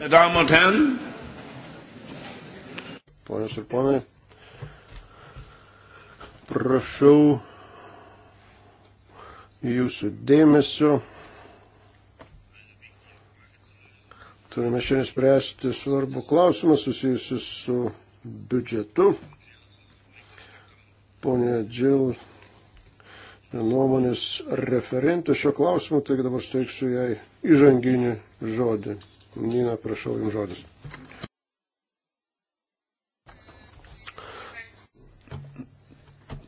Damen und Herren. Ponios ir ponai, prašau jūsų dėmesio. Turime šiandien spręsti svarbų klausimą susijusiu su biudžetu. Pone Džil, nuomonės referentė šio klausimu, taigi dabar steiksiu jai įžanginį žodį. Nina, prašau, jums žodis.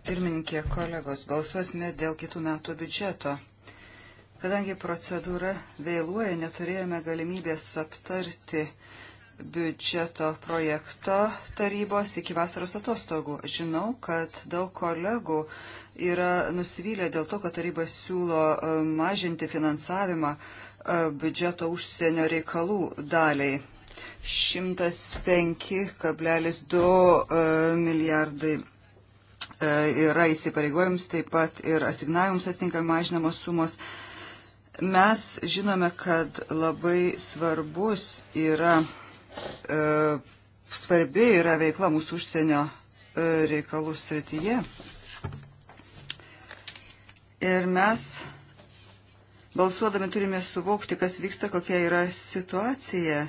Pirmininkė, kolegos, balsuosime dėl kitų metų biudžeto. Kadangi procedūra vėluoja, neturėjome galimybės aptarti biudžeto projekto tarybos iki vasaros atostogų. Žinau, kad daug kolegų yra nusivylę dėl to, kad taryba siūlo e, mažinti finansavimą E, biudžeto užsienio reikalų daliai. 105,2 e, milijardai e, yra įsipareigojams, taip pat ir asignavimams atitinkamai mažinamos sumos. Mes žinome, kad labai svarbus yra, svarbi yra veikla mūsų užsienio reikalų srityje. Ir mes Balsuodami turime suvokti, kas vyksta, kokia yra situacija. E,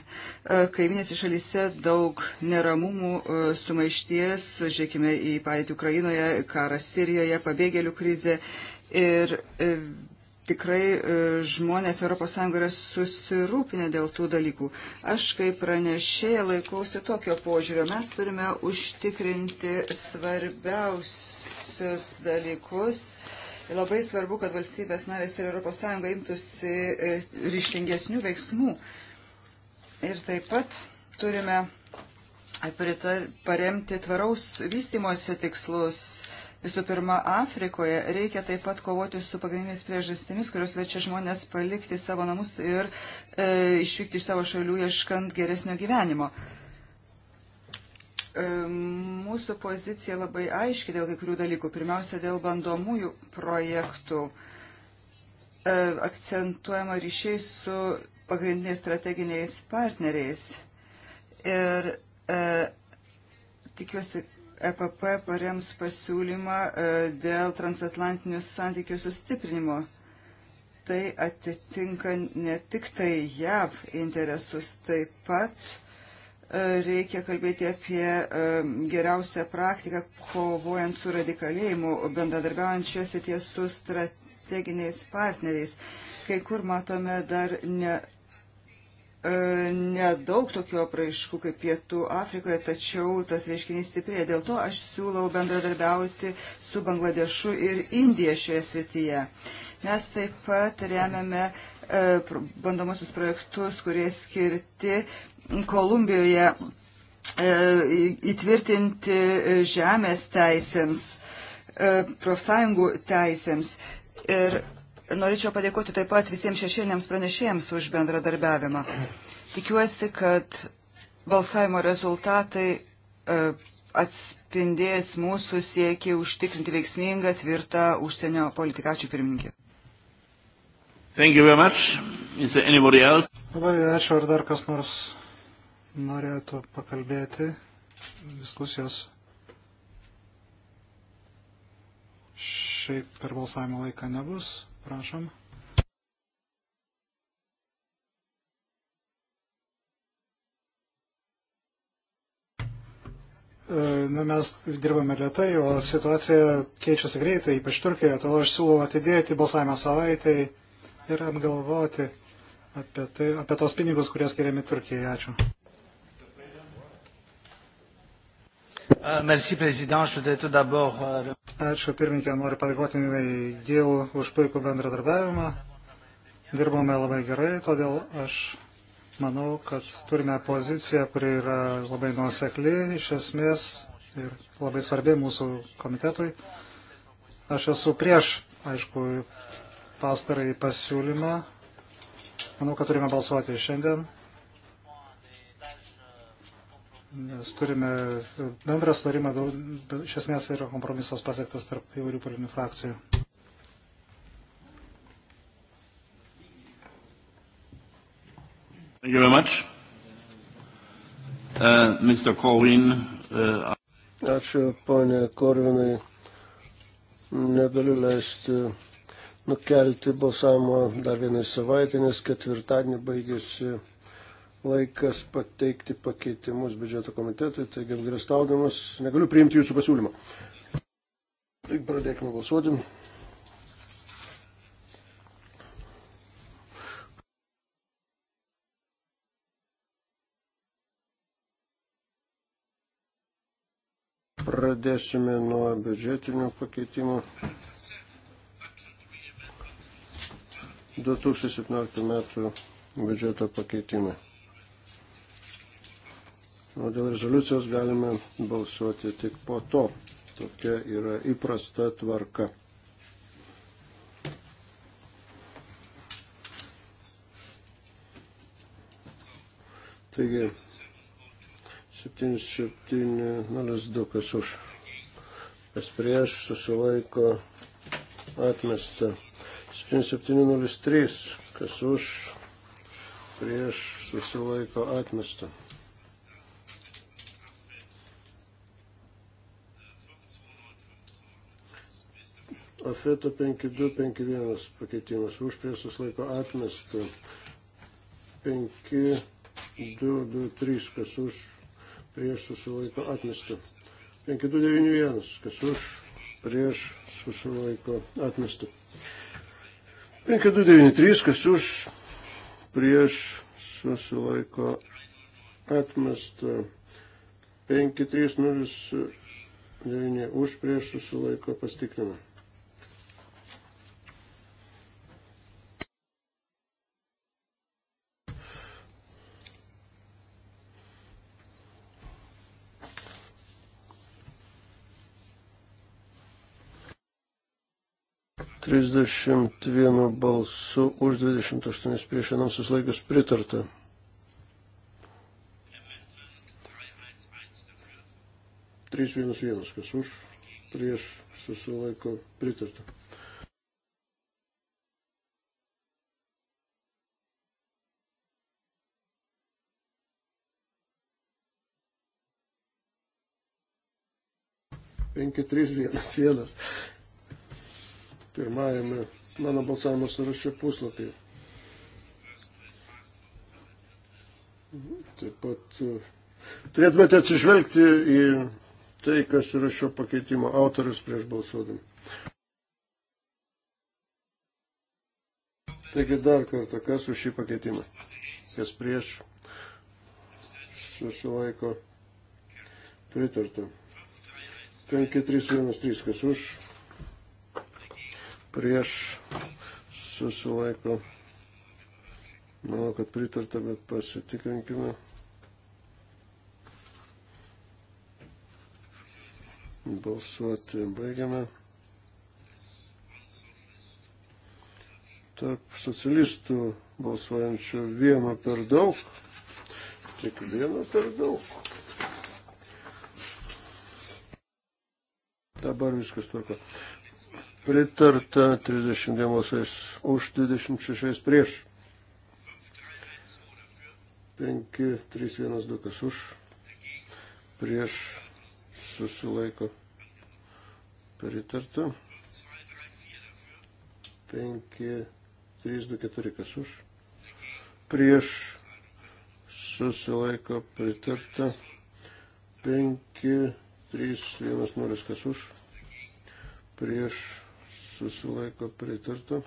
kaiminėse šalyse daug neramumų, e, sumaišties, žiūrėkime į patį Ukrainoje, karą Sirijoje, pabėgėlių krizę. Ir e, tikrai žmonės ES yra susirūpinę dėl tų dalykų. Aš kaip pranešėja laikausi tokio požiūrio. Mes turime užtikrinti svarbiausius dalykus. Uh, Labai svarbu, kad valstybės narės ir ES imtųsi e, ryštingesnių veiksmų. Ir taip pat turime pritar, paremti tvaraus vystimosi tikslus. Visų pirma, Afrikoje reikia taip pat kovoti su pagrindiniais priežastimis, kurios večia žmonės palikti savo namus ir e, išvykti iš savo šalių ieškant geresnio gyvenimo. E, Mūsų pozicija labai aiški dėl kai kurių dalykų. Pirmiausia, dėl bandomųjų projektų e, akcentuojama ryšiai su pagrindiniais strateginiais partneriais. Ir e, tikiuosi, EPP parems pasiūlymą e, dėl transatlantinių santykių sustiprinimo. Tai atitinka ne tik tai JAV interesus, taip pat reikia kalbėti apie e, geriausią praktiką, kovojant su radikalėjimu, bendradarbiaujant šią sitį su strateginiais partneriais. Kai kur matome dar ne. E, nedaug tokių apraiškų kaip Pietų Afrikoje, tačiau tas reiškinys stiprėja. Dėl to aš siūlau bendradarbiauti su Bangladešu ir Indija šioje srityje. Mes taip pat remiame e, bandomosius projektus, kurie skirti Kolumbijoje e, įtvirtinti e, žemės teisėms, e, profsąjungų teisėms. Ir norėčiau padėkoti taip pat visiems šešėliniams pranešėjams už bendradarbiavimą. Tikiuosi, kad balsavimo rezultatai atspindės mūsų siekį užtikrinti veiksmingą, tvirtą užsienio politiką. Ačiū pirmininkė. Labai ačiū, ar dar kas nors norėtų pakalbėti diskusijos šiaip per balsavimo laiką nebus. Prašom. E, na, mes dirbame lietai, o situacija keičiasi greitai, ypač Turkijoje, todėl aš siūlau atidėti balsavimą savaitai ir apgalvoti apie, tai, apie tos pinigus, kurie skiriami Turkijai. Ačiū. Euh, merci, euh, Ačiū pirmininkė, noriu padėkoti dėl už puikų bendradarbiavimą. Dirbome labai gerai, todėl aš manau, kad turime poziciją, kuri yra labai nuosekli iš esmės ir labai svarbi mūsų komitetui. Aš esu prieš, aišku, pastarąjį pasiūlymą. Manau, kad turime balsuoti šiandien nes turime bendrą sutarimą, iš esmės yra kompromisas pasiektas tarp įvairių politinių frakcijų. Thank you very much. Uh, Mr. Corwin. Uh, Ačiū, ponė Korvinai. Negaliu leisti nukelti balsavimo dar vienai savaitę, nes ketvirtadienį baigėsi laikas pateikti pakeitimus biudžeto komitetui, taigi apgrėstaudamas negaliu priimti jūsų pasiūlymą. Taigi pradėkime balsuoti. Pradėsime nuo biudžetinių pakeitimų. 2017 metų biudžeto pakeitimai o dėl rezoliucijos galime balsuoti tik po to. Tokia yra įprasta tvarka. Taigi, 7702 kas už, kas prieš, susilaiko atmesta. 7703 kas už, prieš, susilaiko atmesta. Afeto 5251 pakeitimas už prieš susilaiko atmestą. 5223 kas už prieš susilaiko atmestą. 5291 kas už prieš susilaiko atmestą. 5293 kas už prieš susilaiko atmestą. 5309 už prieš susilaiko pastikrina. 31 balsu už 28 prieš vienam susilaikius pritarta. Trys vienas vienas, kas už, prieš susilaiko pritarta. Penki, trys, vienas, vienas pirmajame mano balsavimo sąrašo puslapyje. Taip pat e, turėtumėte atsižvelgti į tai, kas yra šio pakeitimo autorius prieš balsuodami. Taigi dar kartą, kas už šį pakeitimą? Kas prieš? Susilaiko pritarta. 5313, kas už? prieš susilaiko. Manau, kad pritarta, bet pasitikrinkime. Balsuoti baigiame. Tarp socialistų balsuojančių vieno per daug. Tik vieno per daug. Dabar viskas tvarko pritarta 31 už 26 prieš. 5, 3, 1, 2, kas už, prieš susilaiko pritarta. 5, 3, 2, 4, kas už, prieš susilaiko pritarta. 5, 3, 1, 0, kas už, prieš susilaiko pritarta.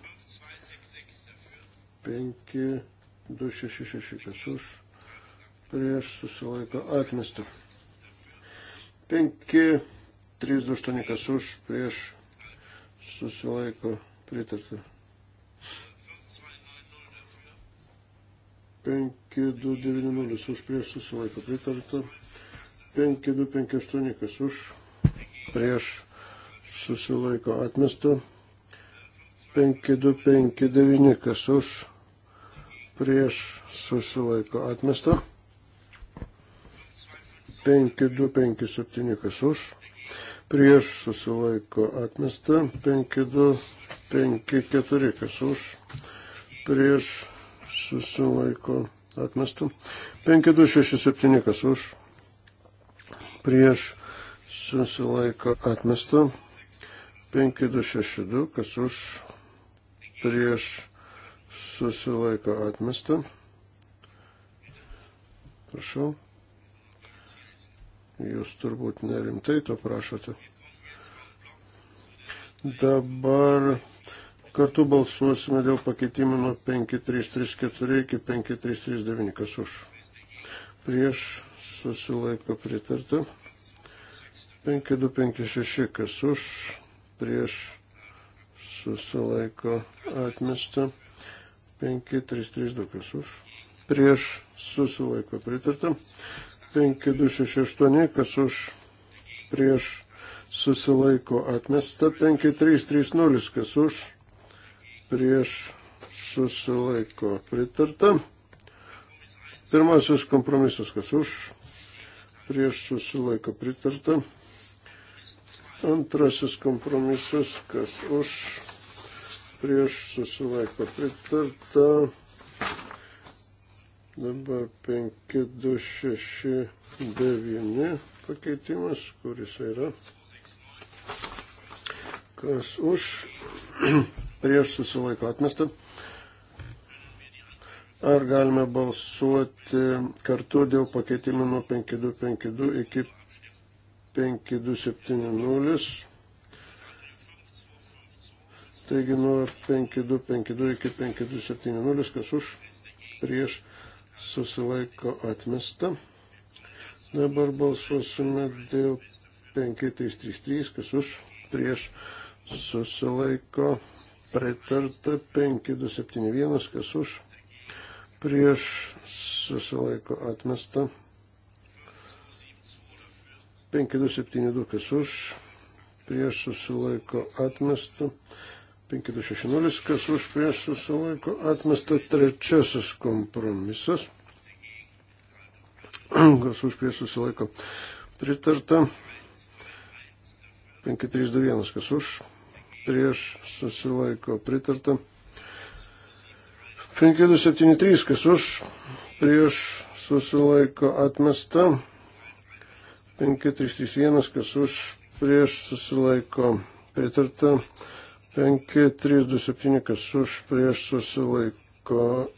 5, 2, 6, 6, kas už, prieš susilaiko atmesta. 5, 3, 2, 8, kas už, prieš susilaiko pritarta. 5290 už prieš susilaiko pritarta. 5258 kas už prieš susilaiko atmesta. 5259, kas už, prieš susilaiko atmesta. 5257, kas už, prieš susilaiko atmesta. 5254, kas už, prieš susilaiko atmesta. 5267, kas už, prieš susilaiko atmesta. 5262, kas už prieš susilaiko atmestą. Prašau. Jūs turbūt nerimtai to prašote. Dabar kartu balsuosime dėl pakeitimų nuo 5334 iki 5339. Kas už? Prieš susilaiko pritarta. 5256. Kas už? Prieš susilaiko atmesta. 5332 kas už. Prieš susilaiko pritarta. 5268 kas už. Prieš susilaiko atmesta. 5330 kas už. Prieš susilaiko pritarta. Pirmasis kompromisas kas už. Prieš susilaiko pritarta. Antrasis kompromisas, kas už prieš susilaiko pritarta. Dabar 5269 pakeitimas, kuris yra. Kas už prieš susilaiko atmestą. Ar galime balsuoti kartu dėl pakeitimų nuo 5252 iki 5270? Taigi nuo 5252 iki 5270, kas už, prieš susilaiko atmesta. Dabar balsuosime dėl 5333, kas už, prieš susilaiko pritarta 5271, kas už, prieš susilaiko atmesta. 5272, kas už, prieš susilaiko atmesta. 5260, kas už prieš susilaiko atmesta trečiasis kompromisas, kas už prieš susilaiko pritarta 5321, kas už prieš susilaiko pritarta 5273, kas už prieš susilaiko atmesta 5331, kas už prieš susilaiko pritarta 5331. 5, 3, 2, 7, kas už prieš susilaiko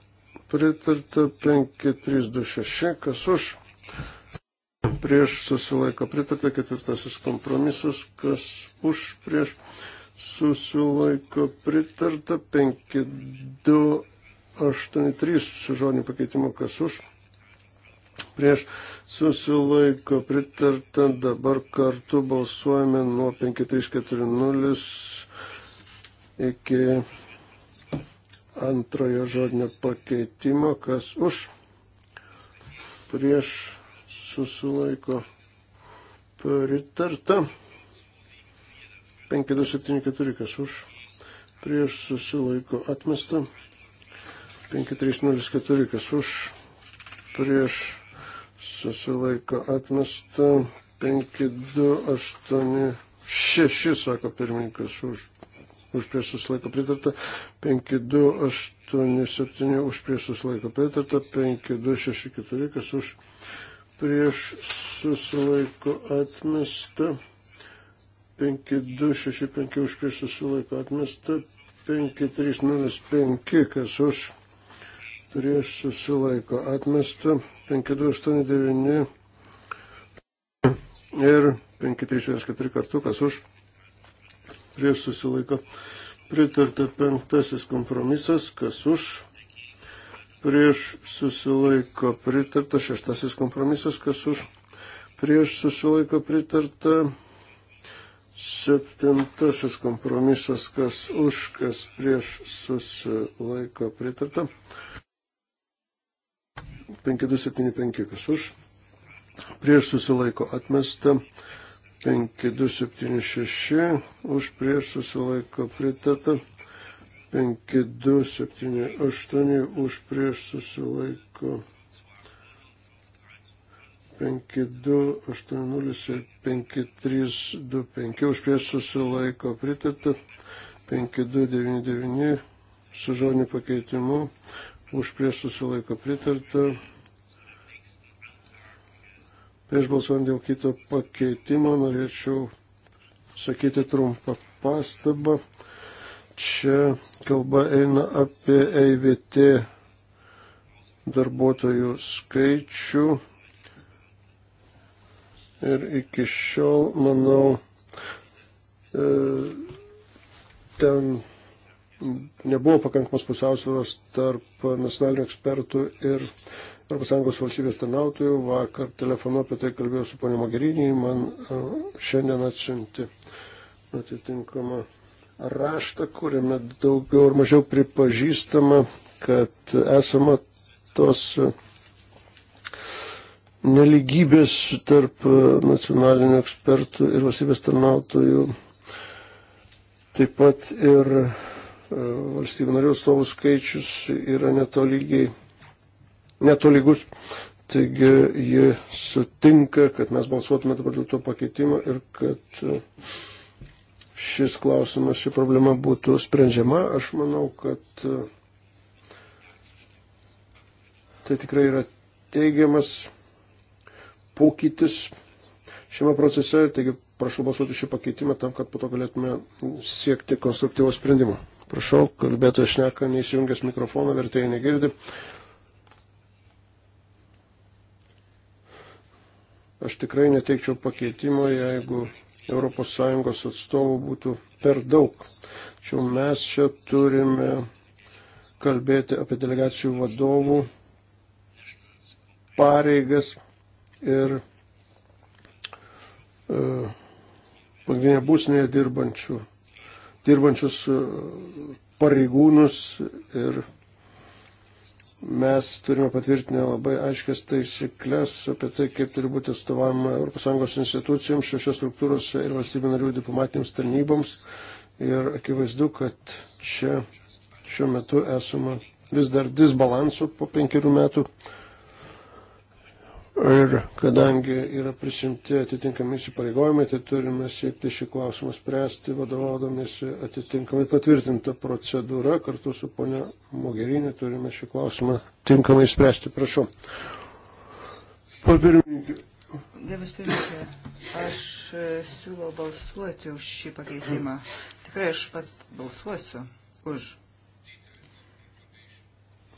pritarta, 5, 3, 2, 6, kas už prieš susilaiko pritarta, ketvirtasis kompromisas, kas už prieš susilaiko pritarta, 5, 2, 8, 3 su žodiniu pakeitimu, kas už prieš susilaiko pritarta, dabar kartu balsuojame nuo 5, 3, 4, 0 iki antrojo žodinio pakeitimo, kas už prieš susilaiko pritarta. 5274, kas už prieš susilaiko atmesta. 5304, kas už prieš susilaiko atmesta. 5286, sako pirmininkas, už už prieš susilaiko pritarta, 5287 už prieš susilaiko pritarta, 5264 kas už prieš susilaiko atmesta, 5265 už prieš susilaiko atmesta, 5305 kas už prieš susilaiko atmesta, 5289 ir 5314 kartu kas už prieš susilaiko pritarta penktasis kompromisas, kas už, prieš susilaiko pritarta šeštasis kompromisas, kas už, prieš susilaiko pritarta septintasis kompromisas, kas už, kas prieš susilaiko pritarta. 5275, kas už, prieš susilaiko atmesta. 5276 už prieš susilaiko pritarta. 5278 už prieš susilaiko. 5280 ir 5325 už prieš susilaiko pritarta. 5299 su žodiniu pakeitimu už prieš susilaiko pritarta. Prieš balsuojant dėl kito pakeitimo norėčiau sakyti trumpą pastabą. Čia kalba eina apie EIVT darbuotojų skaičių. Ir iki šiol, manau, e, ten nebuvo pakankamos pusiausvėros tarp nacionalinių ekspertų ir ES valstybės tarnautojų. Vakar telefonu apie tai kalbėjau su ponia Mogerinė, man e, šiandien atsiunti atitinkamą raštą, kuriame daugiau ar mažiau pripažįstama, kad esama tos e, neligybės tarp e, nacionalinių ekspertų ir valstybės tarnautojų. Taip pat ir valstybių narių atstovų skaičius yra netolygiai netolygus. Taigi ji sutinka, kad mes balsuotume dabar dėl to pakeitimo ir kad uh, šis klausimas, ši problema būtų sprendžiama. Aš manau, kad uh, tai tikrai yra teigiamas pokytis šiame procese. Taigi prašau balsuoti šį pakeitimą tam, kad po to galėtume siekti konstruktyvos sprendimo. Prašau, kalbėtojas šneka, neįsijungęs mikrofoną, vertėjai negirdi. Aš tikrai neteikčiau pakeitimo, jeigu ES atstovų būtų per daug. Tačiau mes čia turime kalbėti apie delegacijų vadovų pareigas ir e, pagrindinė būsnėje dirbančių, dirbančius e, pareigūnus ir mes turime patvirtinę labai aiškias taisyklės apie tai, kaip turi būti atstovavimo ES institucijoms, šiose struktūrose ir valstybių narių diplomatinėms tarnyboms. Ir akivaizdu, kad čia šiuo metu esame vis dar disbalansų po penkerių metų Ir kadangi yra prisimti atitinkami įsipareigojimai, tai turime siekti šį klausimą spręsti, vadovaudomėsi atitinkamai patvirtinta procedūra. Kartu su ponia Mogerinė turime šį klausimą tinkamai spręsti. Prašau. Papirminkė. Dėmes pirmininkė, aš e, siūlau balsuoti už šį pakeitimą. Tikrai aš pats balsuosiu už.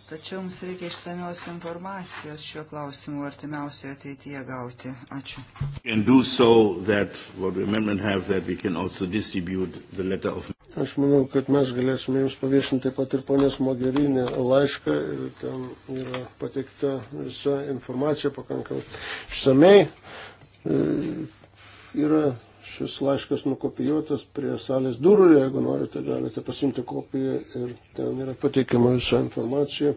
Tačiau mums reikia išsamios informacijos šiuo klausimu artimiausioje ateityje gauti. Ačiū. So that, that of... Aš manau, kad mes galėsime jums paviešinti taip pat ir ponės Mogerinį laišką ir ten yra pateikta visa informacija pakankamai išsamei. E, yra Šis laiškas nukopijuotas prie salės durų, jeigu norite, galite pasimti kopiją ir ten yra pateikiama visa informacija.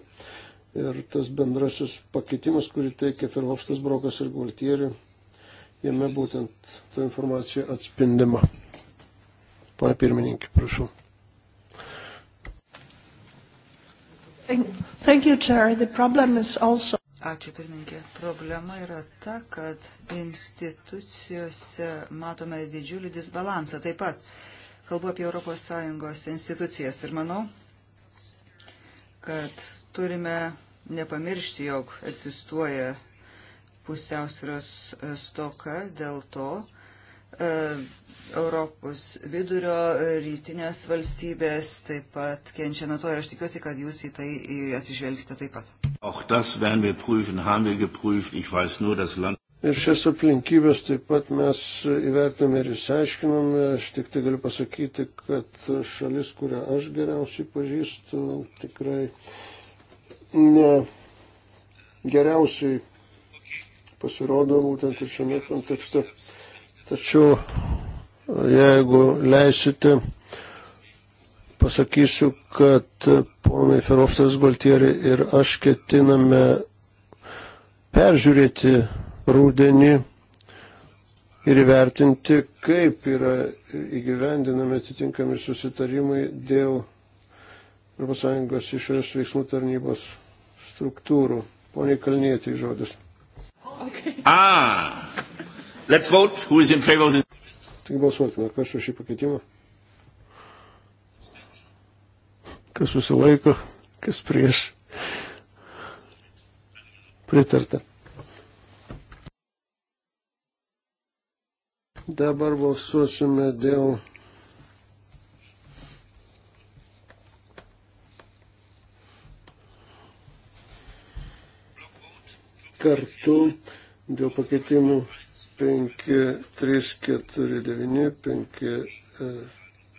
Ir tas bendrasis pakeitimas, kurį teikia Ferhofstas Brokas ir Gualtieri, jame būtent ta informacija atspindima. Pane pirmininkė, prašau. Thank you, Chair. The problem is also Ačiū pirmininkė. Problema yra ta, kad institucijose matome didžiulį disbalansą. Taip pat kalbu apie ES institucijas ir manau, kad turime nepamiršti, jog egzistuoja pusiausvėros stoka dėl to. E, Europos vidurio e, rytinės valstybės taip pat kenčia nuo to ir aš tikiuosi, kad jūs į tai atsižvelgsite taip pat. Ir šias aplinkybės taip pat mes įvertiname ir išsiaiškiname. Aš tik tai galiu pasakyti, kad šalis, kurią aš geriausiai pažįstu, tikrai ne geriausiai pasirodo būtent ir šiame kontekste. Tačiau Jeigu leisite, pasakysiu, kad ponai Ferovsas Gualtieri ir aš ketiname peržiūrėti rūdienį ir įvertinti, kaip yra įgyvendinami atitinkami susitarimai dėl ES išorės veiksmų tarnybos struktūrų. Pone Kalnėtai žodis. Okay. Ah, let's vote. Who is in favor of this? Tik balsuokime, kas už šį pakeitimą. Kas susilaiko, kas prieš. Pritarta. Dabar balsuosime dėl kartu dėl pakeitimų 5, 3, 4, 9, 5,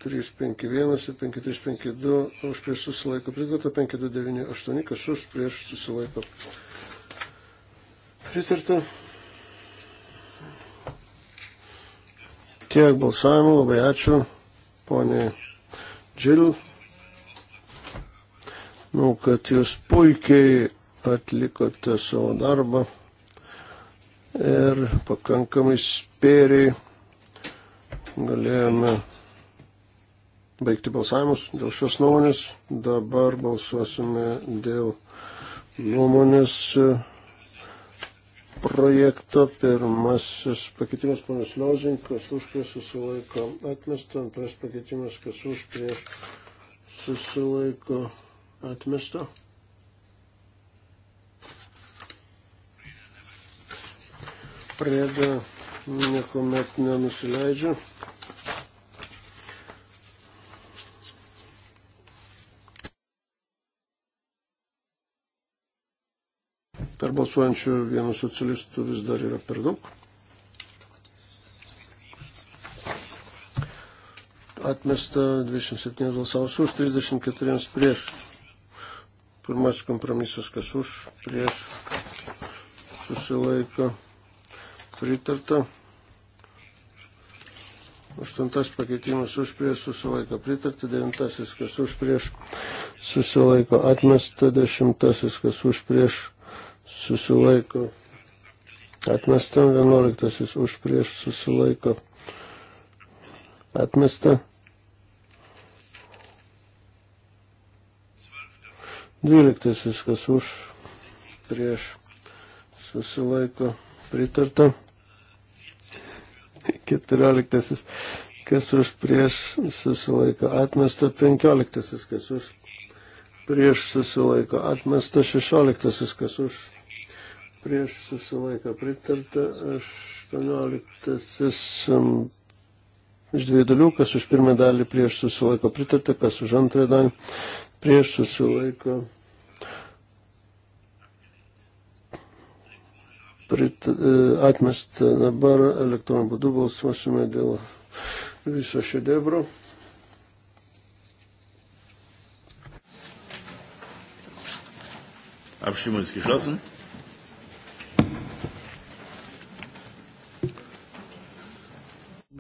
3, 5, 1 ir 5, 3, 5, 2 už prieš susilaiko pritarta, 5, 2, 9, 8, kas už prieš susilaiko pritarta. Tiek balsavimų, labai ačiū, ponė Džil. Manau, kad jūs puikiai atlikote savo darbą ir pakankamai spėriai galėjome baigti balsavimus dėl šios nuomonės. Dabar balsuosime dėl nuomonės projekto. Pirmasis pakeitimas panas Liozink, kas už prieš susilaiko atmestą. Antras pakeitimas, kas už prieš susilaiko atmestą. Preda niekuomet nenusileidžia. Tarp balsuojančių vienų socialistų vis dar yra per daug. Atmesta 27 balsavusių už, 34 prieš. Pirmasis kompromisas, kas už, prieš, susilaiko pritarta. Aštuntas pakeitimas už prieš susilaiko pritarta, devintasis kas už prieš susilaiko atmesta, dešimtasis kas už prieš susilaiko atmesta, vienuoliktasis už prieš susilaiko atmesta. Dvyliktasis kas už prieš susilaiko pritarta. 14. Kas už prieš susilaiko atmesta 15. Kas už prieš susilaiko atmesta 16. Kas už prieš susilaiko pritarta 18 um, iš dviejų dalių, kas už pirmą dalį prieš susilaiko pritarta, kas už antrą dalį prieš susilaiko prit, e, atmesta. Dabar elektroniniu būdu balsuosime dėl viso šedevro. Abstimmung ist geschlossen.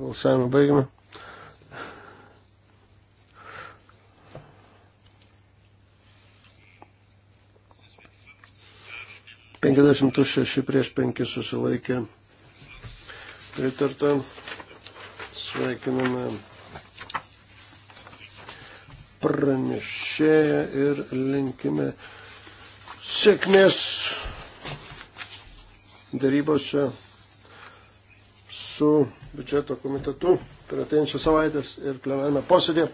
Balsavimą baigime. 56 prieš 5 susilaikė. Pritarta. Sveikiname pranešėją ir linkime sėkmės darybose su biudžeto komitetu per ateinčią savaitės ir plenarną posėdį.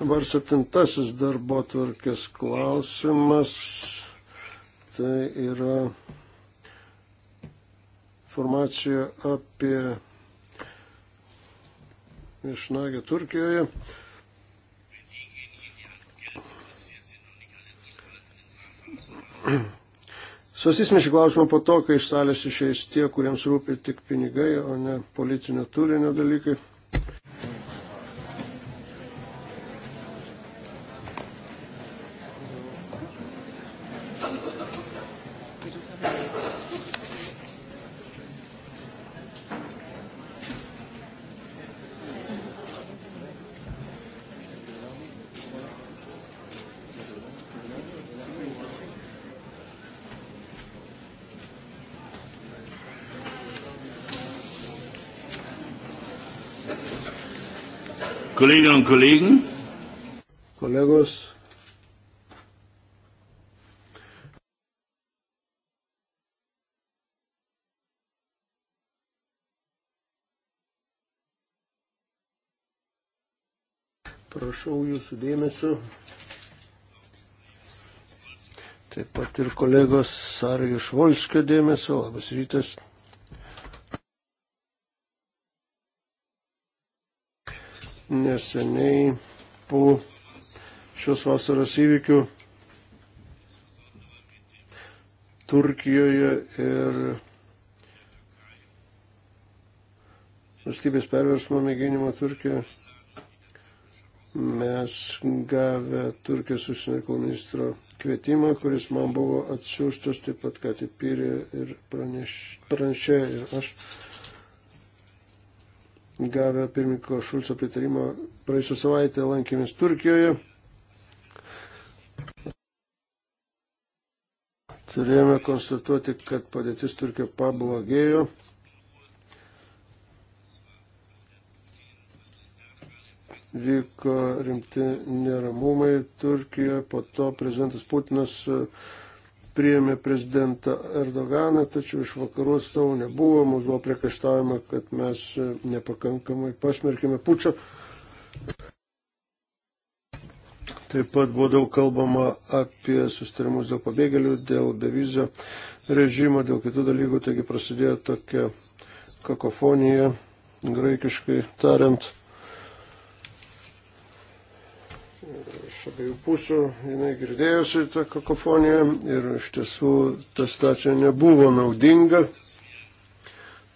Dabar septintasis darbo tvarkės klausimas tai yra informacija apie viešnagę Turkijoje. Sosysime šį klausimą po to, kai iš salės išeis tie, kuriems rūpi tik pinigai, o ne politinio turinio dalykai. Kolleginnen und Kollegen. Kolegos. Prašau jūsų dėmesio. Taip pat ir kolegos Sarijus Volskio dėmesio. Labas rytas. neseniai po šios vasaros įvykių Turkijoje ir valstybės perversmo mėginimo Turkijoje. Mes gavę Turkijos užsienio reikalų ministro kvietimą, kuris man buvo atsiųstas taip pat, kad įpyrė ir pranešė ir aš gavę pirmininko Šulco pritarimą praėjusią savaitę lankėmės Turkijoje. Turėjome konstatuoti, kad padėtis Turkijoje pablogėjo. Vyko rimti neramumai Turkijoje, po to prezidentas Putinas uh, priėmė prezidentą Erdoganą, tačiau iš vakarų atstovų nebuvo, mums buvo priekaštavimo, kad mes e, nepakankamai pasmerkėme pučio. Taip pat buvo daug kalbama apie sustarimus dėl pabėgėlių, dėl bevizio režimo, dėl kitų dalykų, taigi prasidėjo tokia kakofonija, graikiškai tariant. abiejų pusių jinai girdėjosi tą kakofoniją ir iš tiesų ta stacija nebuvo naudinga.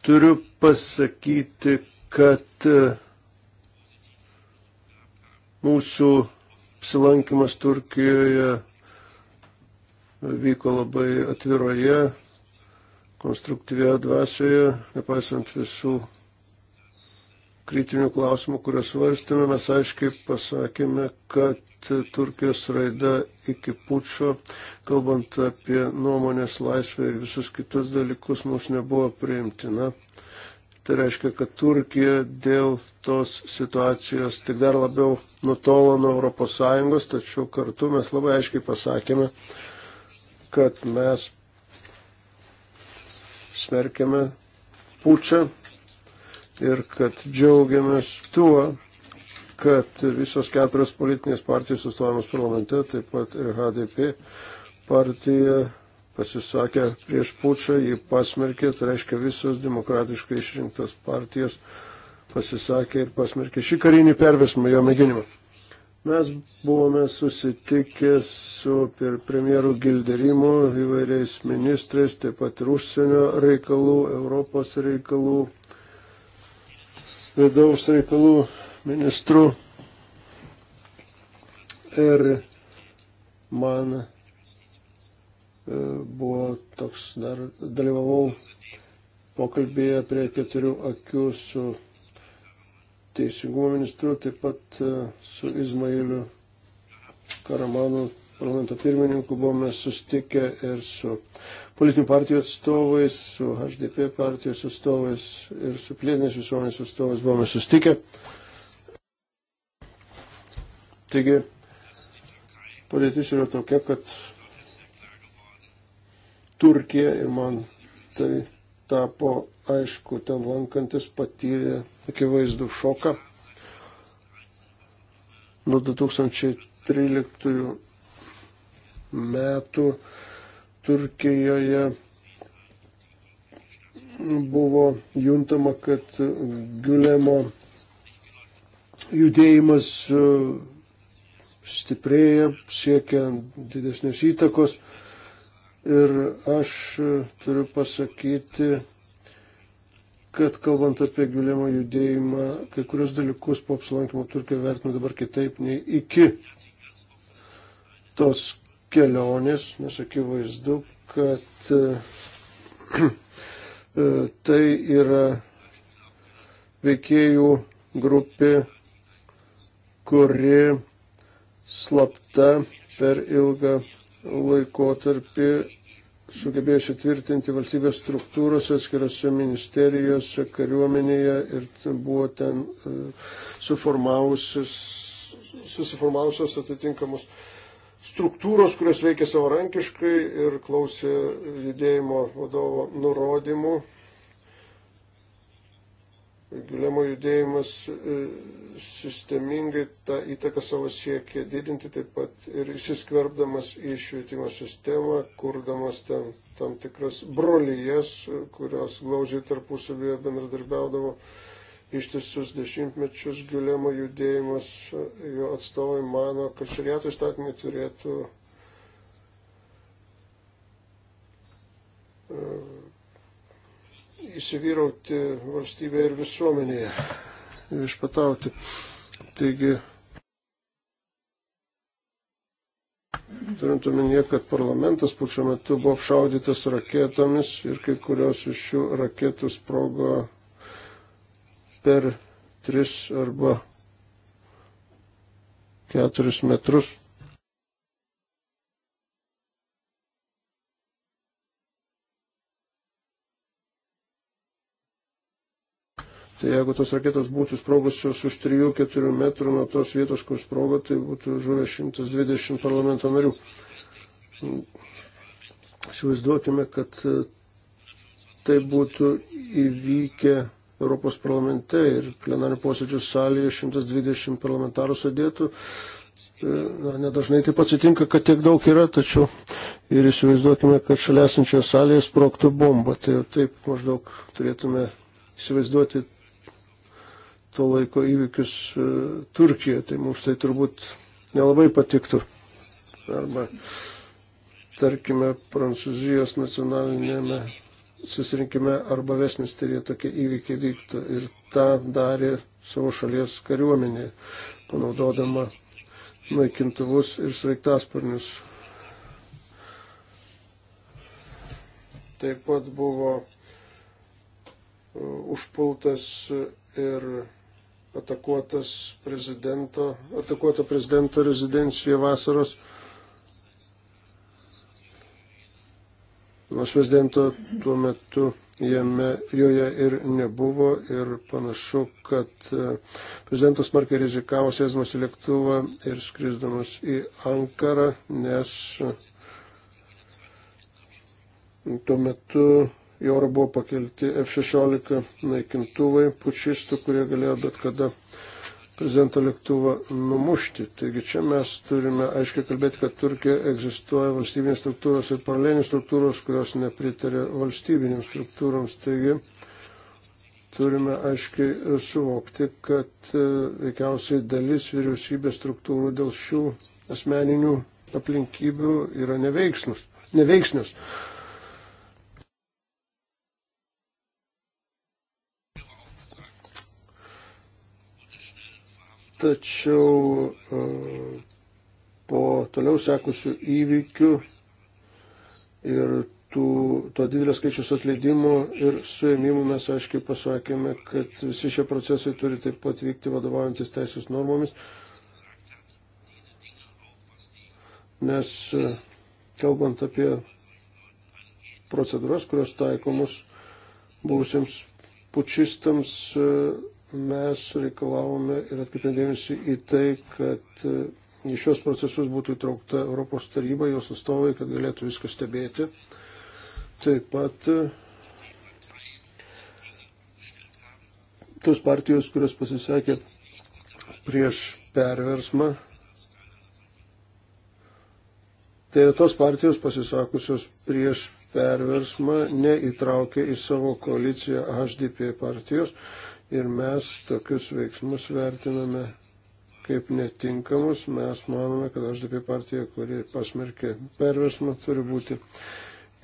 Turiu pasakyti, kad e, mūsų apsilankimas Turkijoje vyko labai atviroje, konstruktyvioje dvasioje, nepaisant visų kritinių klausimų, kuriuos svarstėme, mes aiškiai pasakėme, kad Turkijos raida iki pučio, kalbant apie nuomonės laisvę ir visus kitus dalykus, mums nebuvo priimtina. Tai reiškia, kad Turkija dėl tos situacijos tik dar labiau nutolo nuo ES, tačiau kartu mes labai aiškiai pasakėme, kad mes smerkiame pučią ir kad džiaugiamės tuo, kad visos keturios politinės partijos atstovavimas parlamente, taip pat ir HDP partija pasisakė prieš pučą, jį pasmerkė, tai reiškia visos demokratiškai išrinktos partijos pasisakė ir pasmerkė šį karinį pervesmą, jo mėginimą. Mes buvome susitikę su premjeru Gilderimu, įvairiais ministrais, taip pat ir užsienio reikalų, Europos reikalų vidaus reikalų ministru ir man e, buvo toks dar dalyvavau pokalbėje prie keturių akių su teisingumo ministru, taip pat e, su Izmailu Karamanu parlamento pirmininku buvome sustikę ir su politinių partijų atstovais, su HDP partijos atstovais ir su plėtinės visuomenės atstovais buvome sustikę. Taigi, padėtis yra tokia, kad Turkija ir man tai tapo aišku, ten lankantis patyrė akivaizdų šoką. Nuo 2013 metų Turkijoje buvo juntama, kad Gulemo judėjimas e, stiprėja, siekia didesnės įtakos. Ir aš e, turiu pasakyti, kad kalbant apie Gulemo judėjimą, kai kurios dalykus po apsilankimo Turkijoje vertinu dabar kitaip nei iki tos kelionės, nes akivaizdu, kad e, e, tai yra veikėjų grupė, kuri slapta per ilgą laikotarpį sugebėjo sutvirtinti valstybės struktūros atskirose ministerijose, kariuomenėje ir buvo ten e, susiformavusios atitinkamus struktūros, kurios veikia savarankiškai ir klausė judėjimo vadovo nurodymų. Gilemo judėjimas e, sistemingai tą įtaką savo siekė didinti, taip pat ir įsiskverbdamas į švietimo sistemą, kurdamas ten tam tikras brolyjas, kurios glaužiai tarpusavėje bendradarbiaudavo ištisus dešimtmečius gilėmo judėjimas, jo atstovai mano, kad šarietų įstatymai turėtų e, įsivyrauti valstybėje ir visuomenėje, išpatauti. Taigi, turint omenyje, kad parlamentas pačiu metu buvo apšaudytas raketomis ir kai kurios iš šių raketų sprogo per tris arba keturis metrus. Tai jeigu tos raketos būtų sprogusios už 3-4 metrų nuo tos vietos, kur sprogo, tai būtų žuvę 120 parlamento narių. Įsivaizduokime, kad e, tai būtų įvykę Europos parlamente ir plenarių posėdžių salėje 120 parlamentarų sudėtų. E, na, nedažnai taip atsitinka, kad tiek daug yra, tačiau ir įsivaizduokime, kad šalia esančioje salėje sproktų bomba. Tai taip maždaug turėtume įsivaizduoti to laiko įvykius e, Turkijoje. Tai mums tai turbūt nelabai patiktų. Arba, tarkime, Prancūzijos nacionalinėme susirinkime arba Vesminsteryje tokie įvykiai vyktų. Ir tą darė savo šalies kariuomenė, panaudodama naikintuvus ir sraigtasparnius. Taip pat buvo uh, užpultas ir atakuotas prezidento, atakuota prezidento rezidencija vasaros Aš prezidento tuo metu jame, joje ir nebuvo ir panašu, kad e, prezidentas markiai rizikavo sėsdamas į lėktuvą ir skrisdamas į Ankarą, nes e, tuo metu į orą buvo pakelti F-16 naikintuvai pučistų, kurie galėjo bet kada prezidento lėktuvą numušti. Taigi čia mes turime aiškiai kalbėti, kad Turkija egzistuoja valstybinės struktūros ir paralelinės struktūros, kurios nepritarė valstybinėms struktūroms. Taigi turime aiškiai suvokti, kad e, veikiausiai dalis vyriausybės struktūrų dėl šių asmeninių aplinkybių yra neveiksnus. neveiksnus. Tačiau e, po toliau sekusių įvykių ir tų, to didelio skaičius atleidimų ir suėmimų mes aiškiai pasakėme, kad visi šie procesai turi taip pat vykti vadovaujantis teisės normomis, nes e, kalbant apie procedūras, kurios taikomus buvusiems pučistams e, mes reikalavome ir atkreipėdėmėsi į tai, kad e, į šios procesus būtų įtraukta Europos taryba, jos atstovai, kad galėtų viską stebėti. Taip pat e, tos partijos, kurios pasisakė prieš perversmą, tai yra tos partijos pasisakusios prieš perversmą neįtraukė į savo koaliciją HDP partijos ir mes tokius veiksmus vertiname kaip netinkamus. Mes manome, kad HDP partija, kuri pasmerkė perversmą, turi būti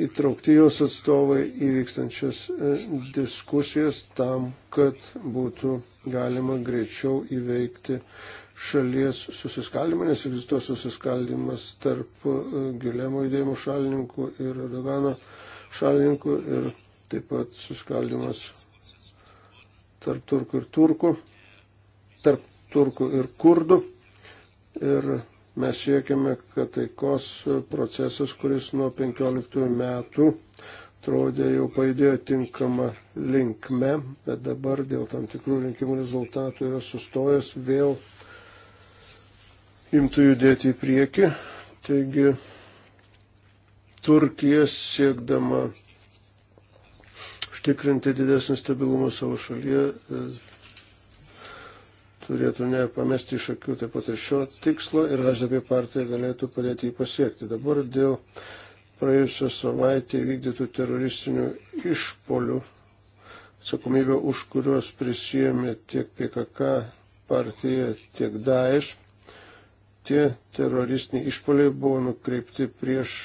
įtraukti jos atstovai įvykstančias e, diskusijas tam, kad būtų galima greičiau įveikti šalies susiskaldimą, nes egzistuoja susiskaldimas tarp e, Gilemo judėjimo šalininkų ir Erdogano šalininkų ir taip pat susiskaldimas tarp turkų ir turkų, tarp turkų ir kurdų. Ir mes siekiame, kad taikos procesas, kuris nuo 15 metų atrodė jau pajudėjo tinkama linkme, bet dabar dėl tam tikrų rinkimų rezultatų yra sustojęs vėl imtų judėti į priekį. Taigi Turkija siekdama užtikrinti didesnį stabilumą savo šalyje, e, turėtų nepamesti iš akių taip pat ir šio tikslo ir HDP partija galėtų padėti jį pasiekti. Dabar dėl praėjusią savaitę vykdytų teroristinių išpolių, atsakomybę už kuriuos prisijėmė tiek PKK partija, tiek Daesh, tie teroristiniai išpoliai buvo nukreipti prieš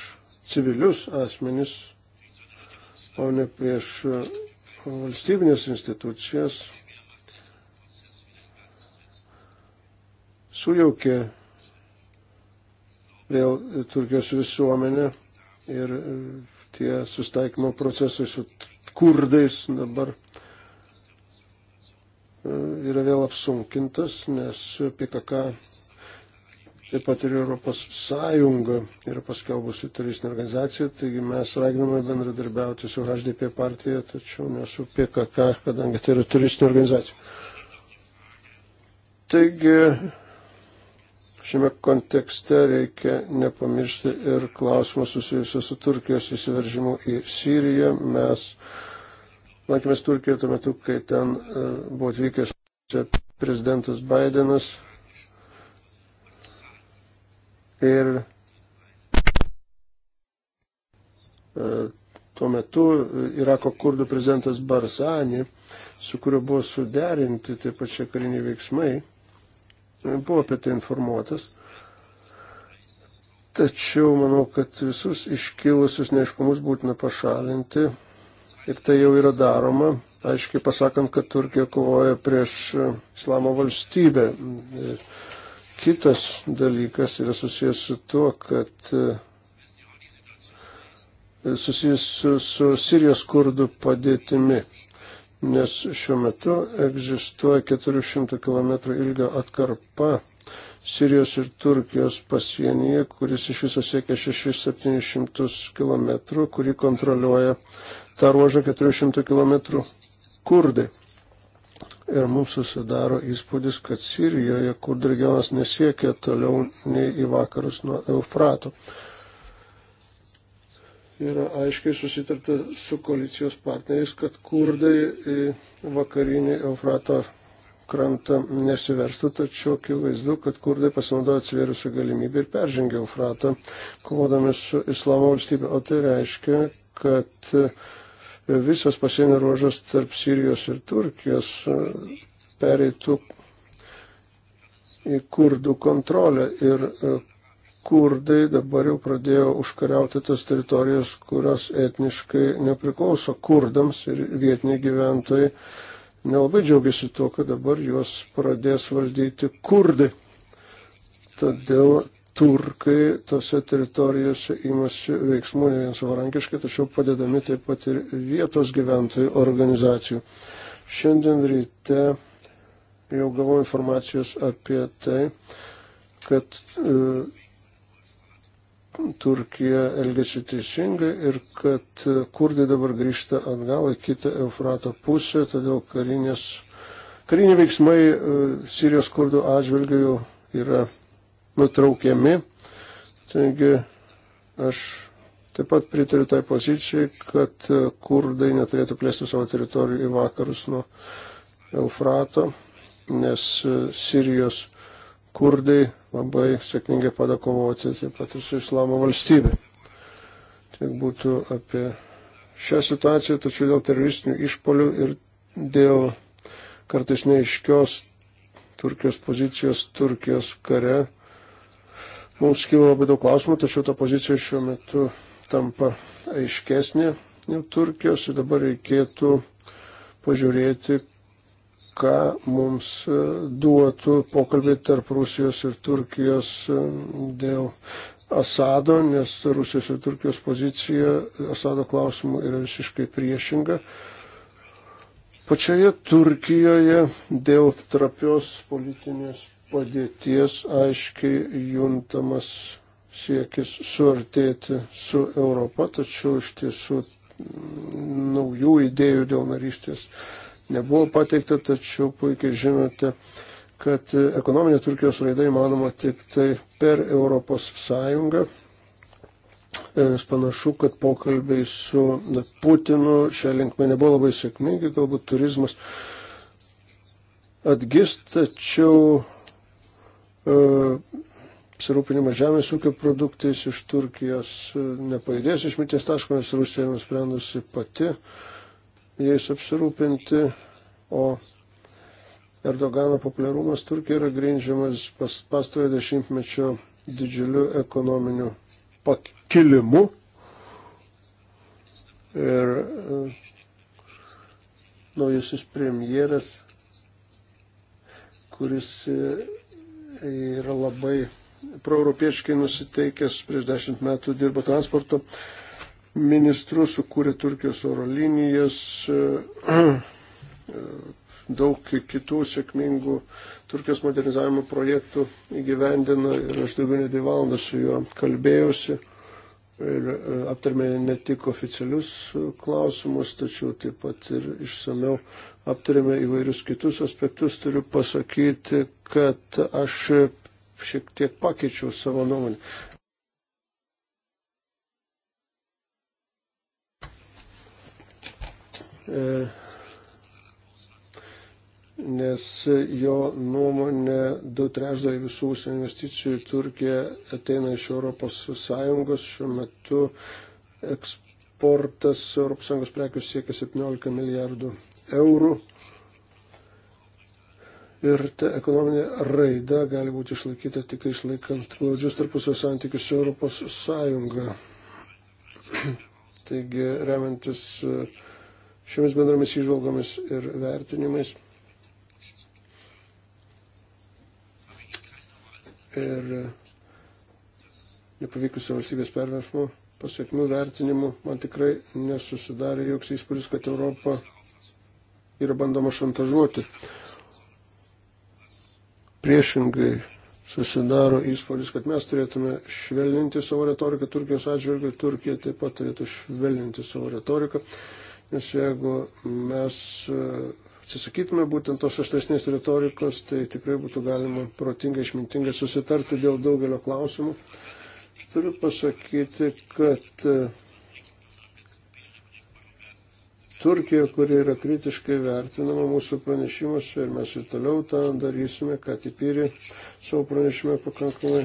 civilius asmenis, o ne prieš e, valstybinės institucijas, sujaukė vėl Turkijos visuomenę ir e, tie sustaikymo procesai su kurdais dabar e, yra vėl apsunkintas, nes PKK Taip pat ir Europos Sąjunga yra paskelbusi turistinę organizaciją, taigi mes raginame bendradarbiauti su HDP partija, tačiau ne su PKK, kadangi tai yra turistinė organizacija. Taigi šiame kontekste reikia nepamiršti ir klausimą susijusio su Turkijos įsiveržimu į Siriją. Mes lankėmės Turkijoje tuo metu, kai ten e, buvo atvykęs prezidentas Bidenas Ir e, tuo metu Irako kurdų prezidentas Barzani, su kuriuo buvo suderinti taip pat šie kariniai veiksmai, buvo apie tai informuotas. Tačiau manau, kad visus iškilusius neiškumus būtina pašalinti. Ir tai jau yra daroma, aiškiai pasakant, kad Turkija kovoja prieš islamo valstybę. Ir Kitas dalykas yra susijęs su tuo, kad e, susijęs su, su Sirijos kurdų padėtimi, nes šiuo metu egzistuoja 400 km ilgio atkarpa Sirijos ir Turkijos pasienyje, kuris iš viso siekia 6-700 km, kuri kontroliuoja tą ruožą 400 km kurdai. Ir mums susidaro įspūdis, kad Sirijoje, kur regionas nesiekia toliau nei į vakarus nuo Eufrato, yra aiškiai susitarta su koalicijos partneriais, kad kurdai į vakarinį Eufrato krantą nesiverstų, tačiau akivaizdu, kad kurdai pasinaudojo atsivėrusią galimybę ir peržengė Eufratą, kovodami su Islamo valstybė. O tai reiškia, kad uh, visas pasienio ruožas tarp Sirijos ir Turkijos e, pereitų į kurdų kontrolę ir e, kurdai dabar jau pradėjo užkariauti tas teritorijas, kurios etniškai nepriklauso kurdams ir vietiniai gyventojai nelabai džiaugiasi tuo, kad dabar juos pradės valdyti kurdai. Todėl turkai tose teritorijose imasi veiksmų ne vien savarankiškai, tačiau padedami taip pat ir vietos gyventojų organizacijų. Šiandien ryte jau gavau informacijos apie tai, kad e, Turkija elgesi teisingai ir kad e, kurdai dabar grįžta atgal į kitą Eufrato pusę, todėl karinės, kariniai veiksmai e, Sirijos kurdų atžvilgių yra nutraukiami. Taigi aš taip pat pritariu tai pozicijai, kad kurdai neturėtų plėsti savo teritorijų į vakarus nuo Eufrato, nes Sirijos kurdai labai sėkmingai padakovoti taip pat ir su Islamo valstybė. Tiek būtų apie šią situaciją, tačiau dėl teroristinių išpolių ir dėl kartais neiškios Turkijos pozicijos Turkijos kare Mums kilo labai daug klausimų, tačiau ta pozicija šiuo metu tampa aiškesnė Turkijos ir dabar reikėtų pažiūrėti, ką mums e, duotų pokalbiai tarp Rusijos ir Turkijos e, dėl Asado, nes Rusijos ir Turkijos pozicija Asado klausimų yra visiškai priešinga. Pačioje Turkijoje dėl trapios politinės padėties aiškiai juntamas siekis suartėti su Europa, tačiau iš tiesų naujų idėjų dėl narystės nebuvo pateikta, tačiau puikiai žinote, kad ekonominė Turkijos raida įmanoma tik tai per Europos Sąjungą. Nes panašu, kad pokalbiai su Putinu šią linkmę nebuvo labai sėkmingi, galbūt turizmas atgis, tačiau E, apsirūpinimas žemės ūkio produktais iš Turkijos e, nepajudės iš mities taško, nes Rusija nusprendusi pati jais apsirūpinti, o Erdogano populiarumas Turkija yra grindžiamas pas, pastarojo dešimtmečio didžiuliu ekonominiu pakilimu. Ir e, naujasis premjeras, kuris yra labai proeuropiečiai nusiteikęs, prieš dešimt metų dirbo transporto ministru, sukūrė Turkijos oro linijas, daug kitų sėkmingų Turkijos modernizavimo projektų įgyvendino ir aš daugiau nei dvi valandas su juo kalbėjausi. Ir e, aptarėme ne tik oficialius klausimus, tačiau taip pat ir išsameu aptarėme įvairius kitus aspektus, turiu pasakyti, kad aš šiek tiek pakeičiau savo nuomonę. E, nes jo nuomonė du trešdai visų užsienio investicijų į Turkiją ateina iš ES. Šiuo metu eksportas ES prekių siekia 17 milijardų eurų. Ir ta ekonominė raida gali būti išlaikyta tik tai išlaikant glaudžius tarpusio santykius su Europos Sąjunga. Taigi, remiantis e, šiomis bendromis išvalgomis ir vertinimais. Ir e, nepavykusio valstybės perversmo pasiekmių vertinimu man tikrai nesusidarė joks įspūdis, kad Europa yra bandoma šantažuoti. Priešingai susidaro įspūdis, kad mes turėtume švelninti savo retoriką Turkijos atžvilgiu, Turkija taip pat turėtų švelninti savo retoriką, nes jeigu mes e, atsisakytume būtent tos aštresnės retorikos, tai tikrai būtų galima protingai, išmintingai susitarti dėl daugelio klausimų. Turiu pasakyti, kad e, Turkija, kuri yra kritiškai vertinama mūsų pranešimuose ir mes ir toliau tą darysime, kad įpyri savo pranešime pakankamai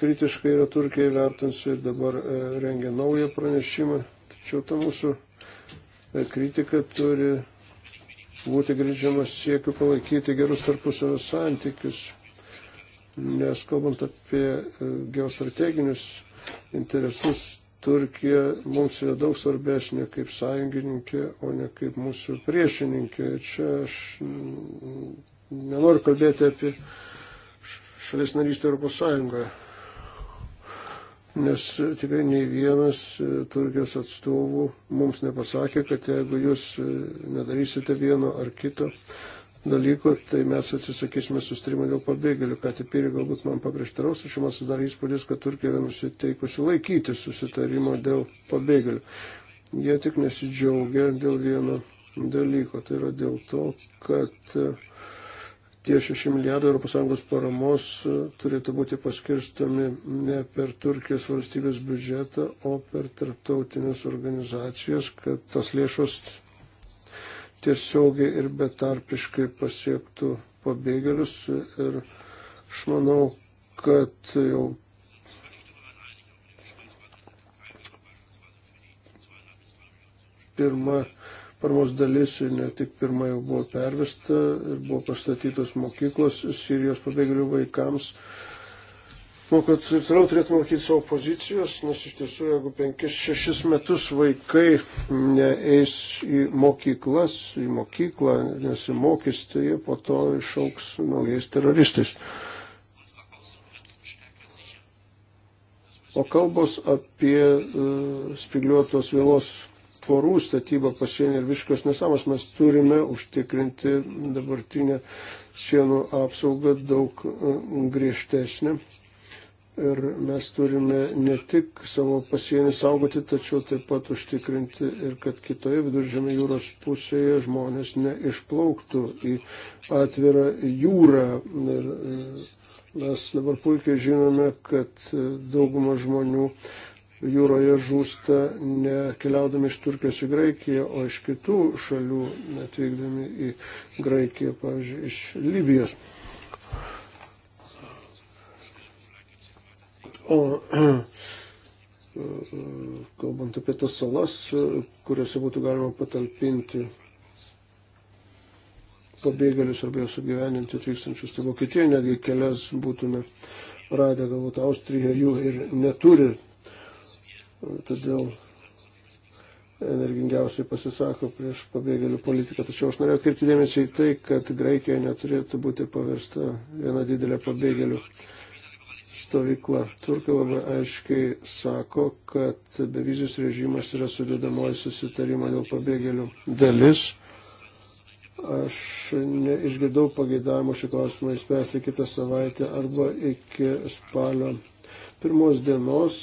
kritiškai yra Turkija vertins ir dabar e, rengia naują pranešimą. Tačiau ta mūsų e, kritika turi būti grįžiamas siekiu palaikyti gerus tarpusavio santykius, nes kalbant apie e, geostrateginius interesus, Turkija mums yra daug svarbesnė kaip sąjungininkė, o ne kaip mūsų priešininkė. Čia aš nenoriu kalbėti apie šalis narystę Europos Sąjungoje, nes tikrai nei vienas e, Turkijos atstovų mums nepasakė, kad jeigu jūs e, nedarysite vieno ar kito, dalykų, tai mes atsisakysime sustarimo dėl pabėgėlių. Ką tik pirį galbūt man paprieštaraus, tačiau man sudarė įspūdis, kad Turkija yra nusiteikusi laikyti susitarimo dėl pabėgėlių. Jie tik nesidžiaugia dėl vieno dalyko, tai yra dėl to, kad e, tie 6 milijardai ES paramos e, turėtų būti paskirstami ne per Turkijos valstybės biudžetą, o per tarptautinės organizacijas, kad tas lėšos tiesiogiai ir betarpiškai pasiektų pabėgėlius. Ir aš manau, kad jau pirma paramos dalis, ne tik pirma jau buvo pervesta ir buvo pastatytos mokyklos Sirijos pabėgėlių vaikams. Uh, Manau, kad ir toliau turėtume laikyti savo pozicijos, nes iš tiesų, jeigu 5-6 metus vaikai neeis į mokyklas, į mokyklą, nesimokys, tai jie po to išauks naujais teroristais. O kalbos apie uh, e, spigliuotos vėlos tvorų statybą pasienį ir viškas nesamas, mes turime užtikrinti dabartinę sienų apsaugą daug uh, griežtesnę Ir mes turime ne tik savo pasienį saugoti, tačiau taip pat užtikrinti ir kad kitoje viduržėme jūros pusėje žmonės neišplauktų į atvirą jūrą. Ir e, mes dabar puikiai žinome, kad e, dauguma žmonių jūroje žūsta ne keliaudami iš Turkijos į Graikiją, o iš kitų šalių atvykdami į Graikiją, pavyzdžiui, iš Libijos. O kalbant apie tas salas, kuriuose būtų galima patalpinti pabėgėlius arba juos sugyveninti atvykstančius, tai Vokietijoje netgi kelias būtume radę, galbūt Austrija jų ir neturi. Todėl energingiausiai pasisako prieš pabėgėlių politiką. Tačiau aš norėjau atkreipti dėmesį į tai, kad Graikija neturėtų būti paversta viena didelė pabėgėlių stovykla. Turkai labai aiškiai sako, kad bevizijos režimas yra sudėdamoji susitarimo dėl pabėgėlių dalis. Aš neišgirdau pageidavimo šį klausimą įspręsti kitą savaitę arba iki spalio pirmos dienos.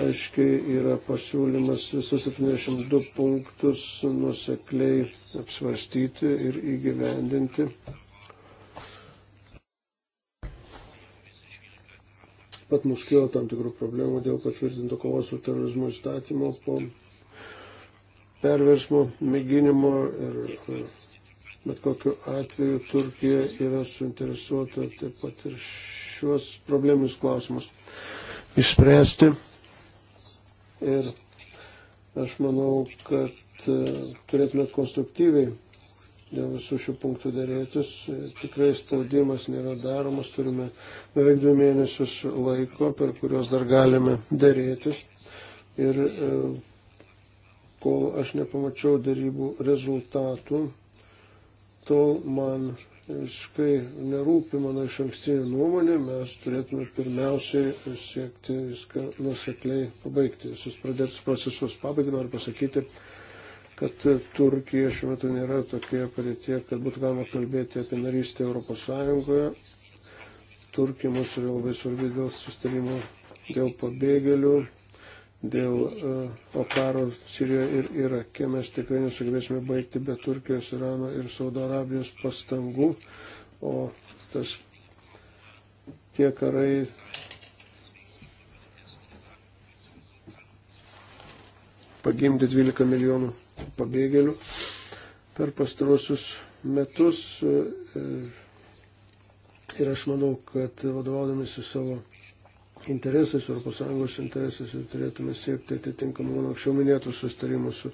Aiškiai yra pasiūlymas visus 72 punktus nusekliai apsvarstyti ir įgyvendinti. pat mums kilo tam tikrų problemų dėl patvirtinto kovos su terorizmu įstatymo po perversmo mėginimo ir e, bet kokiu atveju Turkija yra suinteresuota taip pat ir šiuos probleminius klausimus išspręsti. Ir aš manau, kad e, turėtume konstruktyviai dėl visų šių punktų dėrėtis. Tikrai spaudimas nėra daromas, turime beveik du mėnesius laiko, per kuriuos dar galime dėrėtis. Ir e, kol aš nepamačiau darybų rezultatų, tol man visiškai nerūpi mano iš ankstinė nuomonė, mes turėtume pirmiausiai siekti viską nusekliai pabaigti, visus pradėtus procesus. Pabaigai noriu pasakyti, kad Turkija šiuo metu nėra tokie padėtie, kad būtų galima kalbėti apie narystę Europos Sąjungoje. Turkija mums yra labai svarbi dėl sustarimo, dėl pabėgėlių, dėl uh, karo Sirijoje ir Irake. Mes tikrai nesugebėsime baigti be Turkijos, Irano ir Saudo Arabijos pastangų, o tas tie karai pagimdė 12 milijonų pabėgėlių per pastarosius metus. Ir aš manau, kad vadovaudamėsi savo interesais, ES interesais ir turėtume siekti atitinkamų mano anksčiau minėtų sustarimų su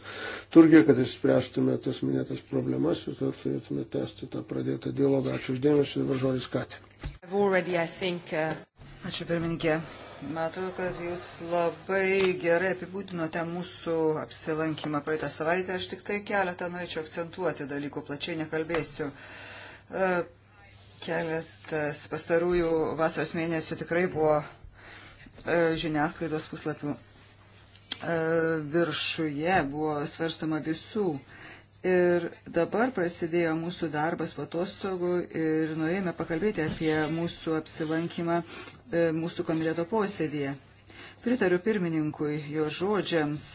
Turkija, kad išspręstume tas minėtas problemas ir tada turėtume tęsti tą pradėtą dialogą. Ačiū uždėmesį, dabar žodis Katė. Uh, Ačiū pirmininkė. Man atrodo, kad jūs labai gerai apibūdinote mūsų apsilankymą praeitą savaitę. Aš tik tai keletą norėčiau akcentuoti dalykų, plačiai nekalbėsiu. E, keletas pastarųjų vasaros mėnesių tikrai buvo e, žiniasklaidos puslapių e, viršuje, buvo svarstama visų Ir dabar prasidėjo mūsų darbas po atostogų ir norėjome pakalbėti apie mūsų apsilankymą E, mūsų komiteto posėdėje. Pritariu pirmininkui jo žodžiams.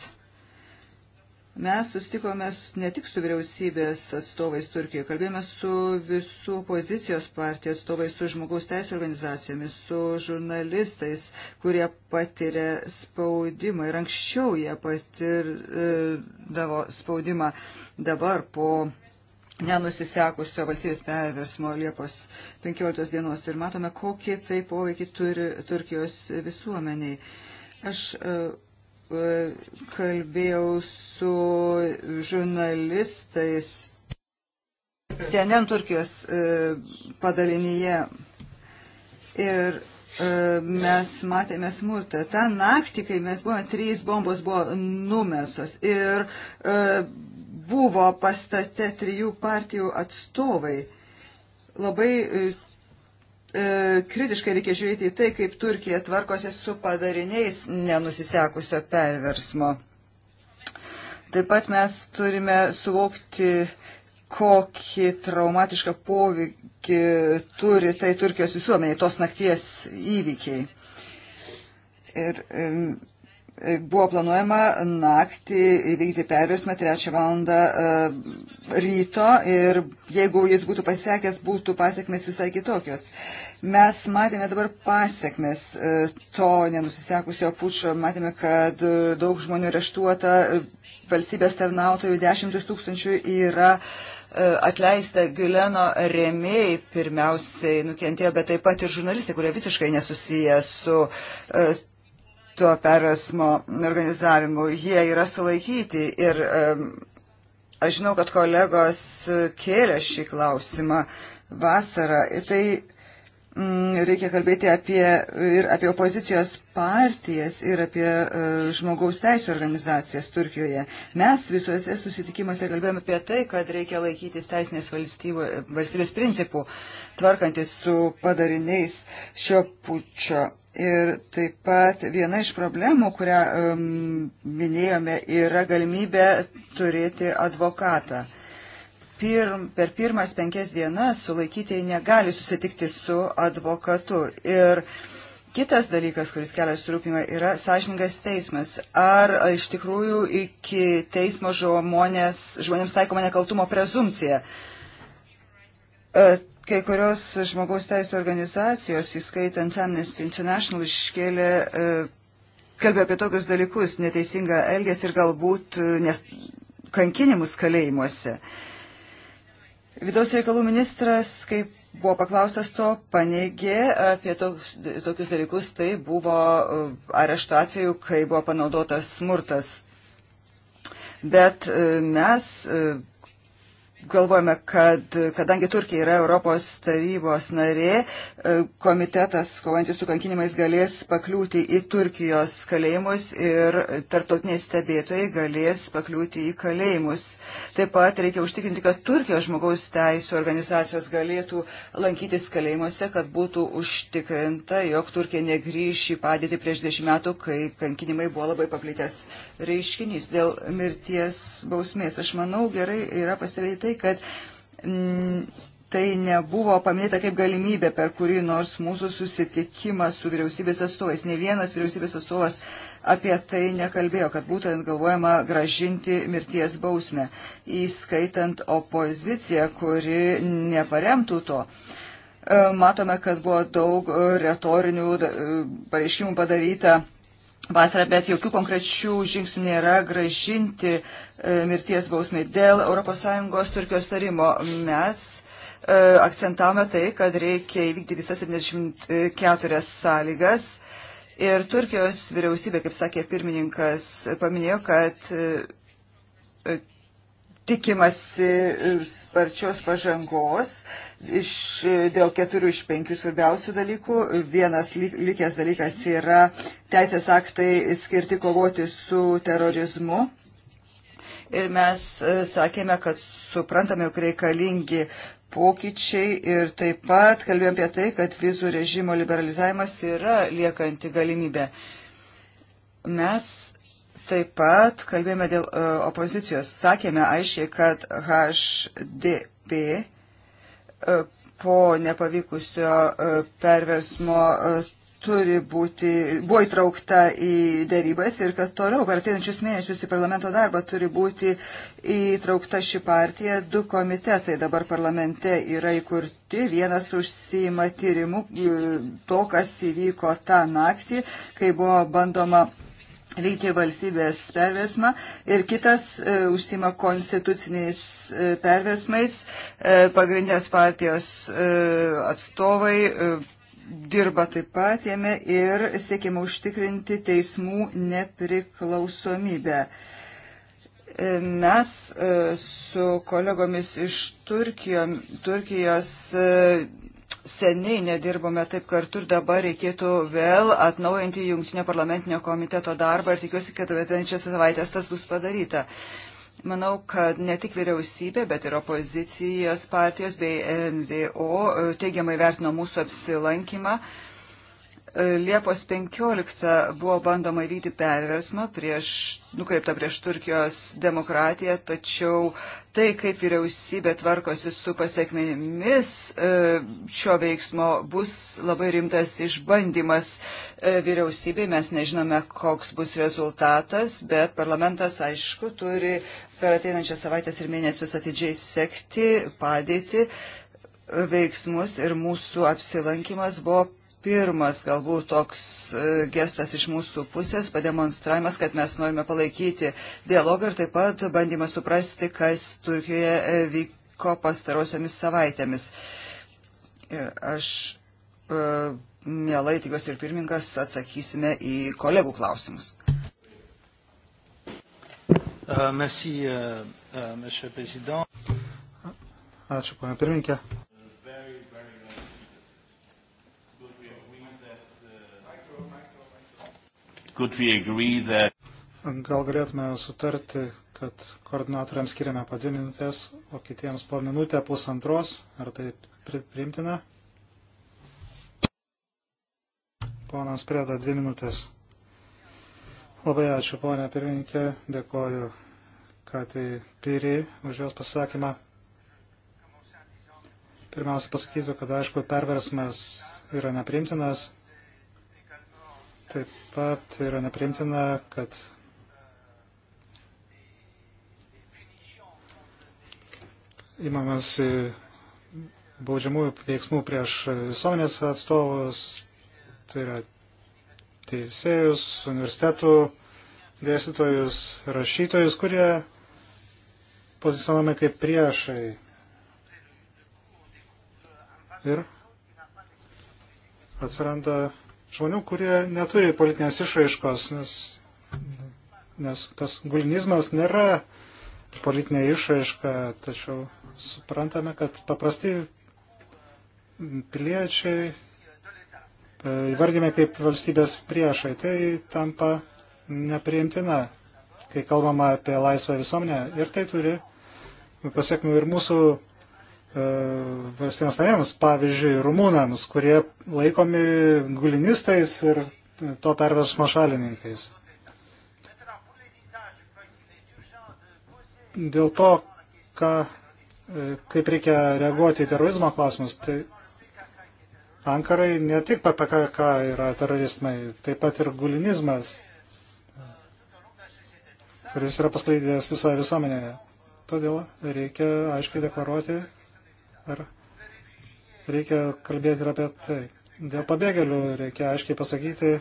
Mes sustikome ne tik su vyriausybės atstovais Turkijoje, kalbėjome su visų pozicijos partijos atstovais, su žmogaus teisų organizacijomis, su žurnalistais, kurie patiria spaudimą ir anksčiau jie patirdavo spaudimą dabar po nenusisekusio valstybės perversmo Liepos 15 dienos ir matome, kokį tai poveikį turi Turkijos visuomeniai. Aš e, e, kalbėjau su žurnalistais CNN Turkijos e, padalinyje ir mes matėme smurtą. Ta naktį, kai mes buvome, trys bombos buvo numesos ir buvo pastate trijų partijų atstovai. Labai e, e, kritiškai reikia žiūrėti į tai, kaip Turkija tvarkosi su padariniais nenusisekusio perversmo. Taip pat mes turime suvokti, kokį traumatišką poveikį turi tai Turkijos visuomeniai, tos nakties įvykiai. Ir Buvo planuojama naktį įvykti perversmą 3 val. E, ryto ir jeigu jis būtų pasiekęs, būtų pasiekmes visai kitokios. Mes matėme dabar pasiekmes e, to nenusisekusio pučio, matėme, kad e, daug žmonių reštuota, valstybės tarnautojų dešimtis tūkstančių yra atleista Gileno remėjai pirmiausiai nukentėjo, bet taip pat ir žurnalistai, kurie visiškai nesusiję su to perasmo organizavimu. Jie yra sulaikyti ir aš žinau, kad kolegos kėlė šį klausimą vasarą. Tai Mm, reikia kalbėti apie, ir apie opozicijos partijas, ir apie uh, žmogaus teisų organizacijas Turkijoje. Mes visuose susitikimuose kalbėjome apie tai, kad reikia laikytis teisinės valstybės principų, tvarkantis su padariniais šio pučio. Ir taip pat viena iš problemų, kurią um, minėjome, yra galimybė turėti advokatą. Uh, pirm, per pirmas penkias dienas sulaikytieji negali susitikti su advokatu. Ir kitas dalykas, kuris kelia surūpimą, yra sąžiningas teismas. Ar iš tikrųjų iki teismo žmonės, žmonėms taikoma nekaltumo prezumcija? E, kai kurios žmogaus teisų organizacijos, įskaitant Amnesty International, iškėlė e, kalbė apie tokius dalykus, neteisingą elgesį ir galbūt e, nes, kankinimus kalėjimuose. Uh, Vidaus reikalų ministras, kaip buvo paklaustas to, paneigė apie to, tokius dalykus, tai buvo e, arešto atveju, kai buvo panaudotas smurtas. Bet e, mes e, galvojame, kad kadangi Turkija yra Europos tarybos narė, e, komitetas kovantis su kankinimais galės pakliūti į Turkijos kalėjimus ir tarptautiniai stebėtojai galės pakliūti į kalėjimus. Taip pat reikia užtikrinti, kad Turkijos žmogaus teisų organizacijos galėtų lankytis kalėjimuose, kad būtų užtikrinta, jog Turkija negryž į padėtį prieš dešimt metų, kai kankinimai buvo labai paplitęs reiškinys dėl mirties bausmės. Aš manau, gerai yra pastebėti tai, tai, kad m, mm, tai nebuvo paminėta kaip galimybė per kurį nors mūsų susitikimą su vyriausybės atstovais. Ne vienas vyriausybės atstovas apie tai nekalbėjo, kad būtent galvojama gražinti mirties bausmę, įskaitant opoziciją, kuri neparemtų to. E, matome, kad buvo daug retorinių e, pareiškimų padaryta vasarą, bet jokių konkrečių žingsnių nėra gražinti e, mirties bausmai. Dėl ES Turkijos tarimo mes e, akcentavome tai, kad reikia įvykdyti visas 74 sąlygas. Ir Turkijos vyriausybė, kaip sakė pirmininkas, paminėjo, kad e, tikimasi e, sparčios pažangos iš, e, dėl keturių iš penkių svarbiausių dalykų. Vienas likęs dalykas yra teisės aktai skirti kovoti su terorizmu. Ir mes e, sakėme, kad suprantame, jog reikalingi pokyčiai ir taip pat kalbėjom apie tai, kad vizų režimo liberalizavimas yra liekanti galimybė. Mes Taip pat kalbėjome dėl e, opozicijos. Sakėme aiškiai, kad HDP e, po nepavykusio e, perversmo turi būti, buvo įtraukta į dėrybas ir kad toliau per ateinančius mėnesius į parlamento darbą turi būti įtraukta ši partija. Du komitetai dabar parlamente yra įkurti. Vienas užsima tyrimu to, kas įvyko tą naktį, kai buvo bandoma vykdė valstybės perversmą ir kitas e, užsima konstituciniais e, perversmais, e, pagrindinės partijos e, atstovai. E, dirba taip pat jame ir siekime užtikrinti teismų nepriklausomybę. E, mes e, su kolegomis iš Turkijo, Turkijos e, seniai nedirbome taip kartu ir dabar reikėtų vėl atnaujinti jungtinio parlamentinio komiteto darbą ir tikiuosi, kad ateinančias savaitės tas bus padaryta. Manau, kad ne tik vyriausybė, bet ir opozicijos partijos bei NVO e, teigiamai vertino mūsų apsilankymą. Uh, E, Liepos 15 buvo bandoma įvykti perversmą prieš, nukreiptą prieš Turkijos demokratiją, tačiau tai, kaip vyriausybė tvarkosi su pasiekmėmis e, šio veiksmo, bus labai rimtas išbandymas e, vyriausybei. Mes nežinome, koks bus rezultatas, bet parlamentas, aišku, turi per ateinančią savaitę ir mėnesius atidžiai sekti padėti veiksmus ir mūsų apsilankimas buvo pirmas galbūt toks e, gestas iš mūsų pusės, pademonstravimas, kad mes norime palaikyti dialogą ir taip pat bandymas suprasti, kas Turkijoje e, vyko pastarosiomis savaitėmis. Ir aš e, mielai tikiuosi ir pirmininkas atsakysime į kolegų klausimus. Uh, merci, uh, uh, monsieur président. Ačiū, ponia pirmininkė. that... Gal galėtume sutarti, kad koordinatoriams skiriame po dvi minutės, o kitiems po minutę pusantros. Ar tai priimtina? Ponas Preda, dvi minutės. Labai ačiū, ponė pirmininkė. Dėkoju, kad Piri už jos pasakymą. Pirmiausia pasakysiu, kad aišku, perversmas yra neprimtinas, Taip pat yra neprimtina, kad imamas baudžiamųjų veiksmų prieš visuomenės atstovus, tai yra teisėjus, universitetų dėstytojus, rašytojus, kurie pozicionami kaip priešai. Ir atsiranda žmonių, kurie neturi politinės išraiškos, nes, nes tas gulinizmas nėra politinė išraiška, tačiau suprantame, kad paprastai piliečiai e, įvardėme kaip valstybės priešai, tai tampa nepriimtina, kai kalbama apie laisvą visuomenę ir tai turi pasiekmių ir mūsų E, valstybės narėms, pavyzdžiui, rumūnams, kurie laikomi gulinistais ir to perversmo šalininkais. Dėl to, ką, e, kaip reikia reaguoti į terorizmo klausimus, tai Ankarai ne tik PPKK yra teroristai, taip pat ir gulinizmas, kuris yra paskleidęs visoje visuomenėje. Todėl reikia aiškiai deklaruoti Ar reikia kalbėti ir apie tai? Dėl pabėgėlių reikia aiškiai pasakyti,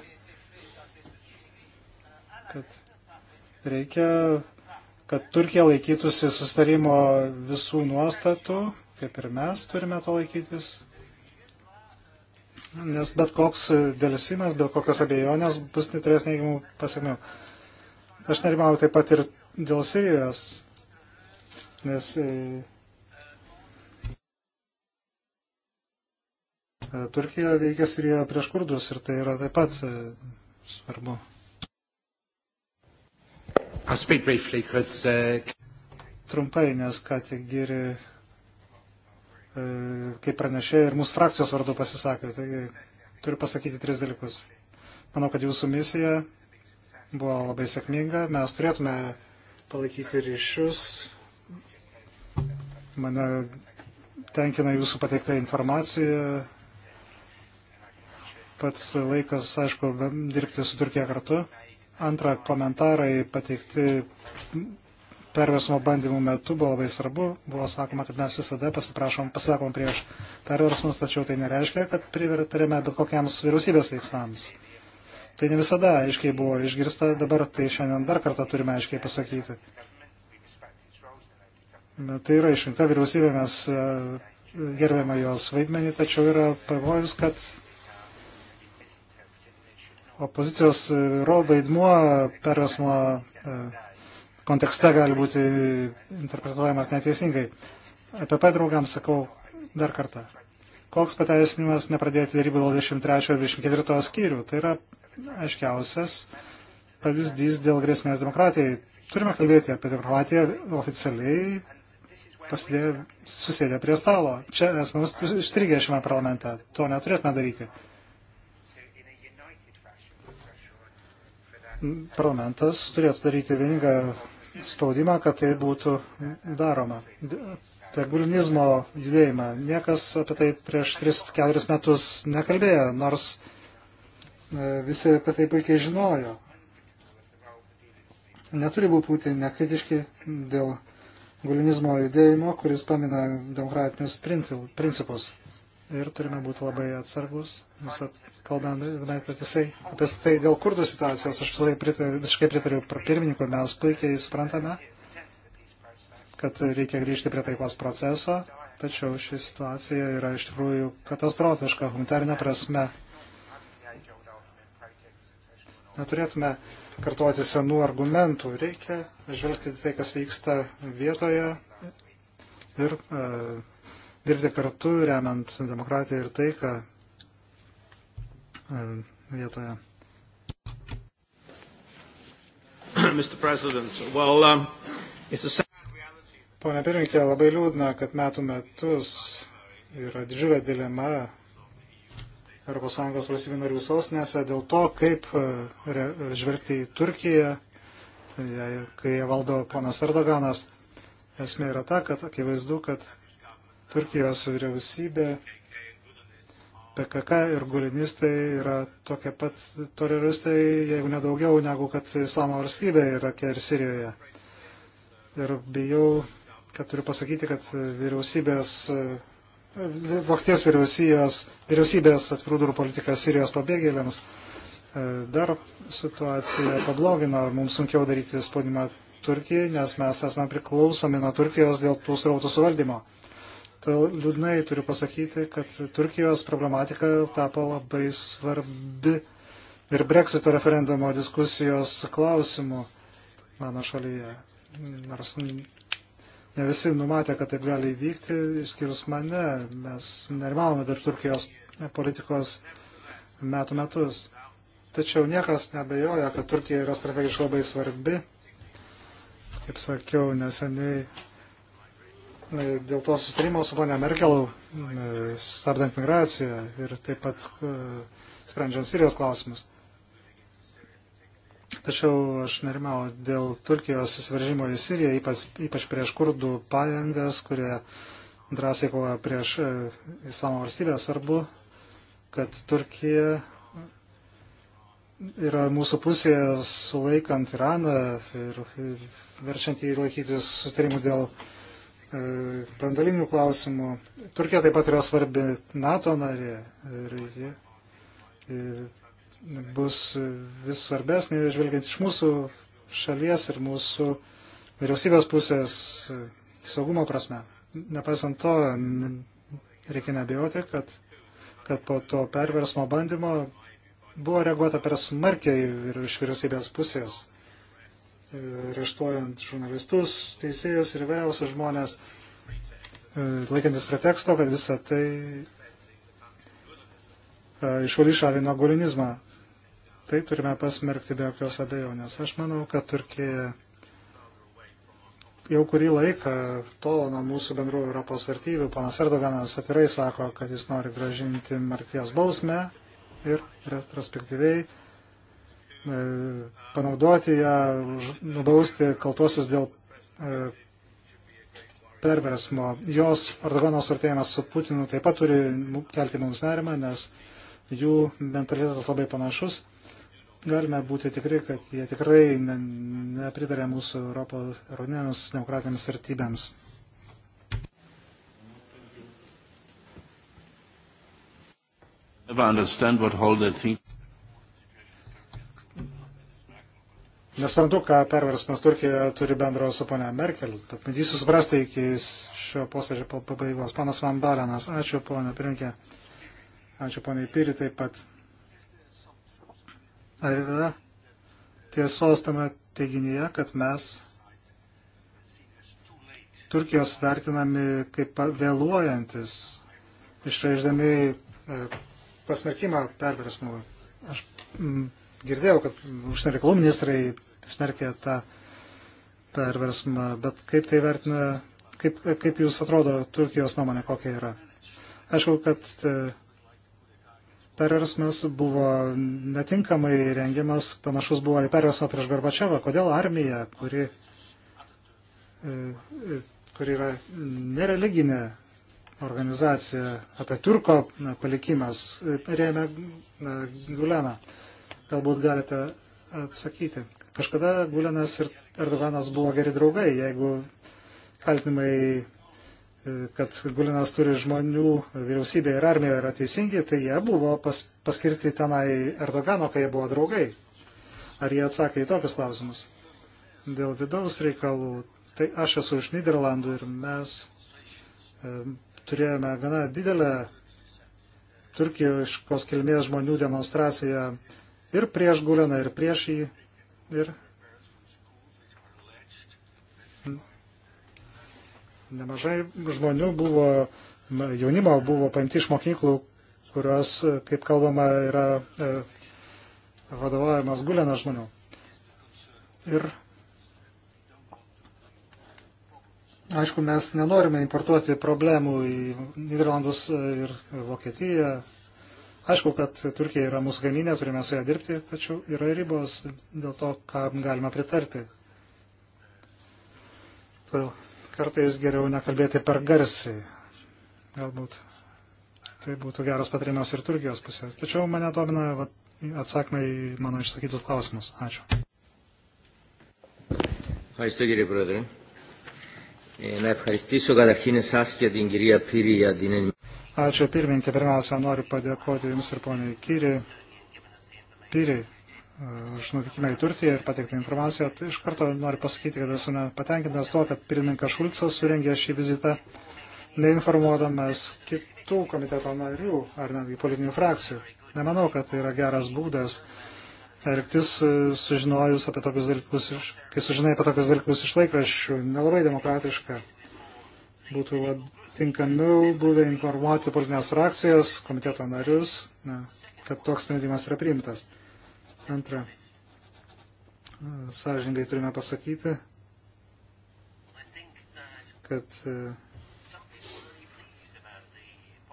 kad reikia, kad Turkija laikytųsi sustarimo visų nuostatų, kaip ir mes turime to laikytis. Nes bet koks dėlsimas, bet kokias abejonės bus neturės neigiamų pasiekmių. Aš nerimauju taip pat ir dėl Sirijos, nes e, E, Turkija veikia Sirijoje prieš kurdus ir tai yra taip pat e, svarbu. Briefly, uh... Trumpai, nes ką tik giri, e, kaip pranešė ir mūsų frakcijos vardu pasisakė. Taigi turiu pasakyti tris dalykus. Manau, kad jūsų misija buvo labai sėkminga. Mes turėtume palaikyti ryšius. Mane tenkina jūsų pateikta informacija pats laikas, aišku, dirbti su Turkija kartu. Antra, komentarai pateikti perversmo bandymų metu buvo labai svarbu. Buvo sakoma, kad mes visada pasiprašom, pasakom prieš perversmus, tačiau tai nereiškia, kad privertarėme bet kokiems vyriausybės veiksmams. Tai ne visada aiškiai buvo išgirsta, dabar tai šiandien dar kartą turime aiškiai pasakyti. Bet tai yra išrinkta vyriausybė, mes e, gerbėme jos vaidmenį, tačiau yra pavojus, kad Opozicijos e, vaidmuo pervesmo e, kontekste gali būti interpretuojamas neteisingai. EPP draugams sakau dar kartą. Koks pateisinimas nepradėti darybų dėl 23 ir 24 skyrių? Tai yra aiškiausias pavyzdys dėl grėsmės demokratijai. Turime kalbėti apie demokratiją oficialiai, pasidė, susėdę prie stalo. Čia esame užstrigę šiame parlamente. To neturėtume daryti. parlamentas turėtų daryti vieningą spaudimą, kad tai būtų daroma. Tegulinizmo judėjimą. Niekas apie tai prieš 3-4 metus nekalbėjo, nors e, visi apie tai puikiai žinojo. Neturi būti nekritiški dėl gulinizmo judėjimo, kuris pamina demokratinius principus. Ir turime būti labai atsargus, visat kalbame apie, visai, apie tai dėl kurdų situacijos, aš visai pritariu, visiškai pritariu pirmininkui, mes puikiai suprantame, kad reikia grįžti prie taikos proceso, tačiau ši situacija yra iš tikrųjų katastrofiška humanitarinė prasme. Neturėtume kartuoti senų argumentų, reikia žvelgti tai, kas vyksta vietoje ir e, dirbti kartu, remiant demokratiją ir taiką vietoje. Well, um, a... Pone pirmininkė, labai liūdna, kad metų metus yra didžiulė dilema ES valstybių narių sostinėse dėl to, kaip uh, žvelgti į Turkiją, kai ją valdo ponas Erdoganas. Esmė yra ta, kad akivaizdu, kad Turkijos vyriausybė PKK ir gulinistai yra tokie pat teroristai, jeigu nedaugiau, negu kad Islamo valstybė Irake ir Sirijoje. Ir bijau, kad turiu pasakyti, kad vyriausybės, Vokietijos vyriausybės, vyriausybės atvirų durų politika Sirijos pabėgėliams e, dar situaciją pablogino ir mums sunkiau daryti spaudimą Turkijai, nes mes esame priklausomi nuo Turkijos dėl tų srautų suvaldymo. Todėl liūdnai turiu pasakyti, kad Turkijos problematika tapo labai svarbi ir Brexito referendumo diskusijos klausimų mano šalyje. Nors ne visi numatė, kad taip gali įvykti, išskyrus mane, mes nerimavome dar Turkijos politikos metų metus. Tačiau niekas nebejoja, kad Turkija yra strategiškai labai svarbi. Kaip sakiau, neseniai dėl to sustarimo su ponia Merkel, e, stabdant migraciją ir taip pat e, sprendžiant Sirijos klausimus. Tačiau aš nerimau dėl Turkijos įsiveržimo į Siriją, ypač, ypač prieš kurdų pajėgas, kurie drąsiai kovoja prieš e, islamo valstybę. Svarbu, kad Turkija yra mūsų pusėje sulaikant Iraną ir, ir verčiant jį laikytis sutarimų dėl e, E, brandalinių klausimų. Turkija taip pat yra svarbi NATO narė ir ji e, bus vis svarbesnė, žvelgiant iš mūsų šalies ir mūsų vyriausybės pusės e, saugumo prasme. Nepaisant to, reikia nebijoti, kad, kad po to perversmo bandymo buvo reaguota per smarkiai ir iš vyriausybės pusės reštuojant žurnalistus, teisėjus ir įvairiausius žmonės, e, laikantis preteksto, kad visa tai e, išvalys šalį nuo gulinizmą. Tai turime pasmerkti be jokios abejonės. Aš manau, kad Turkija jau kurį laiką tolo nuo mūsų bendrų Europos vertybių. Panas Erdoganas atvirai sako, kad jis nori gražinti marties bausmę ir retrospektyviai E, panaudoti ją, nubausti kaltuosius dėl e, perversmo. Jos Erdoganos artėjimas su Putinu taip pat turi kelti mums nerimą, nes jų mentalitetas labai panašus. Galime būti tikri, kad jie tikrai ne, nepritarė mūsų Europos eronėms demokratinėms vertybėms. Never understand what Holder thinks. Nesvarbu, ką perversmas Turkijoje turi bendro su ponia Merkel, bet bandysiu suprasti iki šio posėdžio pabaigos. Panas Van Balenas, ačiū ponia Pirinkė, ačiū poniai Piri taip pat. Ar yra tiesos tame teiginyje, kad mes Turkijos vertinami kaip vėluojantis, išreikšdami e, pasmerkimą perversmui? Aš mm, girdėjau, kad užsienio reikalų ministrai smerkė tą perversmą, bet kaip tai vertina, kaip, kaip jūs atrodo Turkijos nuomonė, kokia yra? Aišku, kad e, perversmas buvo netinkamai rengiamas, panašus buvo į perversmą prieš Gorbačiavą. Kodėl armija, kuri, e, e, kuri yra nereliginė organizacija, Ataturko palikimas, rėmė Guleną? Galbūt galite atsakyti. Kažkada Gulenas ir Erdoganas buvo geri draugai. Jeigu kaltinimai, e, kad Gulenas turi žmonių vyriausybėje ir armijoje yra teisingi, tai jie buvo pas, paskirti tenai Erdogano, kai jie buvo draugai. Ar jie atsakė į tokius klausimus? Dėl vidaus reikalų. Tai aš esu iš Niderlandų ir mes e, turėjome gana didelę turkijoškos kilmės žmonių demonstraciją ir prieš Guleną, ir prieš jį. Ir nemažai žmonių buvo, jaunimo buvo paimti iš mokyklų, kurios, kaip kalbama, yra e, vadovaujamas gulenas žmonių. Ir aišku, mes nenorime importuoti problemų į Niderlandus ir Vokietiją, Aišku, kad Turkija yra mūsų kaiminė, turime su ją dirbti, tačiau yra ribos dėl to, kam galima pritarti. Todėl kartais geriau nekalbėti per garsiai. Galbūt tai būtų geras patarimas ir Turkijos pusės. Tačiau mane domina atsakymai į mano išsakytus klausimus. Ačiū. Ευχαριστώ κύριε Πρόεδρε. Ε, να ευχαριστήσω καταρχήν εσάς και την κυρία Πύρη για την Ačiū pirmininkė. Pirmiausia, noriu padėkoti Jums ir poniai Kyri. Pyri, uh, už nuvykimą į Turkiją ir pateiktą informaciją. Tai iš karto noriu pasakyti, kad esu nepatenkintas to, kad pirmininkas Šulcas surengė šį vizitą, neinformuodamas kitų komiteto narių ar netgi politinių frakcijų. Nemanau, kad tai yra geras būdas elgtis, uh, sužinojus apie tokius dalykus, kai sužinai apie tokius dalykus iš laikraščių, nelabai demokratiška būtų lab, tinkamiau buvę informuoti politinės frakcijas, komiteto narius, na, kad toks sprendimas yra priimtas. Antra, sąžininkai turime pasakyti, kad e,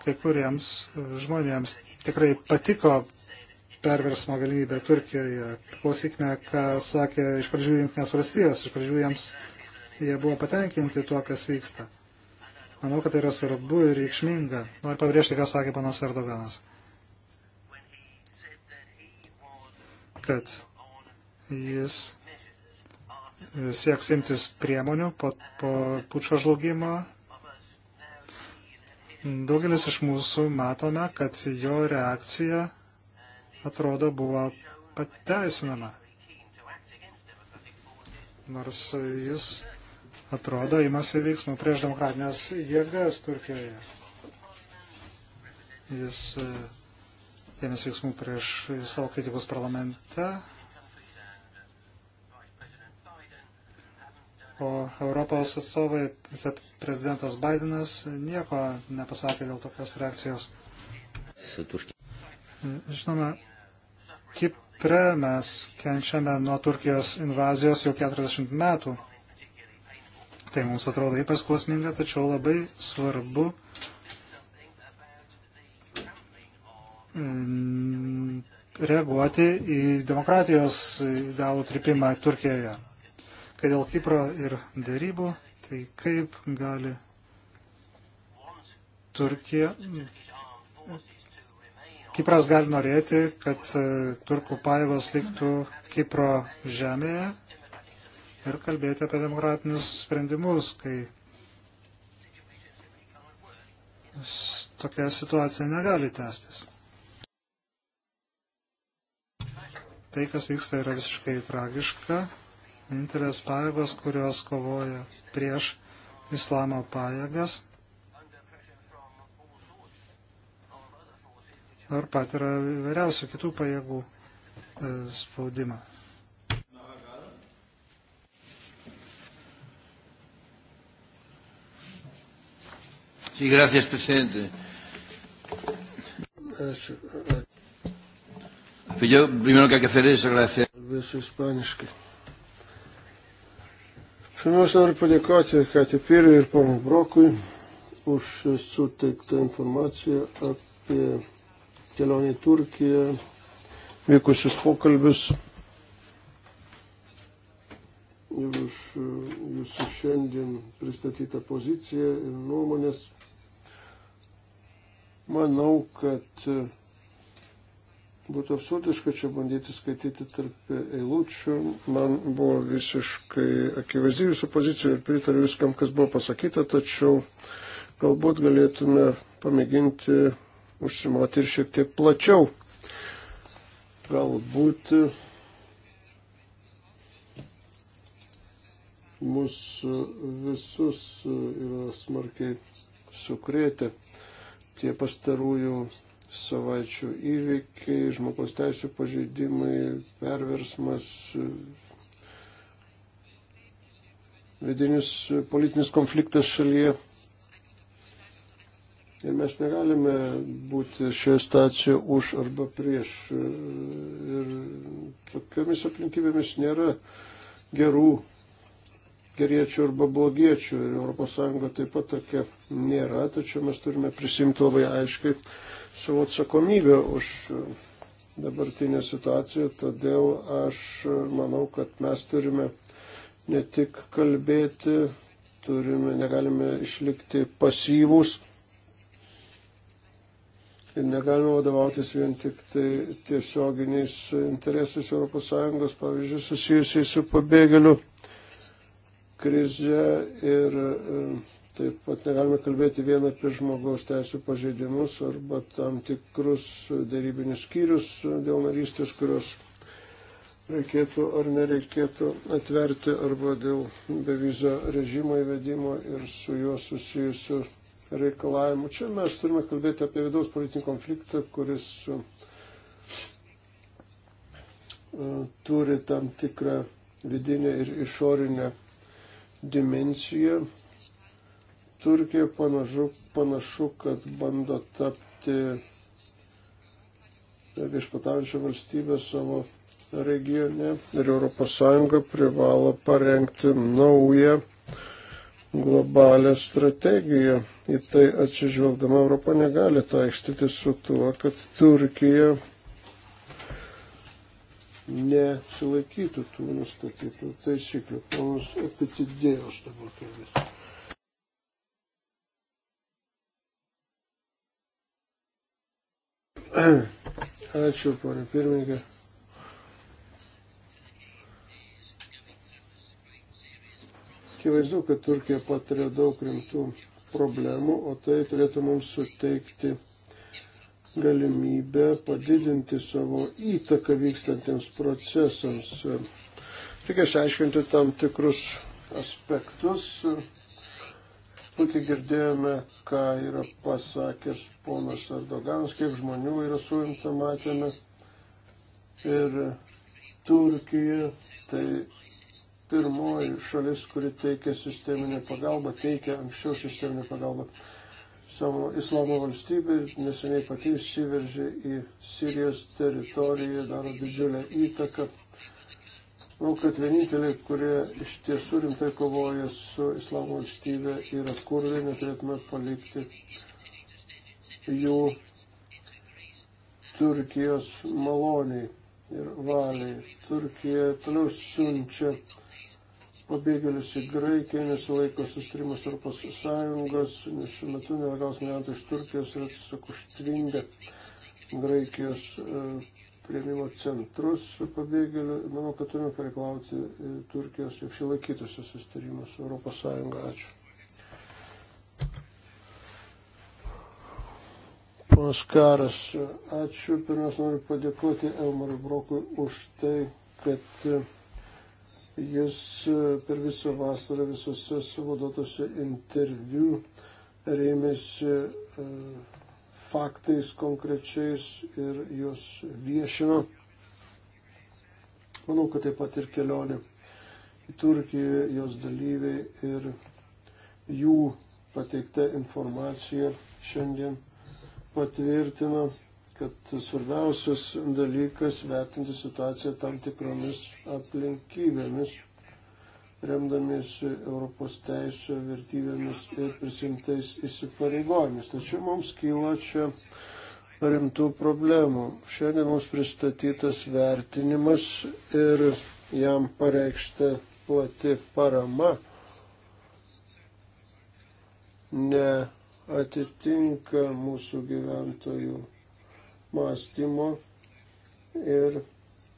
kai kuriems žmonėms tikrai patiko perversmo galimybė Turkijoje. Klausykime, ką sakė iš pradžių Junktinės valstijos. Iš pradžių jiems jie buvo patenkinti tuo, kas vyksta. Manau, kad tai yra svarbu ir reikšminga. Noriu pabrėžti, ką sakė panas Erdoganas. Kad jis sieks imtis priemonių po, po pučio žlugimo. Daugelis iš mūsų matome, kad jo reakcija atrodo buvo pateisinama. Nors jis atrodo imasi veiksmų prieš demokratinės jėgas Turkijoje. Jis e, ėmėsi veiksmų prieš savo kritikus parlamente. O Europos atstovai, prezidentas Bidenas, nieko nepasakė dėl tokios reakcijos. Žinoma, Kipre mes kenčiame nuo Turkijos invazijos jau 40 metų. Tai mums atrodo ypač klausminga, tačiau labai svarbu mm, reaguoti į demokratijos idealų tripimą Turkijoje. Kai dėl Kipro ir dėrybų, tai kaip gali Turkija. Kipras gali norėti, kad e, turkų pajėgos liktų Kipro žemėje ir kalbėti apie demokratinius sprendimus, kai tokia situacija negali tęstis. Tai, kas vyksta, yra visiškai tragiška. Vienintelės pajėgos, kurios kovoja prieš islamo pajėgas, ar patiria vairiausių kitų pajėgų e, spaudimą. Sí, gracias, presidente. Ačiū. Yo primero que hay que hacer es agradecer. Kalbėsiu ispaniškai. Pirmiausia, noriu padėkoti Katipiriui ir ponui Brokui už suteiktą informaciją apie kelionį į Turkiją, vykusius pokalbius ir už jūsų šiandien pristatytą poziciją ir nuomonės. Manau, kad e, būtų absurdiška čia bandyti skaityti tarp eilučių. Man buvo visiškai akivaizdi jūsų pozicija ir pritariu viskam, kas buvo pasakyta, tačiau galbūt galėtume pamėginti užsimoti ir šiek tiek plačiau. Galbūt mus visus yra smarkiai sukrėtę tie pastarųjų savaičių įvykiai, žmogaus teisų pažeidimai, perversmas, vidinis politinis konfliktas šalyje. Ir mes negalime būti šioje stacijoje už arba prieš. Ir tokiamis aplinkybėmis nėra gerų geriečių arba blogiečių ir ES taip pat tokia nėra, tačiau mes turime prisimti labai aiškiai savo atsakomybę už dabartinę situaciją, todėl aš manau, kad mes turime ne tik kalbėti, turime, negalime išlikti pasyvūs ir negalime vadovautis vien tik tai tiesioginiais interesais ES, pavyzdžiui, susijusiais su pabėgėliu krize ir e, taip pat negalime kalbėti vien apie žmogaus teisų pažeidimus arba tam tikrus dėrybinius skyrius dėl narystės, kurios reikėtų ar nereikėtų atverti arba dėl bevizio režimo įvedimo ir su juo susijusių reikalavimų. Čia mes turime kalbėti apie vidaus politinį konfliktą, kuris e, turi tam tikrą vidinę ir išorinę dimensiją. Turkija panašu, panašu kad bando tapti viešpataujančią valstybę savo regione ir ES privalo parengti naują globalę strategiją. Į tai atsižvelgdama Europa negali taikstyti su tuo, kad Turkija nesilaikytų tų nustatytų taisyklių. Ponas apitidėjos dabar kalbės. Ačiū, ponė pirmininkė. Akivaizdu, kad Turkija patiria daug rimtų problemų, o tai turėtų mums suteikti galimybę padidinti savo įtaką vykstantiems procesams. Reikia išaiškinti tam tikrus aspektus. Puikiai girdėjome, ką yra pasakęs ponas Erdoganas, kiek žmonių yra suimta, matėme. Ir Turkija, tai pirmoji šalis, kuri teikia sisteminę pagalbą, teikia anksčiau sisteminę pagalbą savo islamo valstybę ir neseniai pati įsiveržė į Sirijos teritoriją, daro didžiulę įtaką. Manau, kad vieninteliai, kurie iš tiesų rimtai kovoja su islamo valstybė, yra kurdai, neturėtume palikti jų Turkijos maloniai ir valiai. Turkija toliau siunčia pabėgėlius į Graikiją, nesilaiko sustrimus Europos Sąjungos, nes šiuo metu nelegalus migrantai iš Turkijos yra tiesiog užtvinga Graikijos e, prieimimo centrus pabėgėlių. Manau, kad turime pareiklauti e, Turkijos, jog šį laikytųsi sustrimus Europos Sąjungą. Ačiū. Ponas Karas, ačiū. Pirmiausia, noriu padėkoti Elmarui Brokui už tai, kad e, Jis e, per visą vasarą visose savo duotose interviu rėmėsi e, faktais konkrečiais ir juos viešino. Manau, kad taip pat ir kelionė į Turkiją, jos dalyviai ir jų pateikta informacija šiandien patvirtina kad svarbiausias dalykas vertinti situaciją tam tikromis aplinkybėmis, remdamiesi Europos teisų vertybėmis ir prisimtais įsipareigojimis. Tačiau mums kyla čia rimtų problemų. Šiandien mums pristatytas vertinimas ir jam pareikšta plati parama neatitinka mūsų gyventojų mąstymo ir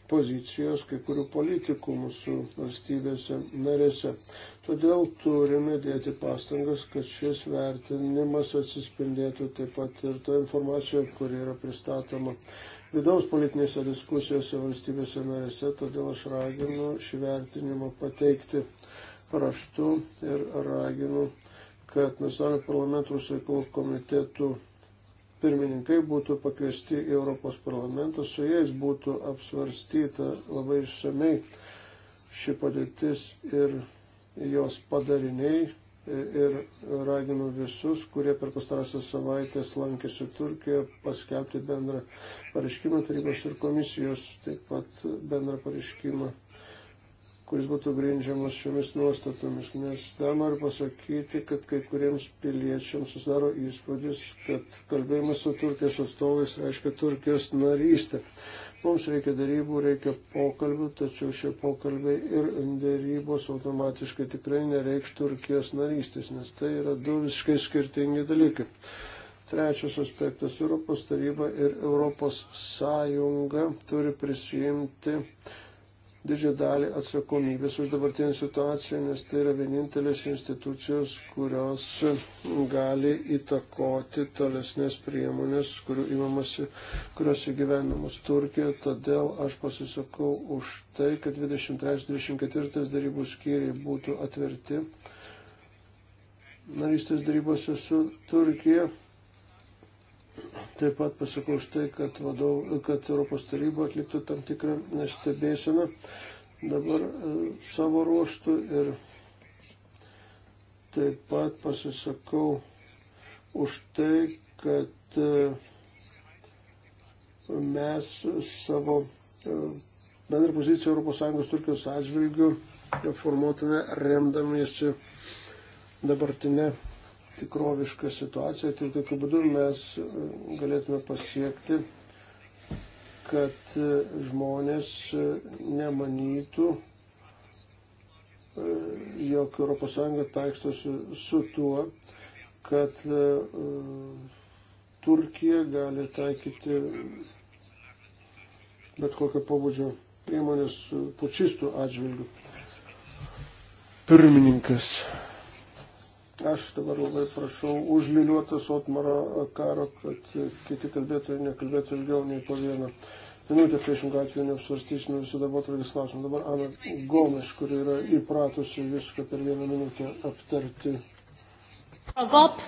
pozicijos kai kurių politikų mūsų valstybėse narėse. Todėl turime dėti pastangas, kad šis vertinimas atsispindėtų taip pat ir to informacijoje, kuri yra pristatoma vidaus politinėse diskusijose valstybėse narėse. Todėl aš raginu šį vertinimą pateikti raštu ir raginu, kad nacionalinio parlamentų užsikalų komitetų pirmininkai būtų pakviesti į Europos parlamentą, su jais būtų apsvarstyta labai išsamei ši padėtis ir jos padariniai. Ir raginu visus, kurie per pastarąsias savaitės lankėsi Turkijoje, paskelbti bendrą pareiškimą tarybos ir komisijos, taip pat bendrą pareiškimą kuris būtų grindžiamas šiomis nuostatomis, nes dar noriu pasakyti, kad kai kuriems piliečiams susidaro įspūdis, kad kalbėjimas su Turkijos atstovais reiškia Turkijos narystę. Mums reikia darybų, reikia pokalbių, tačiau šie pokalbiai ir darybos automatiškai tikrai nereikš Turkijos narystės, nes tai yra du visiškai skirtingi dalykai. Trečias aspektas - Europos taryba ir Europos sąjunga turi prisijimti didžią dalį atsakomybės už dabartinę situaciją, nes tai yra vienintelės institucijos, kurios gali įtakoti tolesnės priemonės, kurių įmamasi, kurios įgyvenamos Turkijoje. Todėl aš pasisakau už tai, kad 23-24 darybų skyriai būtų atverti narystės darybose su Turkija. Taip pat pasakau už tai, kad, vadov, kad Europos taryba atliktų tam tikrą stebėseną dabar e, savo ruoštų ir taip pat pasisakau už tai, kad e, mes savo e, bendrą poziciją ES Turkijos atžvilgių formuotume remdamiesi dabartinę tikrovišką situaciją, tai tokiu būdu mes e, galėtume pasiekti, kad e, žmonės e, nemanytų, jog ES taikstosi su tuo, kad Turkija gali taikyti bet kokio pobūdžio priemonės pučistų atžvilgių. Pirmininkas. Aš dabar labai prašau užliuliuotas Otmaro karo, kad kiti kalbėtojai nekalbėtų ilgiau nei po vieną minutę priešingą atveju neapsvarstysime visų dabar atvarkės klausimų. Dabar Ana Gomes, kuri yra įpratusi viską per vieną minutę aptarti. Agop.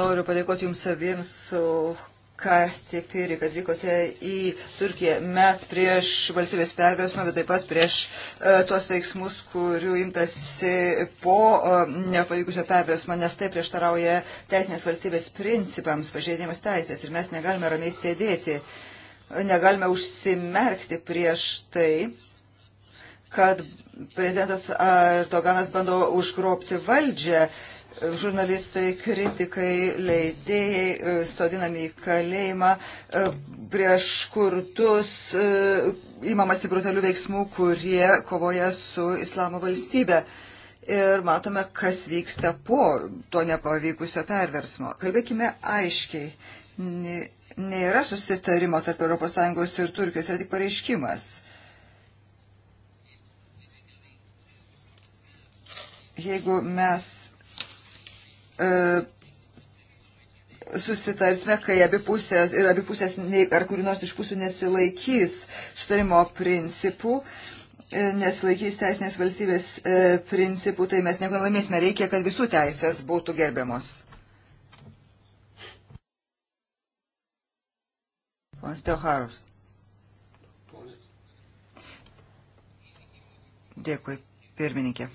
Noriu padėkoti Jums abiems Katipiri, kad vykote į Turkiją. Mes prieš valstybės perversmą, bet taip pat prieš uh, tuos veiksmus, kurių imtasi po uh, nepavykusio perversmo, nes tai prieštarauja teisinės valstybės principams, pažeidimus teisės ir mes negalime ramiai sėdėti, negalime užsimerkti prieš tai, kad prezidentas Erdoganas bando užgrobti valdžią. Uh, žurnalistai, kritikai, leidėjai e, sodinami į kalėjimą e, prieš kurtus įmamasi e, brutalių veiksmų, kurie kovoja su islamo valstybe. Ir matome, kas vyksta po to nepavykusio perversmo. Kalbėkime aiškiai. Nėra susitarimo tarp ES ir Turkijos, yra tik pareiškimas. Jeigu mes E, susitarsime, kai abi pusės ir abi pusės ar kuri nors iš pusių nesilaikys sutarimo principų e, nesilaikys teisinės valstybės e, principų, tai mes nieko laimėsime. Reikia, kad visų teisės būtų gerbiamos. Ponas Teoharus. Dėkui, pirmininkė.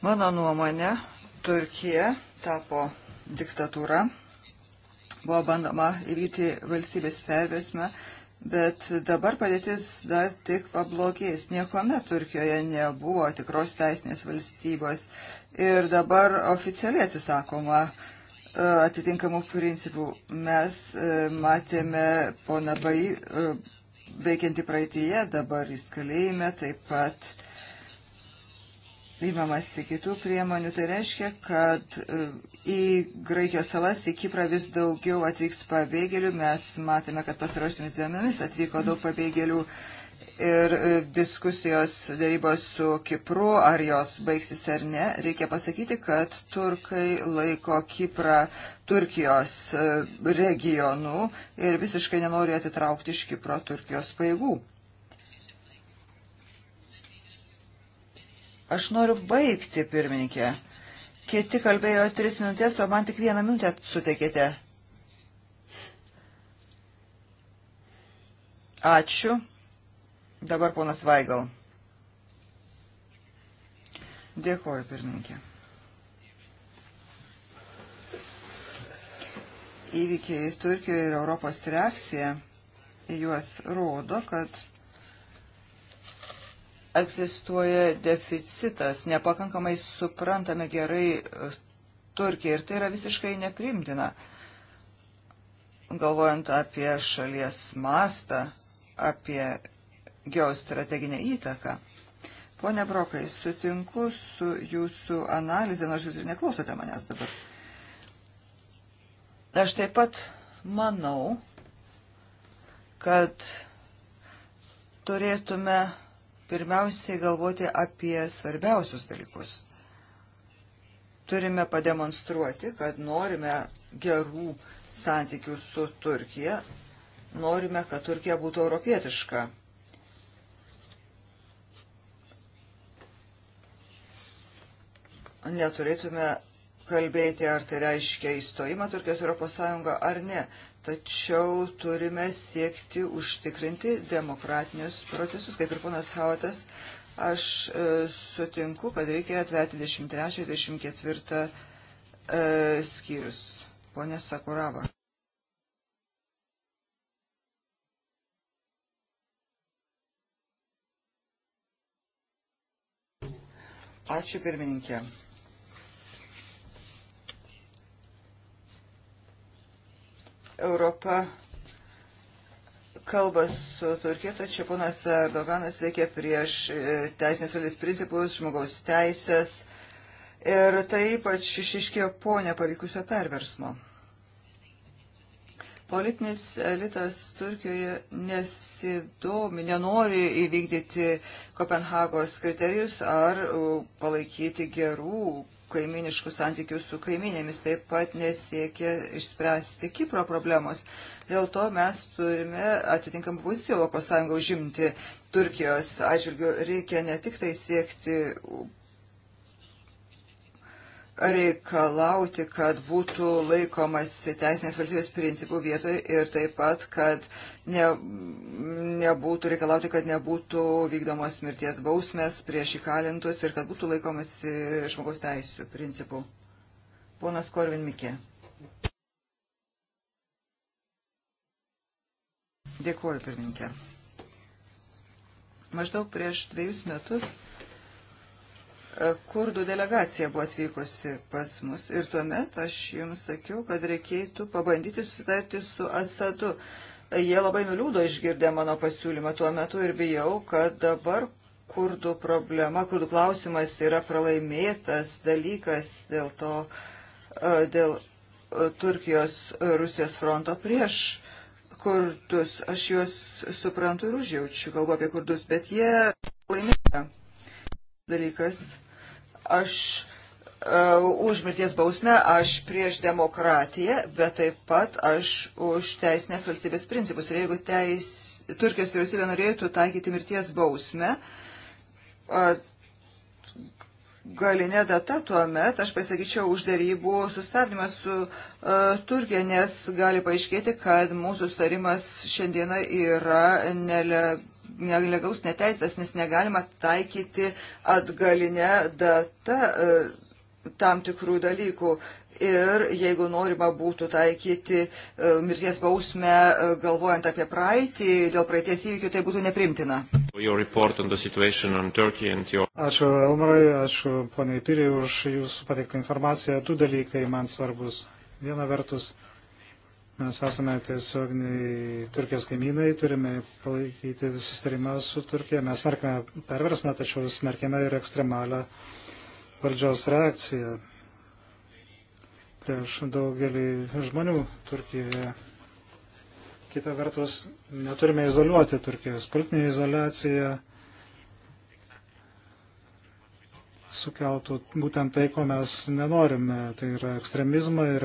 Mano nuomonė, Turkija tapo diktatūra, buvo bandoma įvykti valstybės perversmę, bet dabar padėtis dar tik pablogės. Niekuomet Turkijoje nebuvo tikros teisinės valstybos ir dabar oficialiai atsisakoma e, atitinkamų principų. Mes e, matėme poną Bai e, veikianti praeitįje, dabar jis kalėjime, taip pat imamasi kitų priemonių. Tai reiškia, kad e, į Graikijos salas, į Kiprą vis daugiau atvyks pabėgėlių. Mes matėme, kad pasarosiamis dienomis atvyko daug pabėgėlių ir e, diskusijos darybos su Kipru, ar jos baigsis ar ne. Reikia pasakyti, kad turkai laiko Kiprą Turkijos e, regionu ir visiškai nenori atitraukti iš Kipro Turkijos paėgų. Aš noriu baigti, pirmininkė. Kiti kalbėjo tris minutės, o man tik vieną minutę suteikėte. Ačiū. Dabar ponas Vaigal. Dėkoju, pirmininkė. Įvykiai Turkijoje ir Europos reakcija į juos rodo, kad egzistuoja deficitas, nepakankamai suprantame gerai uh, Turkiją ir tai yra visiškai neprimtina. Galvojant apie šalies mastą, apie geostrateginę įtaką. Pone Brokai, sutinku su jūsų analizė, nors jūs ir neklausote manęs dabar. Aš taip pat manau, kad turėtume pirmiausiai galvoti apie svarbiausius dalykus. Turime pademonstruoti, kad norime gerų santykių su Turkija, norime, kad Turkija būtų europietiška. Neturėtume kalbėti, ar tai reiškia įstojimą Turkijos Europos Sąjungą ar ne tačiau turime siekti užtikrinti demokratinius procesus, kaip ir ponas Hautas. Aš e, sutinku, kad reikia atverti 23-24 e, skyrius. Pone Sakurava. Ačiū pirmininkė. Europa kalba su Turkija, tačiau ponas Erdoganas veikia prieš e, teisinės valės principus, žmogaus teisės ir tai ypač išiškėjo po nepavykusio perversmo. Politinis elitas Turkijoje nesidomi, nenori įvykdyti Kopenhagos kriterijus ar palaikyti gerų kaiminiškų santykių su kaiminėmis, taip pat nesiekia išspręsti Kipro problemos. Dėl to mes turime atitinkamą poziciją Europos Sąjungą užimti Turkijos atžvilgių. Reikia ne tik tai siekti reikalauti, kad būtų laikomas teisinės valstybės principų vietoje ir taip pat, kad ne, nebūtų reikalauti, kad nebūtų vykdomos mirties bausmės prieš įkalintus ir kad būtų laikomasi žmogaus teisų principų. Ponas Korvin Mikė. Dėkuoju, pirmininkė. Maždaug prieš dviejus metus e, kurdų delegacija buvo atvykusi pas mus ir tuomet aš jums sakiau, kad reikėtų pabandyti susitarti su Asadu. Jie labai nuliūdo išgirdę mano pasiūlymą tuo metu ir bijau, kad dabar kurdų problema, kurdų klausimas yra pralaimėtas dalykas dėl to, e, dėl e, Turkijos e, Rusijos fronto prieš kurdus. Aš juos suprantu ir užjaučiu, kalbu apie kurdus, bet jie laimėjo dalykas. Aš Uh, užmirties bausmę, aš prieš demokratiją, bet taip pat aš už teisinės valstybės principus. Ir jeigu teis, Turkijos vyriausybė norėtų taikyti mirties bausmę, uh, galinė data tuo met, aš pasakyčiau, uždarybų sustabdymas su uh, Turkija, nes gali paaiškėti, kad mūsų sustarimas šiandieną yra nelegaus neteistas, nes negalima taikyti atgalinę datą. Uh, tam tikrų dalykų. Ir jeigu norima būtų taikyti e, mirties bausmę, e, galvojant apie praeitį, dėl praeities įvykių, tai būtų neprimtina. Ačiū Elmarai, ačiū poniai Piriai už jūsų pateiktą informaciją. Du dalykai man svarbus. Viena vertus, mes esame tiesioginiai Turkijos kaimynai, turime palaikyti susitarimą su Turkija. Mes smerkime perversmą, tačiau smerkime ir ekstremalią valdžios reakcija prieš daugelį žmonių Turkijoje. Kita vertus, neturime izoliuoti Turkijos. Politinė izolacija sukeltų būtent tai, ko mes nenorime. Tai yra ekstremizmą ir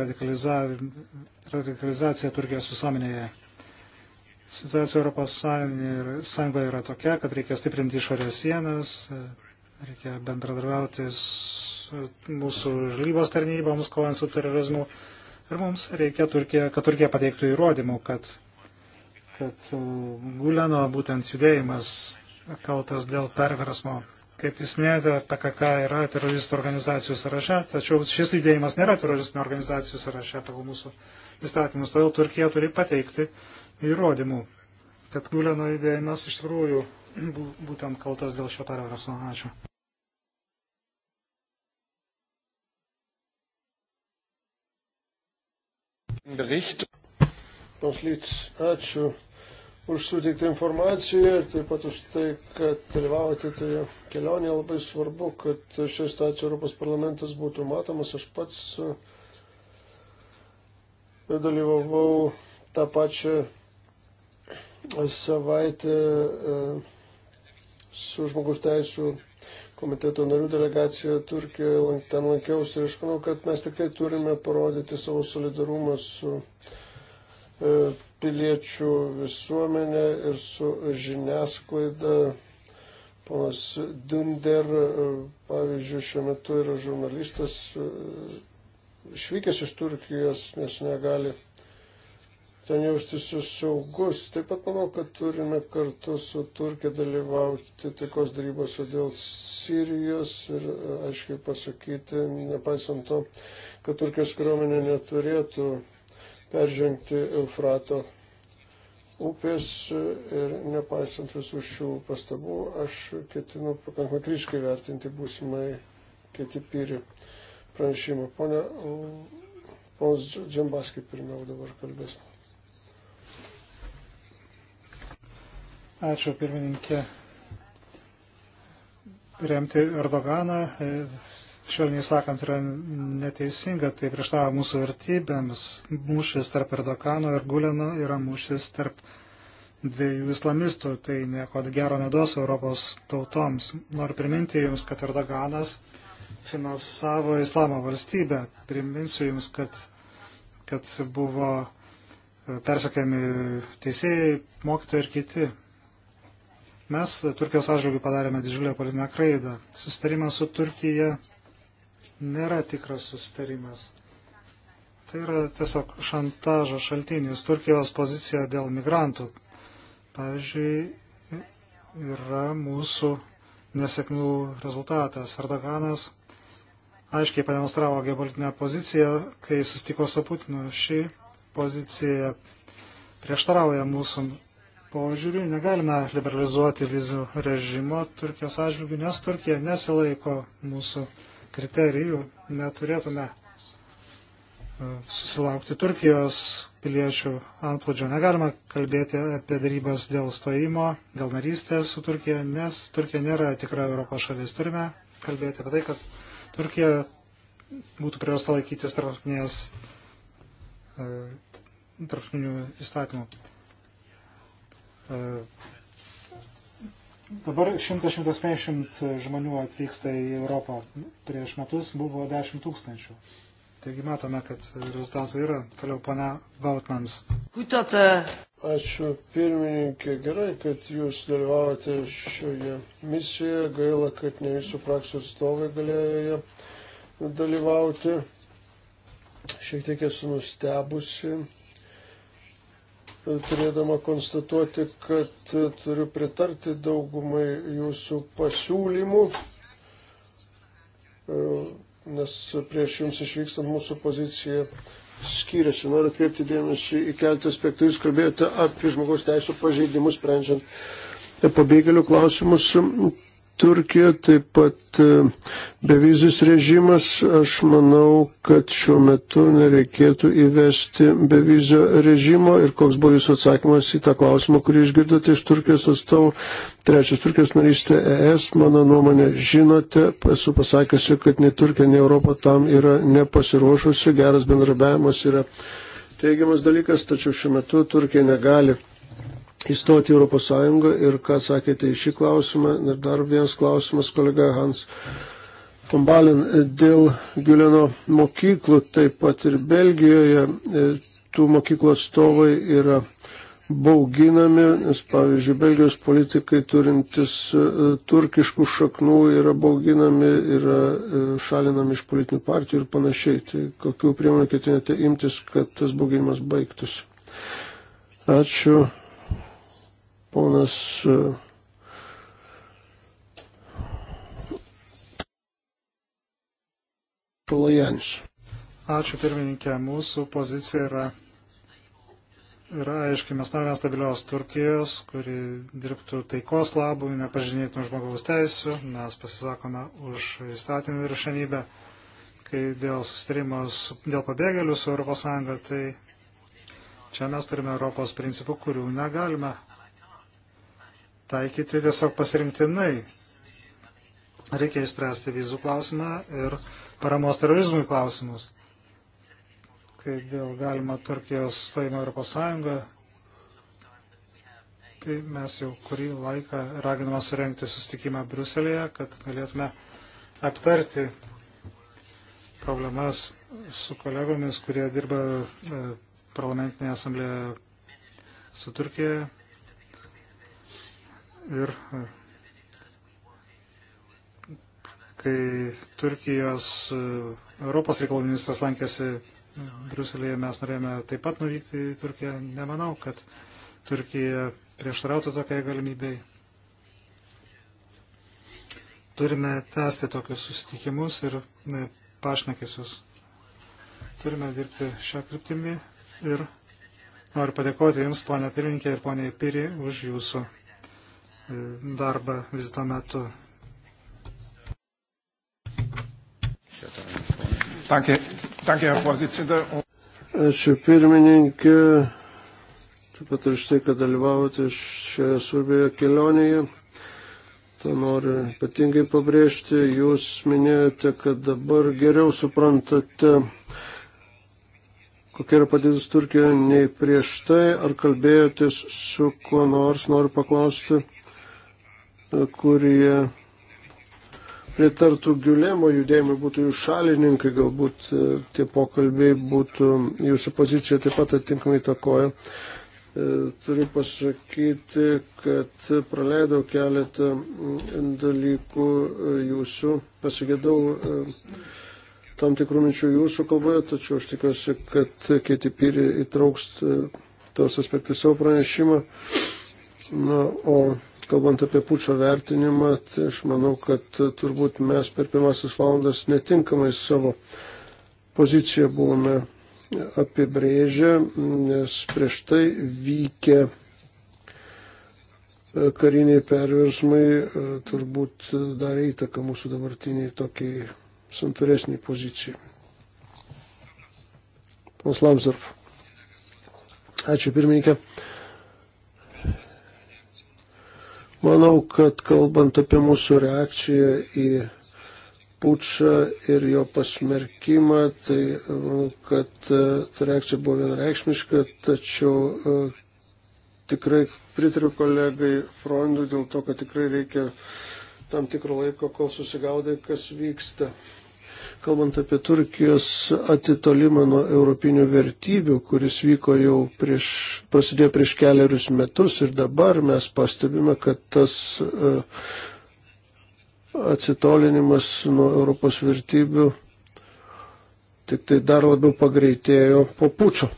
radikalizacija Turkijos visuomenėje. Situacija Europos Sąjungoje yra tokia, kad reikia stiprinti išorės sienas, Reikia bendradarbiauti mūsų žlybos tarnyboms, kovant su terorizmu. Ir mums reikia, Turkija, kad Turkija pateiktų įrodymų, kad, kad uh, Guleno būtent judėjimas kaltas dėl perversmo. Kaip jūs minėjote, PKK yra teroristų organizacijų sąraše, tačiau šis judėjimas nėra teroristinių organizacijų sąraše pagal mūsų įstatymus. Todėl Turkija turi pateikti įrodymų, kad Guleno judėjimas iš tikrųjų būtent kaltas dėl šio perverso. Ačiū. Bericht. Konflikts. Ačiū už suteiktą informaciją ir taip pat už tai, kad dalyvavote toje kelionėje. Labai svarbu, kad šioje situacijoje Europos parlamentas būtų matomas. Aš pats e, dalyvavau tą pačią savaitę. E, su žmogus teisų komiteto narių delegacija Turkijoje ten lankiausi ir aš manau, kad mes tikrai turime parodyti savo solidarumą su e, piliečių visuomenė ir su žiniasklaida. Ponas Dunder, e, pavyzdžiui, šiuo metu yra žurnalistas e, išvykęs iš Turkijos, nes negali ten jaustųsi saugus. Taip pat manau, kad turime kartu su Turkija dalyvauti taikos darybose dėl Sirijos ir e, aiškiai pasakyti, nepaisant to, kad Turkijos kariuomenė neturėtų peržengti Eufrato upės ir nepaisant visų šių pastabų, aš ketinu pakankamai kryškai vertinti būsimai kiti pyri pranešimą. Pone, ponas Džambaskį pirmiau dabar kalbės. Ačiū pirmininkė. Remti Erdoganą, e, švelniai sakant, yra neteisinga, tai prieštavo mūsų vertybėms. Mūšis tarp Erdogano ir Guleno yra mūšis tarp dviejų islamistų, tai nieko gero neduos Europos tautoms. Noriu priminti Jums, kad Erdoganas finansavo islamo valstybę. Priminsiu Jums, kad, kad buvo persakiami teisėjai, mokytojai ir kiti. Mes Turkijos atžvilgių padarėme didžiulę politinę klaidą. Susitarimas su Turkija nėra tikras susitarimas. Tai yra tiesiog šantažo šaltinis. Turkijos pozicija dėl migrantų, pavyzdžiui, yra mūsų nesėkmių rezultatas. Erdoganas aiškiai pademonstravo geopolitinę poziciją, kai sustiko su Putinu. Ši pozicija prieštarauja mūsų požiūriu negalime liberalizuoti vizų režimo Turkijos atžvilgių, nes Turkija nesilaiko mūsų kriterijų, neturėtume e, susilaukti Turkijos piliečių antplūdžio. Negalima kalbėti apie darybas dėl stojimo, dėl narystės su Turkija, nes Turkija nėra tikra Europos šalis. Turime kalbėti apie tai, kad Turkija būtų privesta laikytis e, tarptautinių įstatymų. E, dabar 100-150 žmonių atvyksta į Europą. Prieš metus buvo 10 tūkstančių. Taigi matome, kad rezultatų yra. Toliau pana Vautmans. E, Ačiū pirmininkė, gerai, kad jūs dalyvavote šioje misijoje. Gaila, kad ne visų frakcijų atstovai galėjo dalyvauti. Šiek tiek esu nustebusi turėdama konstatuoti, kad turiu pritarti daugumai jūsų pasiūlymų, e, nes prieš jums išvykstant mūsų pozicija skiriasi. Noriu atkreipti dėmesį į keletą aspektų. Jūs kalbėjote apie žmogaus teisų pažeidimus, sprendžiant pabėgėlių klausimus. Turkija, taip pat e, bevizis režimas. Aš manau, kad šiuo metu nereikėtų įvesti bevizio režimo. Ir koks buvo jūsų atsakymas į tą klausimą, kurį išgirdote iš Turkijos atstovų? Trečias Turkijos narystė ES, mano nuomonė, žinote, esu pasakiusi, kad nei Turkija, nei Europa tam yra nepasiruošusi. Geras bendrabiavimas yra teigiamas dalykas, tačiau šiuo metu Turkija negali įstoti į Europos Sąjungą ir ką sakėte į šį klausimą. Ir dar vienas klausimas, kolega Hans Pombalin, dėl Giuleno mokyklų, taip pat ir Belgijoje e, tų mokyklų atstovai yra bauginami, nes pavyzdžiui, Belgijos politikai turintis e, turkiškų šaknų yra bauginami, yra e, šalinami iš politinių partijų ir panašiai. Tai kokiu priemonių ketinate imtis, kad tas bauginimas baigtųsi? Ačiū ponas. E, Pulajanis. Ačiū pirmininkė. Mūsų pozicija yra, yra aiškiai, mes norime stabilios Turkijos, kuri dirbtų taikos labų, nepažinėtų žmogaus teisų. Mes pasisakome už įstatymų viršenybę kai dėl sustarimo dėl pabėgėlių su ES, tai čia mes turime Europos principų, kurių negalime taikyti tiesiog pasirinktinai. Reikia išspręsti vizų klausimą ir paramos terorizmui klausimus. Kai dėl galima Turkijos stojimo Europos Sąjungą, tai mes jau kurį laiką raginame surenkti sustikimą Bruselėje, kad galėtume aptarti problemas su kolegomis, kurie dirba e, parlamentinėje asamblėje su Turkijoje ir kai Turkijos e, Europos reikalų ministras lankėsi Bruselėje, mes norėjome taip pat nuvykti į Turkiją. Nemanau, kad Turkija prieštarautų tokiai galimybei. Turime tęsti tokius susitikimus ir ne, pašnekesius. Turime dirbti šią kryptimį ir noriu padėkoti Jums, ponia pirmininkė ir ponia Piri, už Jūsų darbą vizito metu. Danke, danke, Herr Vorsitzender. Ačiū pirmininkė, taip pat ir už tai, kad dalyvavote šioje svarbioje kelionėje. To noriu ypatingai pabrėžti. Jūs minėjote, kad dabar geriau suprantate kokia yra padėtis Turkijoje nei prieš tai, ar kalbėjotės su kuo nors, noriu paklausti, kurie pritartų giulėmo judėjimui, būtų jų šalininkai, galbūt e, tie pokalbiai būtų, jūsų pozicija taip pat atitinkamai takoja. E, turiu pasakyti, kad praleidau keletą dalykų e, jūsų, pasigėdau tam tikrų minčių jūsų kalboje, tačiau aš tikiuosi, kad KTP įtrauks tos aspektus savo pranešimą. Na, o Kalbant apie pučio vertinimą, tai aš manau, kad turbūt mes per pirmasis valandas netinkamai savo poziciją buvome apibrėžę, nes prieš tai vykę e, kariniai perversmai e, turbūt darė įtaką mūsų dabartiniai tokiai santuresniai pozicijai. Pons Lamsdorf. Ačiū pirmininkė. Manau, kad kalbant apie mūsų reakciją į pučą ir jo pasmerkimą, tai manau, kad e, ta reakcija buvo vienareikšmiška, tačiau e, tikrai pritariu kolegai Freundui dėl to, kad tikrai reikia tam tikro laiko, kol susigaudai, kas vyksta kalbant apie Turkijos atitolimą nuo europinių vertybių, kuris vyko jau prieš, prasidėjo prieš keliarius metus ir dabar mes pastebime, kad tas e, atsitolinimas nuo Europos vertybių tik tai dar labiau pagreitėjo po pučio.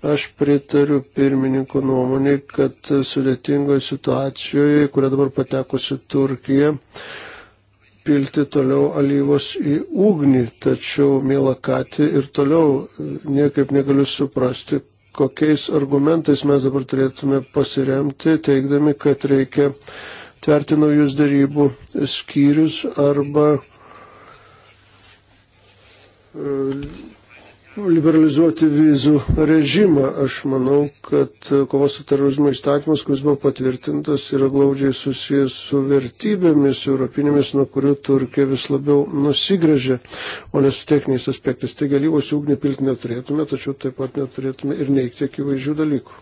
Aš pritariu pirmininko nuomonė, kad sudėtingoje situacijoje, kurią dabar patekusi Turkija, pilti toliau alyvos į ugnį, tačiau, mėla Kati, ir toliau e, niekaip negaliu suprasti, kokiais argumentais mes dabar turėtume pasiremti, teikdami, kad reikia tverti naujus darybų skyrius arba e, liberalizuoti vizų režimą. Aš manau, kad kovos su terorizmo įstatymas, kuris buvo patvirtintas, yra glaudžiai susijęs su vertybėmis europinėmis, nuo kurių Turkija vis labiau nusigražė, o ne su techniniais aspektais. Taigi alyvos ugnį pilti neturėtume, tačiau taip pat neturėtume ir neikti akivaizdžių dalykų.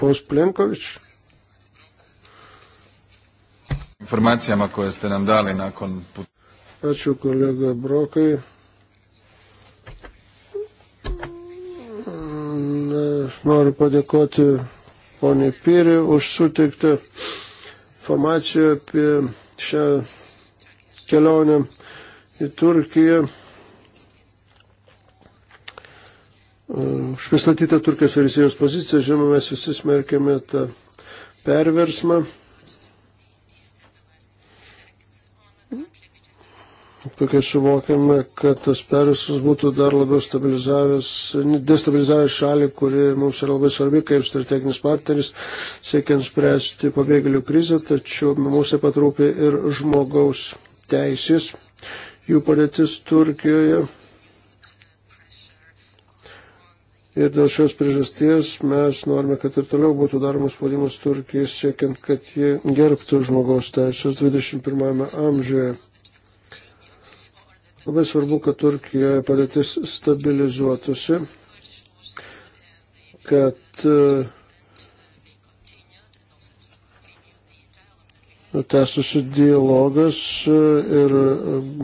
Paus Plenkovič. Informacijama koje ste nam dali nakon put Ačiū kolega Brokai. Noriu padėkoti poniai Pyri už suteiktą informaciją apie šią kelionę į Turkiją. Už pristatytą Turkijos vyriausybės poziciją, žinoma, mes visi smerkėme tą perversmą. Tokia suvokiame, kad tas perversmas būtų dar labiau stabilizavęs, destabilizavęs šalį, kuri mums yra labai svarbi kaip strateginis partneris, siekiant spręsti pabėgėlių krizę, tačiau mums taip pat rūpi ir žmogaus teisės, jų padėtis Turkijoje. Ir dėl šios priežasties mes norime, kad ir toliau būtų daromas spaudimas Turkijai, siekiant, kad jie gerbtų žmogaus teisės 21 amžiuje. Labai svarbu, kad Turkijoje padėtis stabilizuotųsi, kad e, tęstųsi dialogas e, ir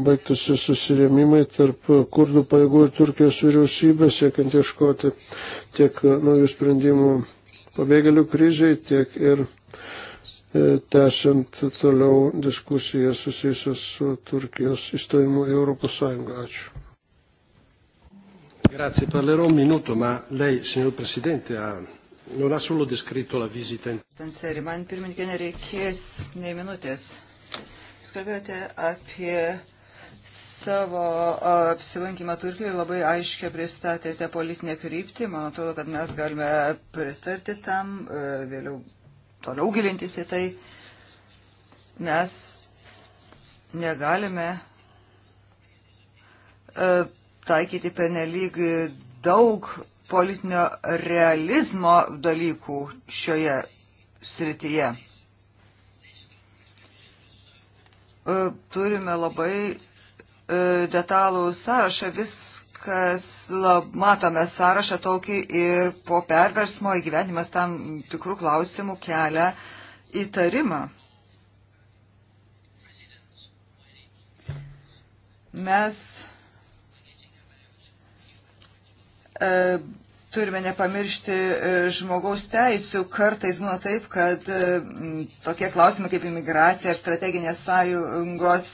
baigtųsi susirėmimai tarp kurdų pajėgų ir Turkijos vyriausybės, siekiant ieškoti tiek naujų sprendimų pabėgėlių kryžiai, tiek ir tęsiant toliau diskusiją susijusią su Turkijos įstojimu į Europos Sąjungą. Ačiū. Grazie, parlerò un minuto, ma lei, signor Presidente, ha Non ha solo descritto la visita in... Panseri, man pirmininkė nereikės nei minutės. Jūs kalbėjote apie savo apsilankymą Turkijoje, labai aiškiai pristatėte politinę kryptį. Man atrodo, kad mes galime pritarti tam, vėliau toliau gilintis į tai, mes negalime e, taikyti penelyg daug politinio realizmo dalykų šioje srityje. E, turime labai e, detalų sąrašą, viską kas lab, matome sąrašą tokį ir po perversmo įgyvenimas tam tikrų klausimų kelia įtarimą. Mes e, turime nepamiršti e, žmogaus teisų. Kartais būna taip, kad e, tokie klausimai kaip imigracija ar strateginės sąjungos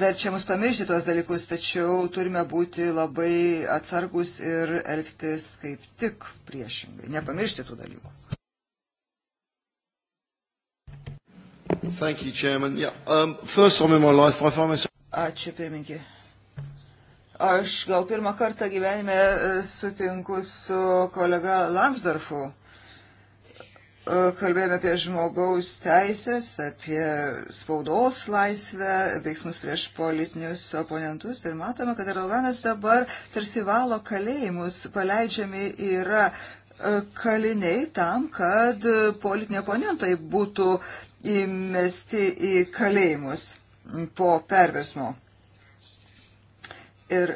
verčia mus pamiršti tuos dalykus, tačiau turime būti labai atsargus ir elgtis kaip tik priešingai, nepamiršti tų dalykų. Thank you, Chairman. Yeah, um, first time in my life I find myself... Ačiū, pirmininkė Aš gal pirmą kartą gyvenime e, sutinku su kolega Lamsdorfu. E, kalbėjome apie žmogaus teisės, apie spaudos laisvę, veiksmus prieš politinius oponentus ir matome, kad Erdoganas dabar tarsi valo kalėjimus, paleidžiami yra e, kaliniai tam, kad politiniai oponentai būtų įmesti į kalėjimus po perversmo. Ir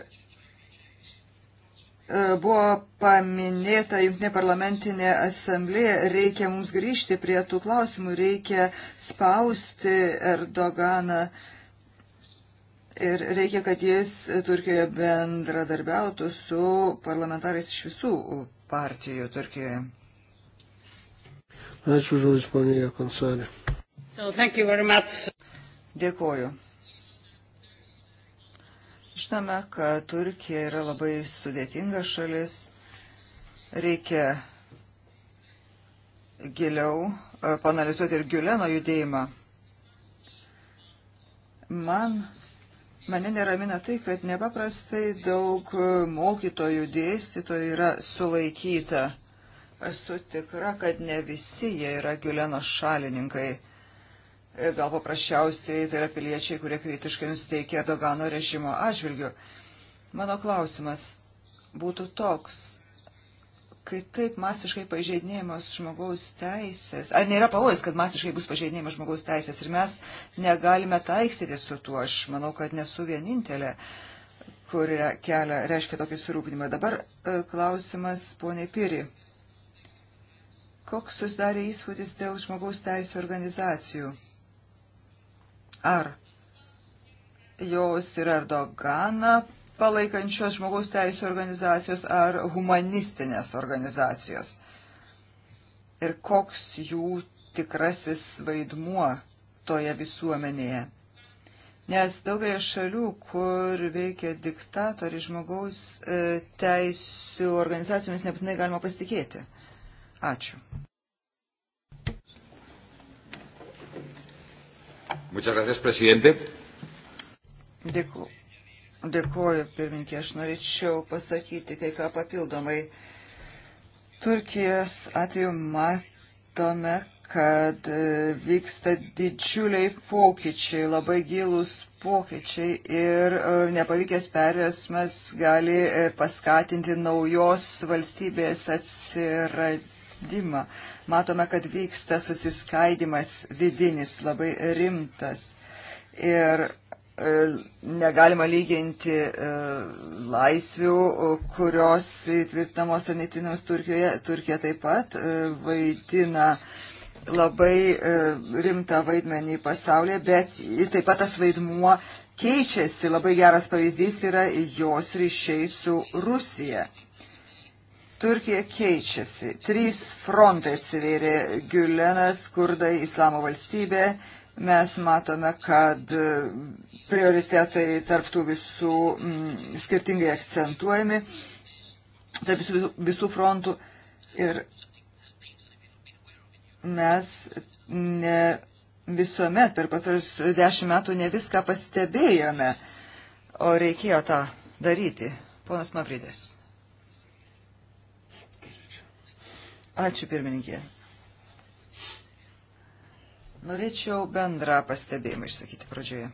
e, buvo paminėta Junktinė parlamentinė asamblėje, reikia mums grįžti prie tų klausimų, reikia spausti Erdoganą ir reikia, kad jis Turkijoje bendradarbiautų su parlamentarais iš visų partijų Turkijoje. Ačiū žodis, ponė Konsarė. So, Dėkuoju. Žinome, kad Turkija yra labai sudėtinga šalis. Reikia giliau e, panalizuoti ir Giuleno judėjimą. Man, mane neramina tai, kad nepaprastai daug mokytojų dėstytojų yra sulaikyta. Esu tikra, kad ne visi jie yra Giuleno šalininkai. E, gal paprasčiausiai tai yra piliečiai, kurie kritiškai nusteikia Erdogano režimo atžvilgiu. Mano klausimas būtų toks, kai taip masiškai pažeidinėjamos žmogaus teisės, ar nėra pavojus, kad masiškai bus pažeidinėjamos žmogaus teisės ir mes negalime taiksyti su tuo, aš manau, kad nesu vienintelė, kuri kelia, reiškia tokį surūpinimą. Dabar e, klausimas poniai Piri. Koks susidarė įspūdis dėl žmogaus teisų organizacijų? Ar jos yra Erdoganą palaikančios žmogaus teisų organizacijos ar humanistinės organizacijos? Ir koks jų tikrasis vaidmuo toje visuomenėje? Nes daugelio šalių, kur veikia diktatoriai žmogaus e, teisų organizacijomis, nebūtinai galima pasitikėti. Ačiū. Muchas gracias, presidente. Dėku, dėkuoju, pirmininkė. Aš norėčiau pasakyti kai ką papildomai. Turkijos atveju matome, kad e, vyksta didžiuliai pokyčiai, labai gilus pokyčiai ir e, nepavykęs perėsmas gali e, paskatinti naujos valstybės atsiradimą matome, kad vyksta susiskaidimas vidinis labai rimtas. Ir e, negalima lyginti e, laisvių, e, kurios įtvirtinamos anitinams Turkijoje. Turkija taip pat vaidina labai rimtą vaidmenį pasaulyje, bet taip pat tas vaidmuo keičiasi. Labai geras pavyzdys yra jos ryšiai su Rusija. Turkija keičiasi. Trys frontai atsivėrė - Gülenas, kurdai, islamo valstybė. Mes matome, kad mm, prioritetai tarptų visų m, mm, skirtingai akcentuojami, tarp visų, visų frontų. Ir mes ne visuomet per pasarus dešimt metų ne viską pastebėjome, o reikėjo tą daryti. Ponas Mavridės. Ačiū pirmininkė. Norėčiau bendrą pastebėjimą išsakyti pradžioje.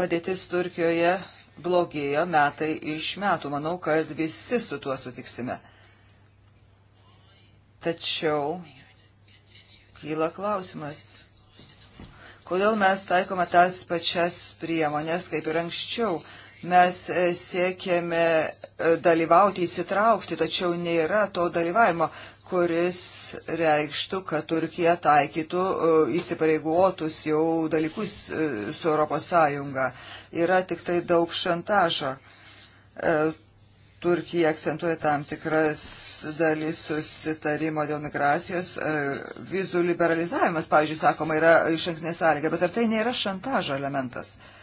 Padėtis Turkijoje blogėjo metai iš metų. Manau, kad visi su tuo sutiksime. Tačiau kyla klausimas, kodėl mes taikome tas pačias priemonės kaip ir anksčiau. Mes e, siekėme e, dalyvauti, įsitraukti, tačiau nėra to dalyvavimo, kuris reikštų, kad Turkija taikytų e, įsipareigotus jau dalykus su ES. Yra tik tai daug šantažo. Turkija akcentuoja tam tikras dalis susitarimo dėl migracijos. Vizų liberalizavimas, pavyzdžiui, sakoma, yra iš anksnės sąlyga, bet ar tai nėra šantažo elementas? Uh,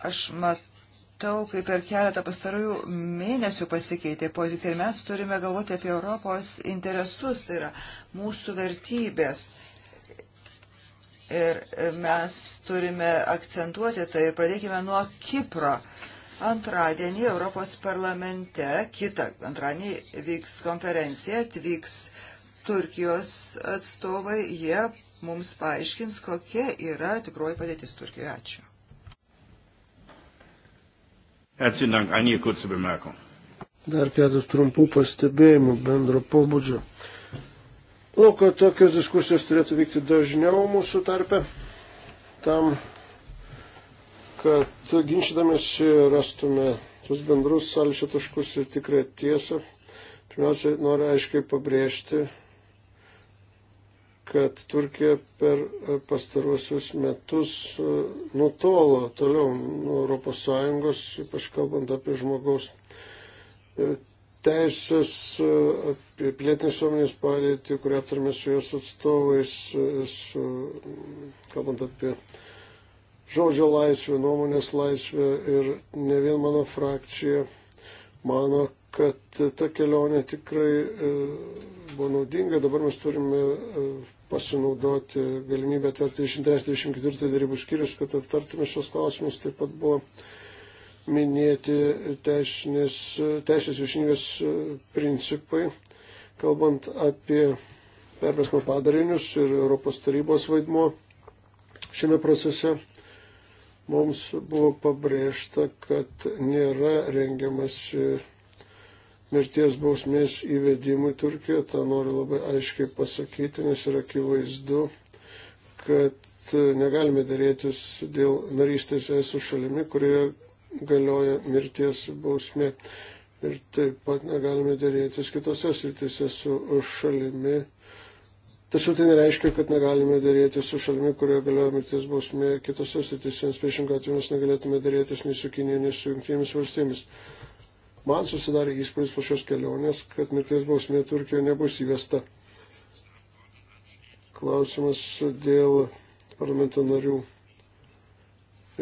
Aš matau, kaip per keletą pastarųjų mėnesių pasikeitė pozicija ir mes turime galvoti apie Europos interesus, tai yra mūsų vertybės. Ir mes turime akcentuoti tai ir pradėkime nuo Kipro. Antradienį Europos parlamente, kitą antradienį vyks konferencija, atvyks Turkijos atstovai, jie mums paaiškins, kokia yra tikroji padėtis Turkijoje. Ačiū. Herzlichen Dank. Einige kurze Bemerkungen. Dar keletas trumpų pastebėjimų bendro pobūdžio. Nu, kad tokios diskusijos turėtų vykti dažniau mūsų tarpe, tam, kad ginčydamėsi rastume tos bendrus sąlyšio taškus ir tikrą tiesą. Pirmiausia, noriu aiškiai pabrėžti, kad Turkija per e, pastaruosius metus e, nutolo toliau nuo ES, ypač kalbant apie žmogaus e, teisės, apie plėtinės suomenės padėtį, kurią turime su jos atstovais, su, kalbant apie žodžio laisvę, nuomonės laisvę ir ne vien mano frakcija mano, kad ta kelionė tikrai e, buvo naudinga. Dabar mes turime e, pasinaudoti galimybę atverti 23-24 darybų skyrius, kad aptartume šios klausimus. Taip pat buvo minėti teisinės, teisės viršinybės e, principai, kalbant apie perversmo padarinius ir Europos tarybos vaidmo šiame procese. Mums buvo pabrėžta, kad nėra rengiamas mirties bausmės įvedimui Turkijoje. Ta noriu labai aiškiai pasakyti, nes yra akivaizdu, kad e, negalime dėrėtis dėl narystės es su šalimi, kurioje galioja mirties bausmė. Ir taip pat negalime dėrėtis kitose srityse su šalimi. Tačiau tai nereiškia, kad negalime dėrėtis su šalimi, kurioje galioja mirties bausmė kitose srityse, nes priešingą atveju mes negalėtume dėrėtis nei su Kinija, nei su jungtinėmis valstybėmis. Man susidarė įspūdis po šios kelionės, kad mirties bausmė Turkijoje nebus įvesta. Klausimas dėl parlamento narių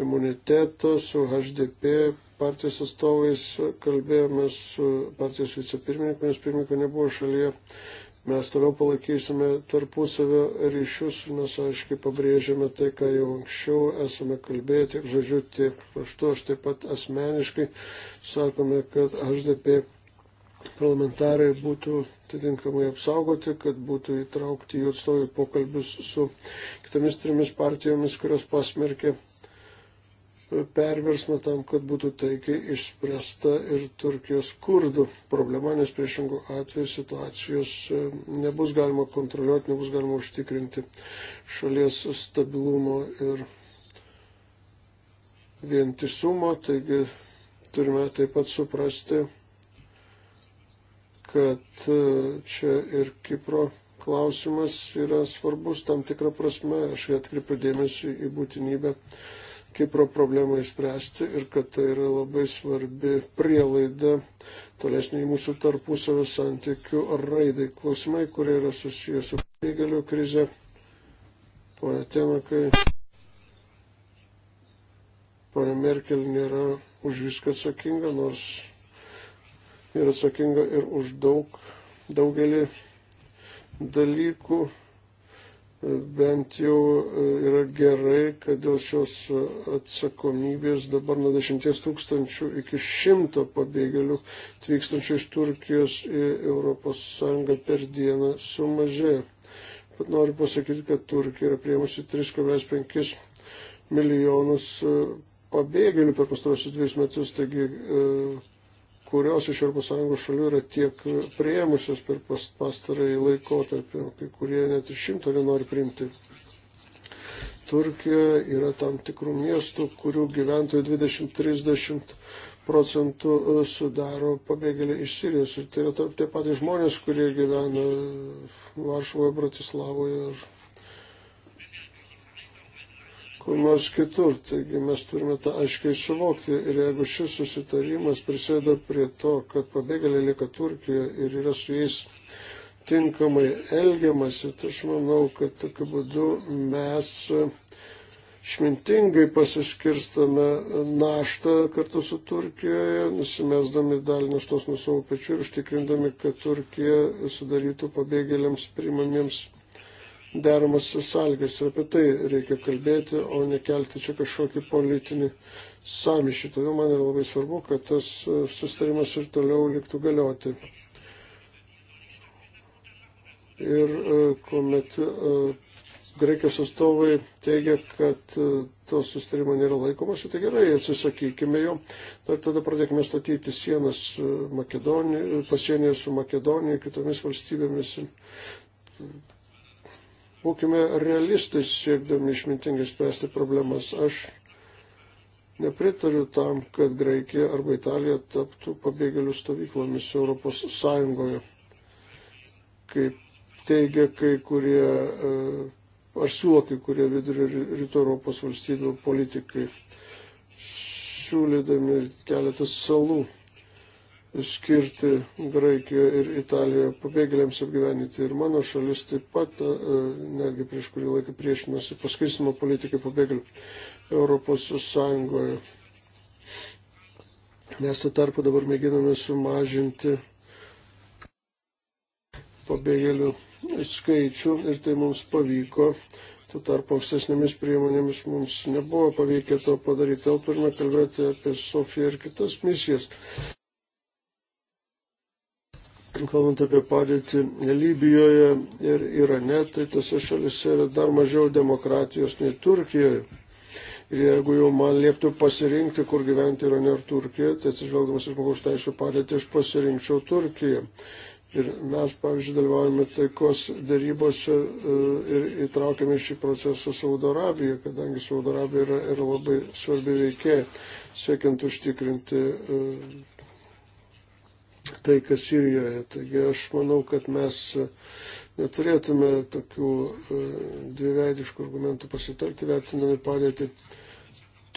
imuniteto su HDP partijos atstovais kalbėjome su partijos vicepirmininkomis, pirmininko nebuvo šalyje Mes toliau palaikysime tarpusavio ryšius, mes aiškiai pabrėžiame tai, ką jau anksčiau esame kalbėję, tiek žodžiu, tiek raštu. Aš taip pat asmeniškai sakome, kad HDP parlamentarai būtų atitinkamai apsaugoti, kad būtų įtraukti jų atstovai pokalbius su kitomis trimis partijomis, kurios pasmerkė perversmą tam, kad būtų taikiai išspręsta ir Turkijos kurdų problema, nes priešingų atveju situacijos e, nebus galima kontroliuoti, nebus galima užtikrinti šalies stabilumo ir vientisumo. Taigi turime taip pat suprasti, kad e, čia ir Kipro klausimas yra svarbus tam tikrą prasme. Aš atkreipiu dėmesį į būtinybę Kipro problemą išspręsti ir kad tai yra labai svarbi prielaida tolesniai mūsų tarpusavio santykių raidai. Klausimai, kurie yra susijęs su pabėgėlių krize. Pone Tenakai, pone Merkel nėra už viską atsakinga, nors yra atsakinga ir už daug, daugelį dalykų bent jau e, yra gerai, kad dėl šios atsakomybės dabar nuo 10 tūkstančių iki 100 pabėgėlių atvykstančių iš Turkijos į ES per dieną sumažėjo. Bet noriu pasakyti, kad Turkija yra priemusi 3,5 milijonus e, pabėgėlių per pastarosius dviejus metus, taigi e, kurios iš ES šalių yra tiek prieimusios per pastarąjį laikotarpį, kai kurie net ir šimto nenori priimti. Turkijoje yra tam tikrų miestų, kurių gyventojų 20-30 procentų e, sudaro pabėgėliai iš Sirijos. Ir tai yra taip, tie patys žmonės, kurie gyvena Varšuvoje, Bratislavoje ar kur nors kitur. Taigi mes turime tą aiškiai suvokti. Ir jeigu šis susitarimas prisėda prie to, kad pabėgėliai lieka Turkijoje ir yra su jais tinkamai elgiamasi, tai aš manau, kad tokiu būdu mes išmintingai pasiskirstame naštą kartu su Turkijoje, nusimesdami dalį naštos nuo savo pečių ir užtikrindami, kad Turkija sudarytų pabėgėliams primamiems deramas sąlygas. Ir apie tai reikia kalbėti, o nekelti čia kažkokį politinį samišį. Todėl man yra labai svarbu, kad tas e, sustarimas ir toliau liktų galioti. Ir e, kuomet e, Graikijos atstovai teigia, kad to sustarimo nėra laikomasi, tai gerai, atsisakykime jo. Dar tada pradėkime statyti sienas Makedonijai, pasienyje su Makedonija, kitomis valstybėmis. Būkime realistais siekdami išmintingai spręsti problemas. Aš nepritariu tam, kad Graikija arba Italija taptų pabėgėlių stovyklomis Europos Sąjungoje. Kaip teigia kai kurie, e, ar siūlo kai kurie vidurio rytų Europos valstybių politikai, siūlydami keletą salų skirti Graikijoje ir Italijoje pabėgėliams apgyveninti. Ir mano šalis taip pat, e, netgi prieš kurį laiką priešinosi paskirstimo politikai pabėgėlių Europos Sąjungoje. Mes tuo tarpu dabar mėginame sumažinti pabėgėlių skaičių ir tai mums pavyko. Tuo tarpu ankstesnėmis priemonėmis mums nebuvo pavykę to padaryti. Jau turime kalbėti apie Sofiją ir kitas misijas kalbant apie padėtį Libijoje ir Irane, tai tose šalise yra dar mažiau demokratijos nei Turkijoje. Ir jeigu jau man lieptų pasirinkti, kur gyventi Irane ar Turkijoje, tai atsižvelgdamas į žmogaus teisų padėtį, aš pasirinkčiau Turkiją. Ir mes, pavyzdžiui, dalyvaujame taikos darybose e, ir įtraukiame šį procesą Saudo Arabiją, kadangi Saudo Arabija yra, yra labai svarbi veikėja, siekiant užtikrinti e, ir tai, kas Sirijoje. Taigi aš manau, kad mes e, neturėtume tokių e, dviveidiškų argumentų pasitarti, vertinami padėti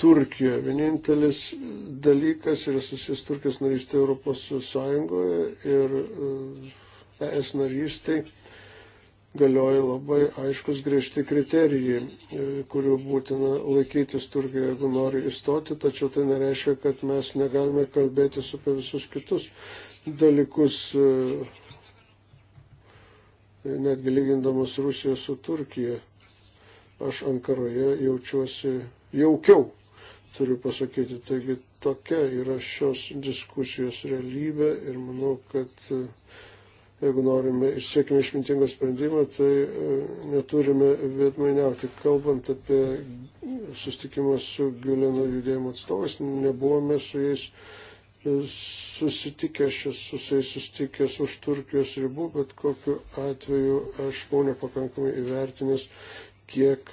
Turkijoje. Vienintelis dalykas yra susijęs Turkijos narystė Europos Sąjungoje ir ES e narystė galioja labai aiškus griežti kriterijai, kurių būtina laikytis Turkijoje, jeigu nori įstoti, tačiau tai nereiškia, kad mes negalime kalbėtis apie visus kitus dalykus, e, netgi lygindamas Rusiją su Turkija. Aš Ankaroje jaučiuosi jaukiau, turiu pasakyti. Taigi tokia yra šios diskusijos realybė ir manau, kad e, jeigu norime ir siekime išmintingą sprendimą, tai e, neturime vedmainiauti. Kalbant apie sustikimą su Giuleno judėjimo atstovais, nebuvome su jais susitikęs, su jais susitikęs už Turkijos ribų, bet kokiu atveju aš buvau nepakankamai įvertinęs, kiek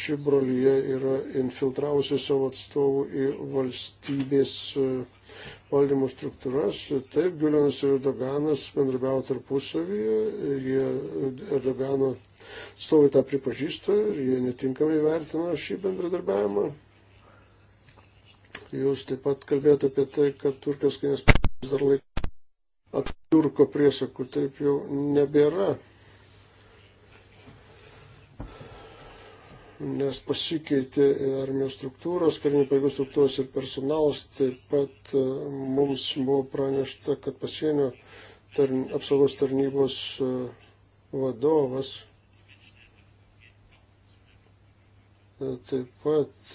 ši brolyje yra infiltravusi savo atstovų į valstybės e, valdymo struktūras. Taip, Giulianas ir Erdoganas bendrabiavo tarpusavyje, jie Erdogano atstovai tą pripažįsta ir jie netinkamai vertina šį bendradarbiavimą. Jūs taip pat kalbėjote apie tai, kad Turkijos kainės dar laik atturko priesakų, taip jau nebėra. Nes pasikeitė armijos struktūros, karinių pajėgų struktūros ir personalas. Taip pat e, mums buvo pranešta, kad pasienio tarn, apsaugos tarnybos e, vadovas e, taip pat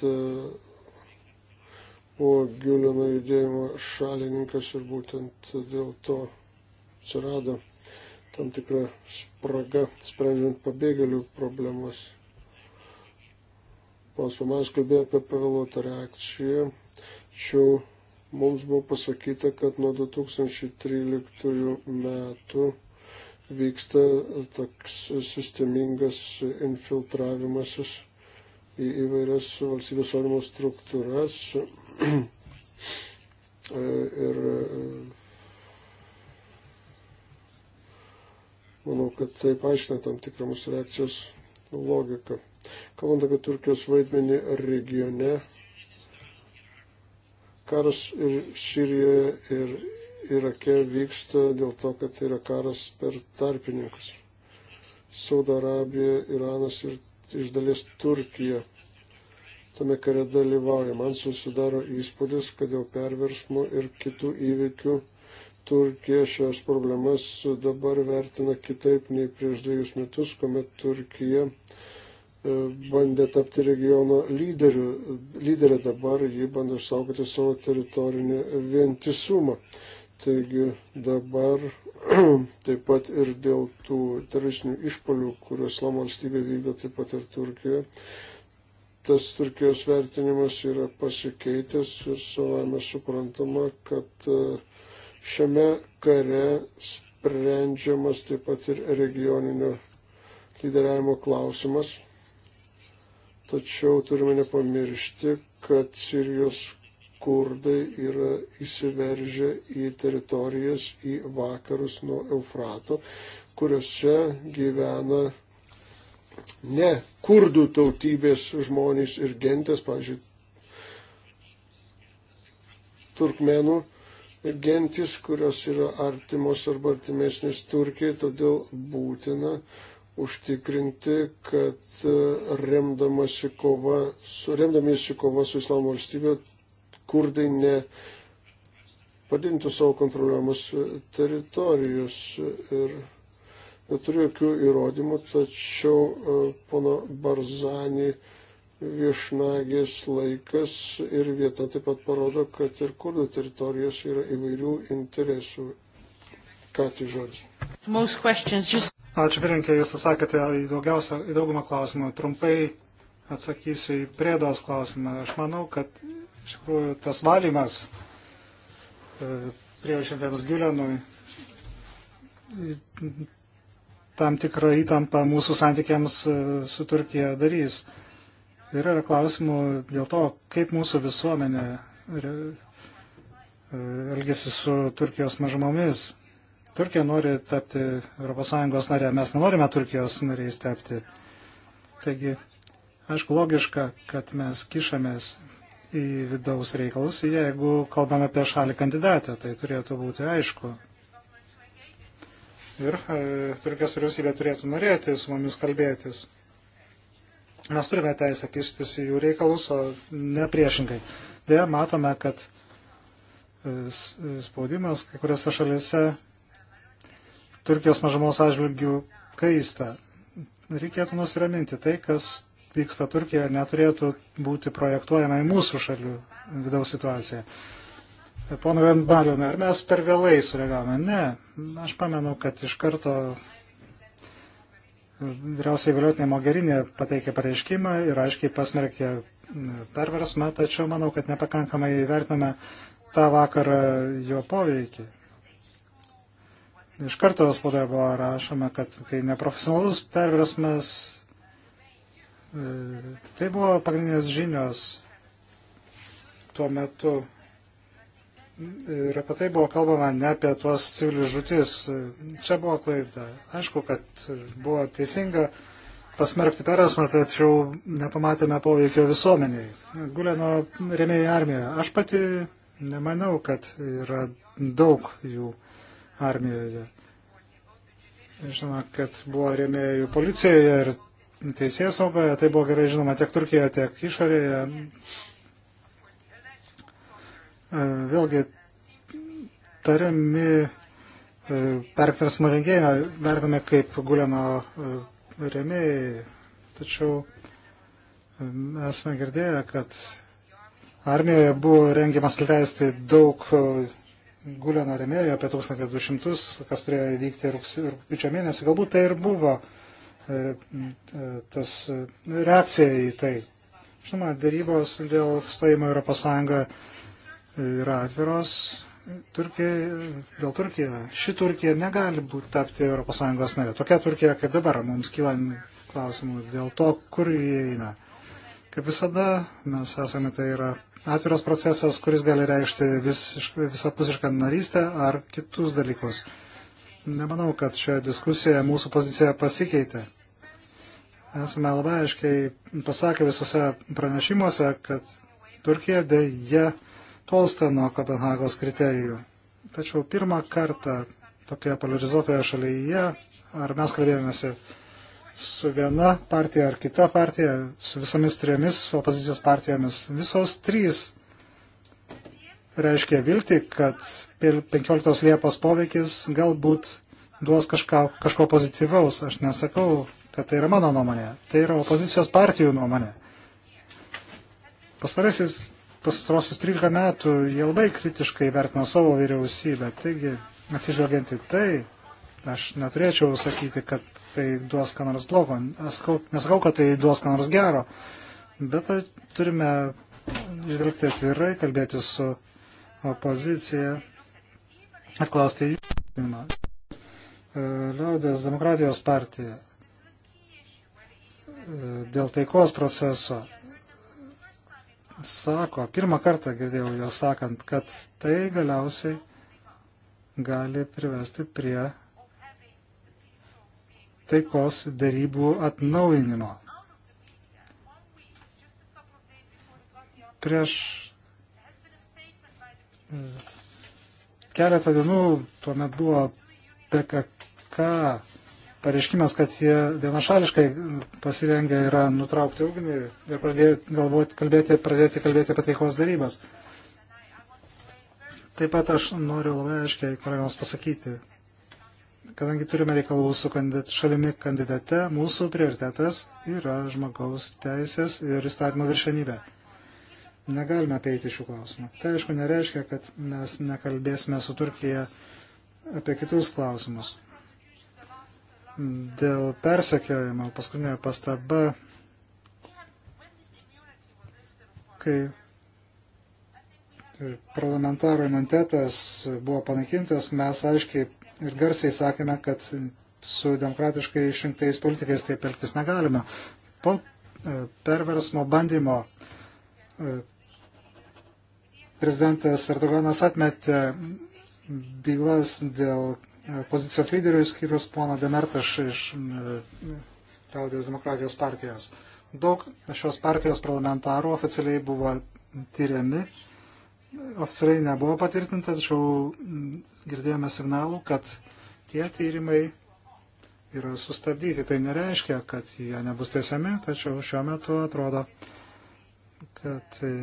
Gilino judėjimo šalininkas ir būtent dėl to atsirado tam tikra spraga, sprendžiant pabėgėlių problemas. Pasumas kalbėjo apie pavėluotą reakciją, tačiau mums buvo pasakyta, kad nuo 2013 metų vyksta toks sistemingas infiltravimasis į įvairias valstybės orimo struktūras, ir e, manau, kad tai paaiškina tam tikrą mūsų reakcijos logiką. Kalbant apie Turkijos vaidmenį regione, karas ir Sirijoje ir Irake vyksta dėl to, kad tai yra karas per tarpininkus. Saudo Arabija, Iranas ir iš dalies Turkija tame kare dalyvauja. Man susidaro įspūdis, kad dėl perversmų ir kitų įvykių Turkija šias problemas dabar vertina kitaip nei prieš dviejus metus, kuomet Turkija e, bandė tapti regiono lyderiu. lyderė, dabar ji bando išsaugoti savo teritorinį vientisumą. Taigi dabar taip pat ir dėl tų teroristinių išpolių, kuriuos Islamo valstybė vykdo taip pat ir Turkijoje, tas Turkijos vertinimas yra pasikeitęs ir savame suprantama, kad e, šiame kare sprendžiamas taip pat ir regioninio lyderiavimo klausimas. Tačiau turime nepamiršti, kad Sirijos kurdai yra įsiveržę į teritorijas į vakarus nuo Eufrato, kuriuose gyvena ne kurdų tautybės žmonės ir gentės, pavyzdžiui, turkmenų gentis, kurios yra artimos arba artimesnės Turkijai, todėl būtina užtikrinti, kad e, remdamasi kova, su, remdamasi kova su Islamo valstybė, kurdai ne padintų savo kontroliuojamas e, teritorijos ir Neturiu jokių įrodymų, tačiau e, pono Barzani viešnagės laikas ir vieta taip pat parodo, kad ir kurdų teritorijos yra įvairių interesų. Ką tai žodis? Just... Ačiū, pirinkė, jūs atsakėte į, daugiausia, į daugumą klausimų. Trumpai atsakysiu į priedos klausimą. Aš manau, kad iš tikrųjų tas valymas e, priešintams Giulenui tam tikrą įtampą mūsų santykiams e, su Turkija darys. Ir yra klausimų dėl to, kaip mūsų visuomenė e, elgesi su Turkijos mažumomis. Turkija nori tapti ES narė, mes nenorime Turkijos nariais tapti. Taigi, aišku, logiška, kad mes kišamės į vidaus reikalus, jeigu kalbame apie šalį kandidatę, tai turėtų būti aišku ir e, Turkijos vyriausybė turėtų norėti su mumis kalbėtis. Mes turime teisę kištis į jų reikalus, o ne priešingai. Deja, matome, kad e, e, spaudimas kai kuriuose šalise Turkijos mažumos atžvilgių kaista. Reikėtų nusiraminti tai, kas vyksta Turkijoje, neturėtų būti projektuojama į mūsų šalių vidaus situaciją. Pono Venbaliūną, ar mes per vėlai sureagavome? Ne, aš pamenu, kad iš karto vyriausiai galiotinė Mogerinė pateikė pareiškimą ir aiškiai pasmerkė perversmą, tačiau manau, kad nepakankamai įvertiname tą vakarą jo poveikį. Iš karto spaudoje buvo rašoma, kad tai neprofesionalus perversmas. E, tai buvo pagrindinės žinios tuo metu ir apie tai buvo kalbama ne apie tuos civilius žūtis. Čia buvo klaida. Aišku, kad buvo teisinga pasmerkti perasmą, tačiau nepamatėme poveikio visuomeniai. Guleno remėjai armija. Aš pati nemanau, kad yra daug jų armijoje. Žinoma, kad buvo remėjų policijoje ir teisės saugoje, tai buvo gerai žinoma tiek Turkijoje, tiek išorėje. E, vėlgi tariami e, perversmo rengėjai vertame kaip Guleno e, remėjai, tačiau esame girdėję, kad armijoje buvo rengiamas leisti daug Guleno remėjų, apie 1200, kas turėjo įvykti rūpiučio mėnesį. Galbūt tai ir buvo tas reakcija į tai. Žinoma, darybos dėl stojimo Europos Sąjungą yra atviros. Turkija, dėl Turkija, ši Turkija negali būti tapti ES narė. Tokia Turkija kaip dabar mums kyla klausimų dėl to, kur jie eina. Kaip visada, mes esame tai yra atviras procesas, kuris gali reikšti vis, visapusišką narystę ar kitus dalykus. Nemanau, kad šioje diskusijoje mūsų pozicija pasikeitė esame labai aiškiai pasakę visose pranešimuose, kad Turkija dėja tolsta nuo Kopenhagos kriterijų. Tačiau pirmą kartą tokioje polarizuotoje šalyje, ar mes kalbėjomėsi su viena partija ar kita partija, su visomis trijomis opozicijos partijomis, visos trys reiškia vilti, kad 15 Liepos poveikis galbūt duos kažką, kažko pozityvaus. Aš nesakau, kad tai yra mano nuomonė, tai yra opozicijos partijų nuomonė. Pastarasis pasisarosius 13 metų jie labai kritiškai vertino savo vyriausybę. Taigi, atsižvelgiant į tai, aš neturėčiau sakyti, kad tai duos ką nors blogo. Nesakau, kad tai duos ką nors gero, bet tai turime žvelgti atvirai, kalbėti su opozicija, atklausti jų. E, Liaudės demokratijos partija e, dėl taikos proceso sako, pirmą kartą girdėjau jo sakant, kad tai galiausiai gali privesti prie taikos darybų atnaujinimo. Prieš e, keletą dienų tuomet buvo PKK pareiškimas, kad jie vienašališkai pasirengę yra nutraukti ugnį ir pradėti galvoti, kalbėti, pradėti kalbėti apie taikos darybas. Taip pat aš noriu labai aiškiai kolegams pasakyti, kadangi turime reikalų su kandidat, šalimi kandidate, mūsų prioritetas yra žmogaus teisės ir įstatymo viršenybė. Negalime apeiti šių klausimų. Tai aišku nereiškia, kad mes nekalbėsime su Turkija apie kitus klausimus. Dėl persekiojimo paskutinė pastaba, kai parlamentaro imunitetas buvo panaikintas, mes aiškiai ir garsiai sakėme, kad su demokratiškai išrinktais politikais taip elgtis negalima. Po e, perversmo bandymo e, prezidentas Erdoganas atmetė bylas dėl E, pozicijos lyderių, išskyrus poną Demertaš iš e, Liaudės demokratijos partijos. Daug šios partijos parlamentarų oficialiai buvo tyriami, oficialiai nebuvo patvirtinta, tačiau girdėjome signalų, kad tie tyrimai yra sustabdyti. Tai nereiškia, kad jie nebus tiesiami, tačiau šiuo metu atrodo, kad e,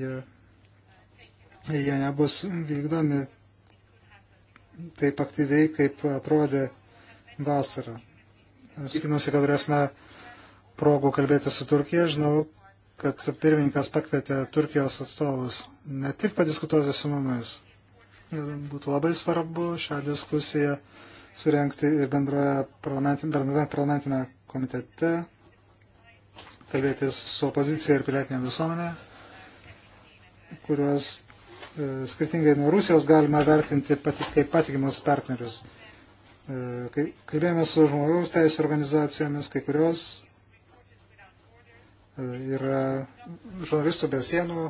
jie, jie nebus vykdomi taip aktyviai, kaip atrodė vasarą. Tikinuosi, kad turėsime progų kalbėti su Turkija. Žinau, kad pirmininkas pakvietė Turkijos atstovus ne tik padiskutuoti su mumis. Būtų labai svarbu šią diskusiją surenkti ir bendroje parlamentinėme parlamentinė komitete, kalbėtis su opozicija ir pilietinė visuomenė, kurios E, skirtingai nuo Rusijos galima vertinti pati, kaip patikimus partnerius. E, kai kalbėjome su žmogaus teisų organizacijomis, kai kurios e, yra žurnalistų be sienų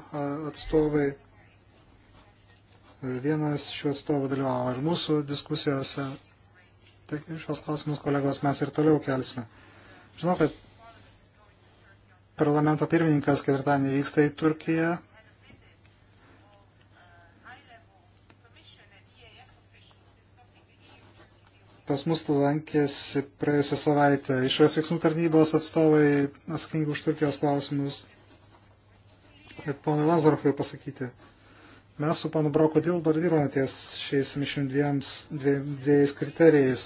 atstovai. Vienas iš šių atstovų dalyvavo ir mūsų diskusijose. Taigi šios klausimus kolegos mes ir toliau kelsime. Žinau, kad parlamento pirmininkas ketvirtadienį vyksta į Turkiją pas mus lankėsi praėjusią savaitę išvės veiksmų tarnybos atstovai atsakingi už Turkijos klausimus. Ir ponui Lazarofui pasakyti, mes su ponu Broko Dilbar dirbame ties šiais 72 kriterijais.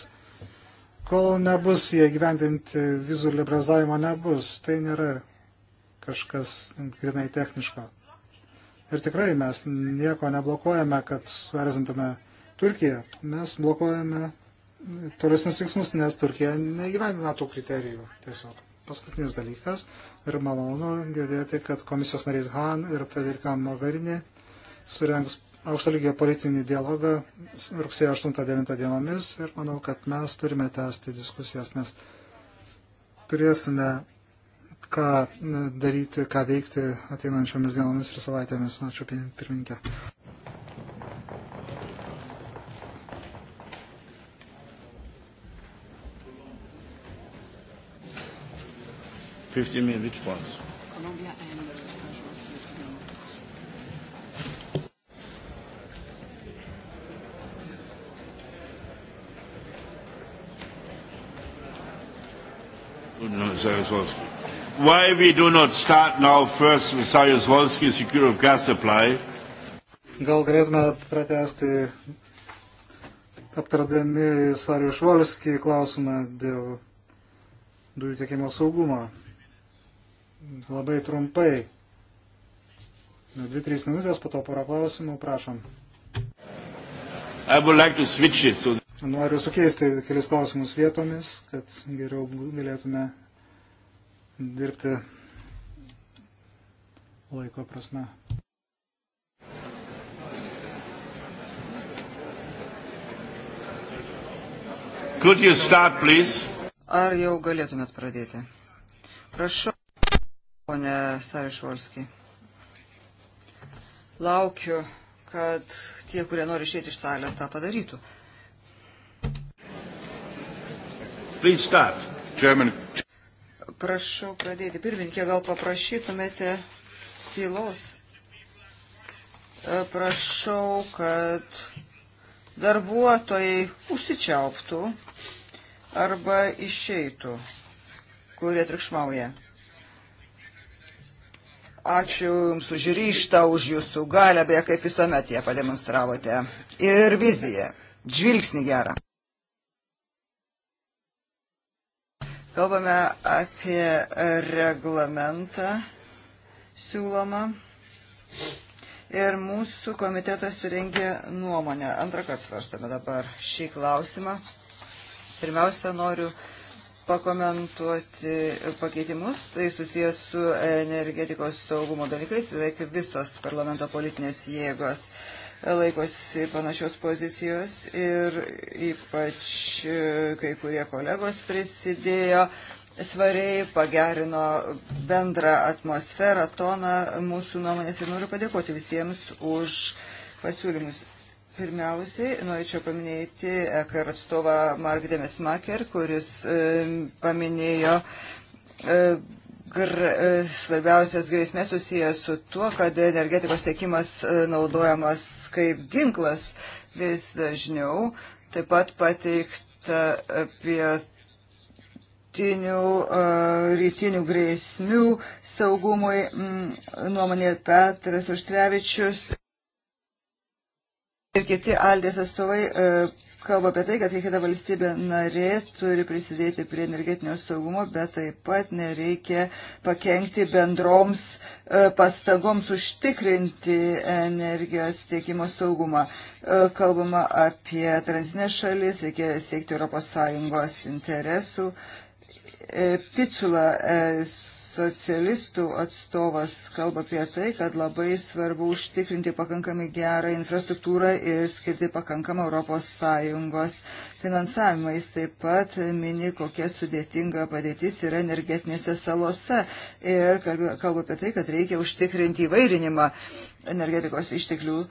Kol nebus jie gyvendinti vizų liberalizavimo nebus, tai nėra kažkas grinai techniško. Ir tikrai mes nieko neblokuojame, kad suerzintume Turkiją. Mes blokuojame tolesnius veiksmus, nes Turkija neįgyvendina tų kriterijų. Tiesiog paskutinis dalykas. Ir malonu girdėti, kad komisijos nariai Han ir Federika Mogarinė surengs aukšto lygio politinį dialogą rugsėjo 8-9 dienomis ir manau, kad mes turime tęsti diskusijas, nes turėsime ką daryti, ką veikti ateinančiomis dienomis ir savaitėmis. Ačiū pirmininkė. 15 minutes, which ones? Colombia and Saryusz-Wolski. Why we do not start now first with Saryusz-Wolski secure of gas supply? Gal galėtume pratesti aptardami Saryusz-Wolski klausimą dėl dujų tiekimo saugumo labai trumpai. 2-3 minutės, po to porą klausimų, prašom. Like it, so... Noriu sukeisti kelis klausimus vietomis, kad geriau galėtume dirbti laiko prasme. Could you start, please? Ar jau galėtumėt pradėti? Prašau. Pone Sarišvolskiai. Laukiu, kad tie, kurie nori išėti iš salės, tą padarytų. Prašau pradėti. Pirmininkė, gal paprašytumėte tylos? E, prašau, kad darbuotojai užsičiauptų arba išeitų, kurie trikšmauja. Ačiū Jums už ryštą, už Jūsų galę, beje, kaip visuomet ją pademonstravote. Ir viziją. Žvilgsnį gerą. Kalbame apie reglamentą siūlomą. Ir mūsų komitetas surengė nuomonę. Antrą kartą svarstame dabar šį klausimą. Pirmiausia, noriu uh, pakomentuoti pakeitimus. Tai susijęs su energetikos saugumo dalykais. Beveik visos parlamento politinės jėgos laikosi panašios pozicijos ir ypač kai kurie kolegos prisidėjo svariai, pagerino bendrą atmosferą, toną mūsų nuomonės ir noriu padėkoti visiems už pasiūlymus. Pirmiausiai norėčiau paminėti EKR atstovą Mark Demesmaker, kuris paminėjo e, gr, e, svarbiausias grėsmės susijęs su tuo, kad energetikos tiekimas e, naudojamas kaip ginklas vis dažniau. Taip pat pateikta apie rytinių, rytinių grėsmių saugumui nuomonė Petras Užtrevičius ir kiti Aldės atstovai e, kalba apie tai, kad kiekviena valstybė narė turi prisidėti prie energetinio saugumo, bet taip pat nereikia pakengti bendroms e, pastagoms užtikrinti energijos tiekimo saugumą. E, kalbama apie tranzinės šalis, reikia siekti ES interesų. Picula socialistų atstovas kalba apie tai, kad labai svarbu užtikrinti pakankamai gerą infrastruktūrą ir skirti pakankamą ES finansavimą. Jis taip pat mini, kokia sudėtinga padėtis yra energetinėse salose ir kalba apie tai, kad reikia užtikrinti įvairinimą energetikos išteklių e,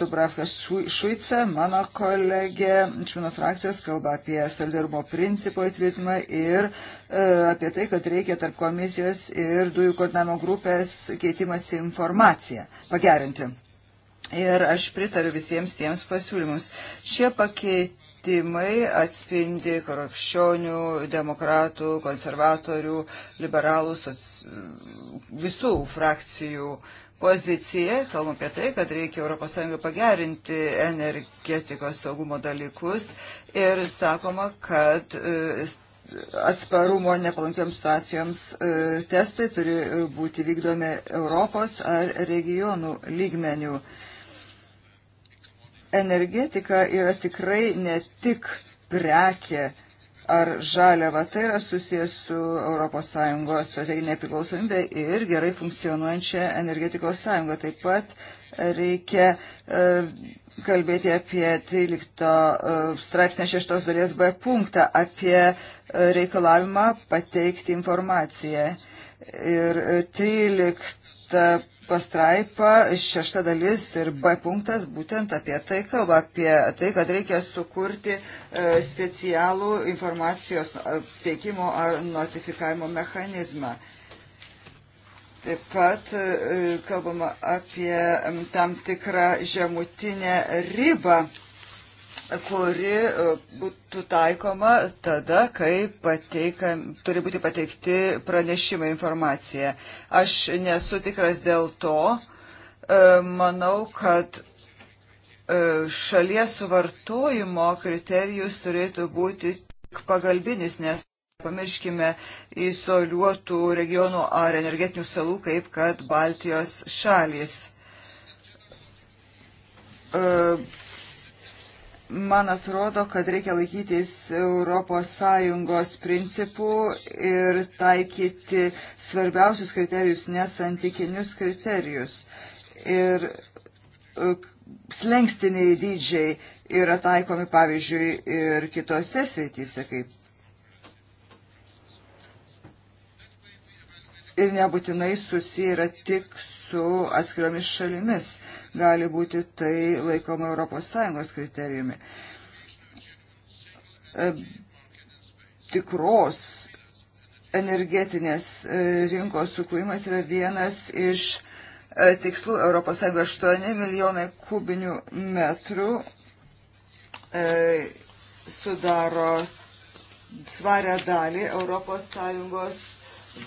Dubravka Šuica, mano kolegė iš mano frakcijos, kalba apie solidarumo principo įtvirtimą ir e, apie tai, kad reikia tarp komisijos ir dujų koordinavimo grupės keitimas informaciją pagerinti. Ir aš pritariu visiems tiems pasiūlymams. Šie pakeitimai atspindi korupšionių, demokratų, konservatorių, liberalų, soc... visų frakcijų uh, poziciją, kalbam apie tai, kad reikia ES pagerinti energetikos saugumo dalykus ir sakoma, kad e, atsparumo nepalankiams situacijoms e, testai turi e, būti vykdomi Europos ar regionų lygmenių. Energetika yra tikrai ne tik prekė, ar žaliava. Tai yra susijęs su ES strateginė priklausomybė ir gerai funkcionuojančia energetikos sąjunga. Taip pat reikia e, kalbėti apie 13 e, straipsnio 6 dalies B punktą apie e, reikalavimą pateikti informaciją. Ir 13 pastraipa, šešta dalis ir B punktas būtent apie tai kalba, apie tai, kad reikia sukurti e, specialų informacijos e, teikimo ar notifikavimo mechanizmą. Taip pat e, kalbama apie tam tikrą žemutinę ribą kuri e, būtų taikoma tada, kai pateika, turi būti pateikti pranešimai informacija. Aš nesu tikras dėl to, e, manau, kad e, šalies suvartojimo kriterijus turėtų būti tik pagalbinis, nes pamirškime izoliuotų regionų ar energetinių salų, kaip kad Baltijos šalis Man atrodo, kad reikia laikytis ES principų ir taikyti svarbiausius kriterijus, nesantykinius kriterijus. Ir e, slengstiniai dydžiai yra taikomi, pavyzdžiui, ir kitose srityse, kaip ir nebūtinai susiję yra tik su atskiromis šalimis gali būti tai laikoma ES kriterijumi. E, tikros energetinės e, rinkos sukūrimas yra vienas iš e, tikslų ES 8 milijonai kubinių metrų sudaro svarę dalį ES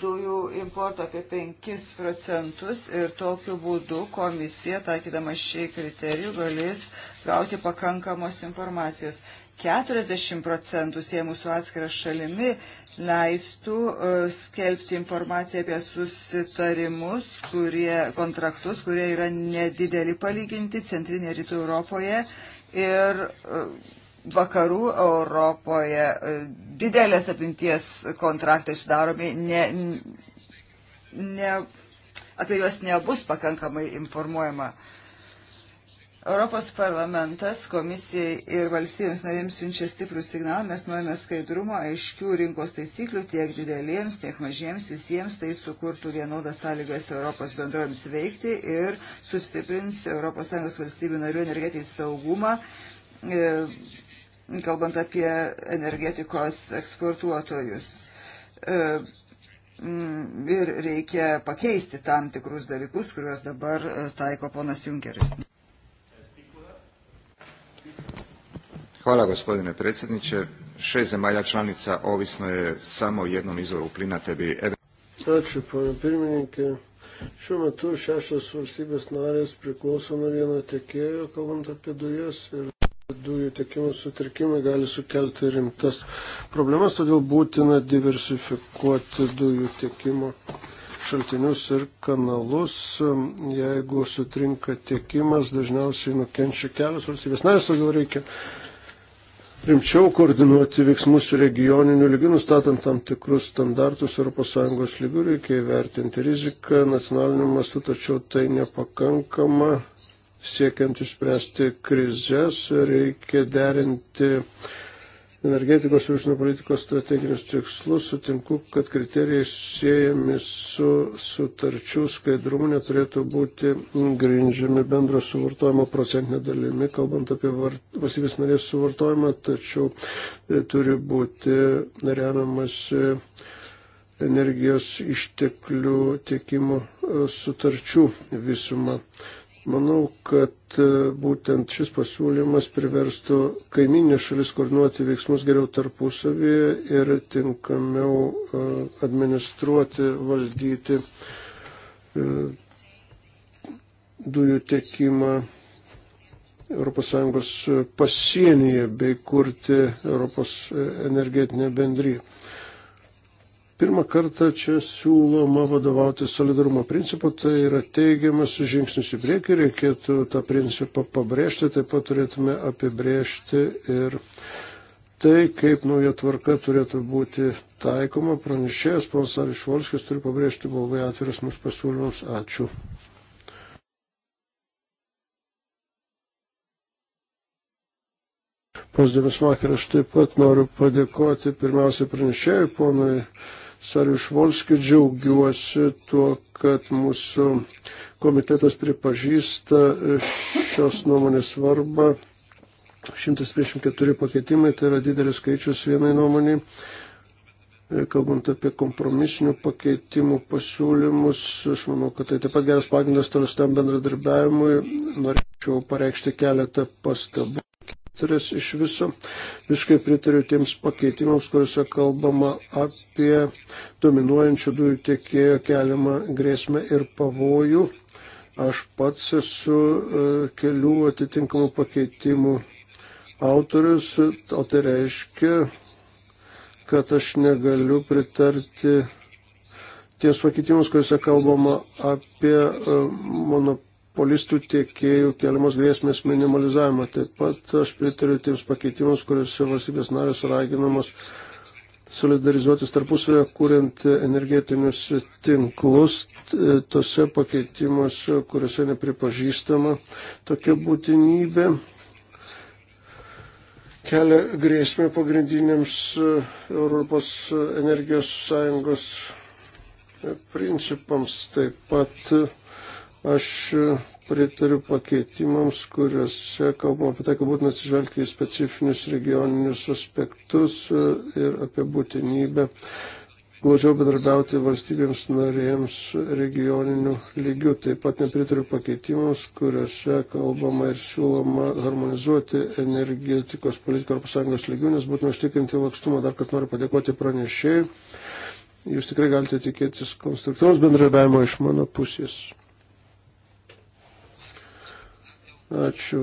dujų importo apie 5 procentus ir tokiu būdu komisija, taikydama šį kriterijų, galės gauti pakankamos informacijos. 40 procentų siejamų su atskira šalimi leistų uh, skelbti informaciją apie susitarimus, kurie, kontraktus, kurie yra nedideli palyginti Centrinėje Rytų Europoje ir uh, vakarų Europoje e, didelės apimties kontraktai sudaromi, ne, ne, apie juos nebus pakankamai informuojama. Europos parlamentas komisijai ir valstybėms narėms siunčia stiprų signalą, mes norime skaidrumo, aiškių rinkos taisyklių tiek dideliems, tiek mažiems, visiems tai sukurtų vienodas sąlygas Europos bendrojams veikti ir sustiprins ES valstybių narių energetinį saugumą. E, kalbant apie energetikos eksportuotojus. E, mm, ir reikia pakeisti tam tikrus dalykus, kuriuos dabar e, taiko ponas Junkeris. Hvala gospodine predsjedniče. Šest zemalja članica ovisno je samo o jednom izvoru plina, te bi... Ačiū, pana pirmininkė. Šiuo metu šešios valstybės narės priklauso nuo vieno tiekėjo, kalbant apie dujas. Ir... Dujų tiekimo sutrikimai gali sukelti rimtas problemas, todėl būtina diversifikuoti dujų tiekimo šaltinius ir kanalus. Jeigu sutrinka tiekimas, dažniausiai nukenčia kelios valstybės narės, todėl reikia rimčiau koordinuoti veiksmus regioninių lygių, nustatant tam tikrus standartus ES lygių, reikia įvertinti riziką nacionaliniu mastu, tačiau tai nepakankama siekiant išspręsti krizės, reikia derinti energetikos ir užsienio politikos strateginius tikslus. Sutinku, kad kriterijai siejami su sutarčių skaidrumu neturėtų būti grindžiami bendro suvartojimo procentinė dalimi, kalbant apie valstybės narės suvartojimą, tačiau e, turi būti remiamas e, energijos išteklių tiekimo e, sutarčių visumą. Manau, kad e, būtent šis pasiūlymas priverstų kaiminės šalis koordinuoti veiksmus geriau tarpusavyje ir tinkamiau e, administruoti, valdyti e, dujų tiekimą ES pasienyje bei kurti Europos energetinę bendryją. Pirmą kartą čia siūloma vadovauti solidarumo principu, tai yra teigiamas žingsnis į priekį, reikėtų tą principą pabrėžti, taip pat turėtume apibrėžti ir tai, kaip nauja tvarka turėtų būti taikoma. Pranešėjas ponas Ališvolskis turi pabrėžti, buvo labai atviras mūsų pasiūlymams. Ačiū. Pasdėmis vakar aš taip pat noriu padėkoti pirmiausia pranešėjui, ponui Sarišvolskiu. Džiaugiuosi tuo, kad mūsų komitetas pripažįsta šios nuomonės svarbą. 124 pakeitimai tai yra didelis skaičius vienai nuomoniai. Kalbant apie kompromisinių pakeitimų pasiūlymus, aš manau, kad tai taip pat geras pagrindas tolesniam bendradarbiavimui. Norėčiau pareikšti keletą pastabų tris iš viso. Viškai pritariu tiems pakeitimams, kuriuose kalbama apie dominuojančių dujų tiekėjo keliamą grėsmę ir pavojų. Aš pats esu e, kelių atitinkamų pakeitimų autorius, o tai reiškia, kad aš negaliu pritarti ties pakeitimus, kuriuose kalbama apie e, mono, populistų tiekėjų keliamos grėsmės minimalizavimą. Taip pat aš pritariu tiems pakeitimams, kuriuose valstybės narės raginamos solidarizuotis tarpusavę, kuriant energetinius tinklus tose pakeitimuose, kuriuose nepripažįstama tokia būtinybė kelia grėsmę pagrindiniams e, Europos energijos sąjungos e, principams. Taip pat Aš pritariu pakeitimams, kuriuose kalbama apie tai, kad būtina atsižvelgti į specifinius regioninius aspektus e, ir apie būtinybę glaudžiau bedarbiauti valstybėms narėms regioniniu lygiu. Taip pat nepritariu pakeitimams, kuriuose kalbama ir siūloma harmonizuoti energetikos politiką Europos Sąjungos lygiu, nes būtina užtikrinti lakstumą. Dar kartą noriu padėkoti pranešėjai. Jūs tikrai galite tikėtis konstruktyvaus bendradarbiavimo iš mano pusės. Ačiū,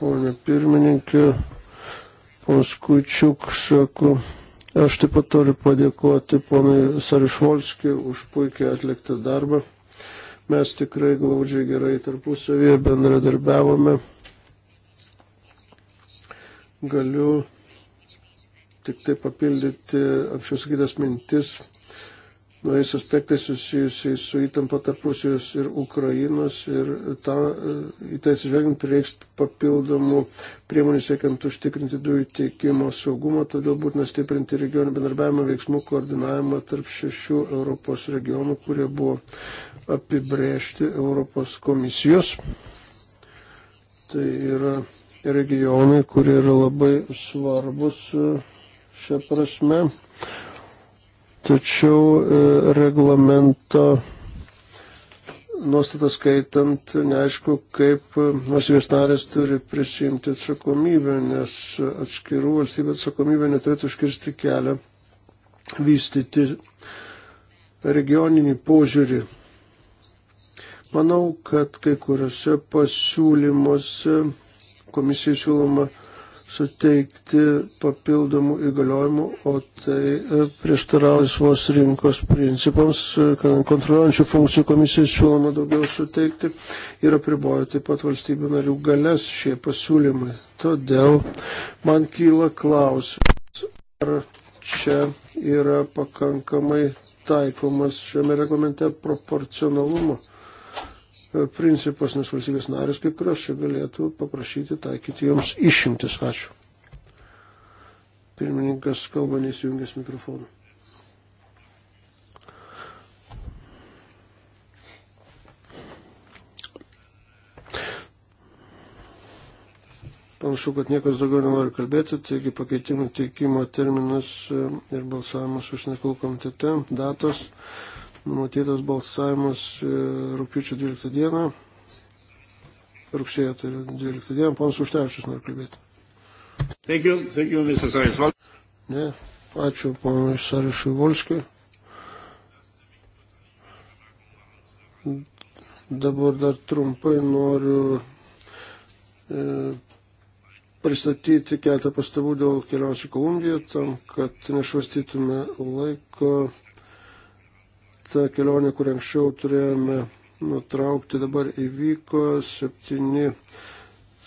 ponė pirmininkė. Ponas Kučiuk sako, aš taip pat noriu padėkoti ponui Sarišvolskiui už puikiai atliktą darbą. Mes tikrai glaudžiai gerai tarpusavėje bendradarbiavome. Galiu tik tai papildyti apšviesakytas mintis naujais aspektais susijusiais su įtampa tarp Rusijos ir Ukrainos ir ta, e, į tai atsižvelgiant prireiks papildomų priemonių siekiant užtikrinti dujų tiekimo saugumą, todėl būtina stiprinti regionų bendarbiavimo veiksmų koordinavimą tarp šešių Europos regionų, kurie buvo apibrėžti Europos komisijos. Tai yra regionai, kurie yra labai svarbus e, šią prasme. Tačiau e, reglamento nuostatą skaitant, neaišku, kaip e, valstybės narės turi prisimti atsakomybę, nes atskirų valstybės atsakomybė neturėtų užkirsti kelią vystyti regioninį požiūrį. Manau, kad kai kuriuose pasiūlymuose komisijai siūloma suteikti papildomų įgaliojimų, o tai e, prieštarauja laisvos rinkos principams, e, kad kontroliuojančių funkcijų komisijai siūloma daugiau suteikti ir apriboja taip pat valstybių narių galės šie pasiūlymai. Todėl man kyla klausimas, ar čia yra pakankamai taikomas šiame reglamente proporcionalumo principas, nes valstybės narės kai kurios čia galėtų paprašyti taikyti joms išimtis. Ačiū. Pirmininkas kalba nesijungęs mikrofonu. Panašu, kad niekas daugiau nenori kalbėti, taigi pakeitimų teikimo terminas ir balsavimas už nekalų komitete datos numatytas balsavimas e, rūpiučio 12 dieną, rugsėjo tai 12 dieną, ponas Užtevičius nori kalbėti. Thank you, thank you, Mr. Saris. Ne, ačiū ponui Sarišui Volskiui. Dabar dar trumpai noriu e, pristatyti keletą pastabų dėl kelionės į Kolumbiją, tam, kad nešvastytume laiko ta kelionė, kur anksčiau turėjome nutraukti, dabar įvyko septyni.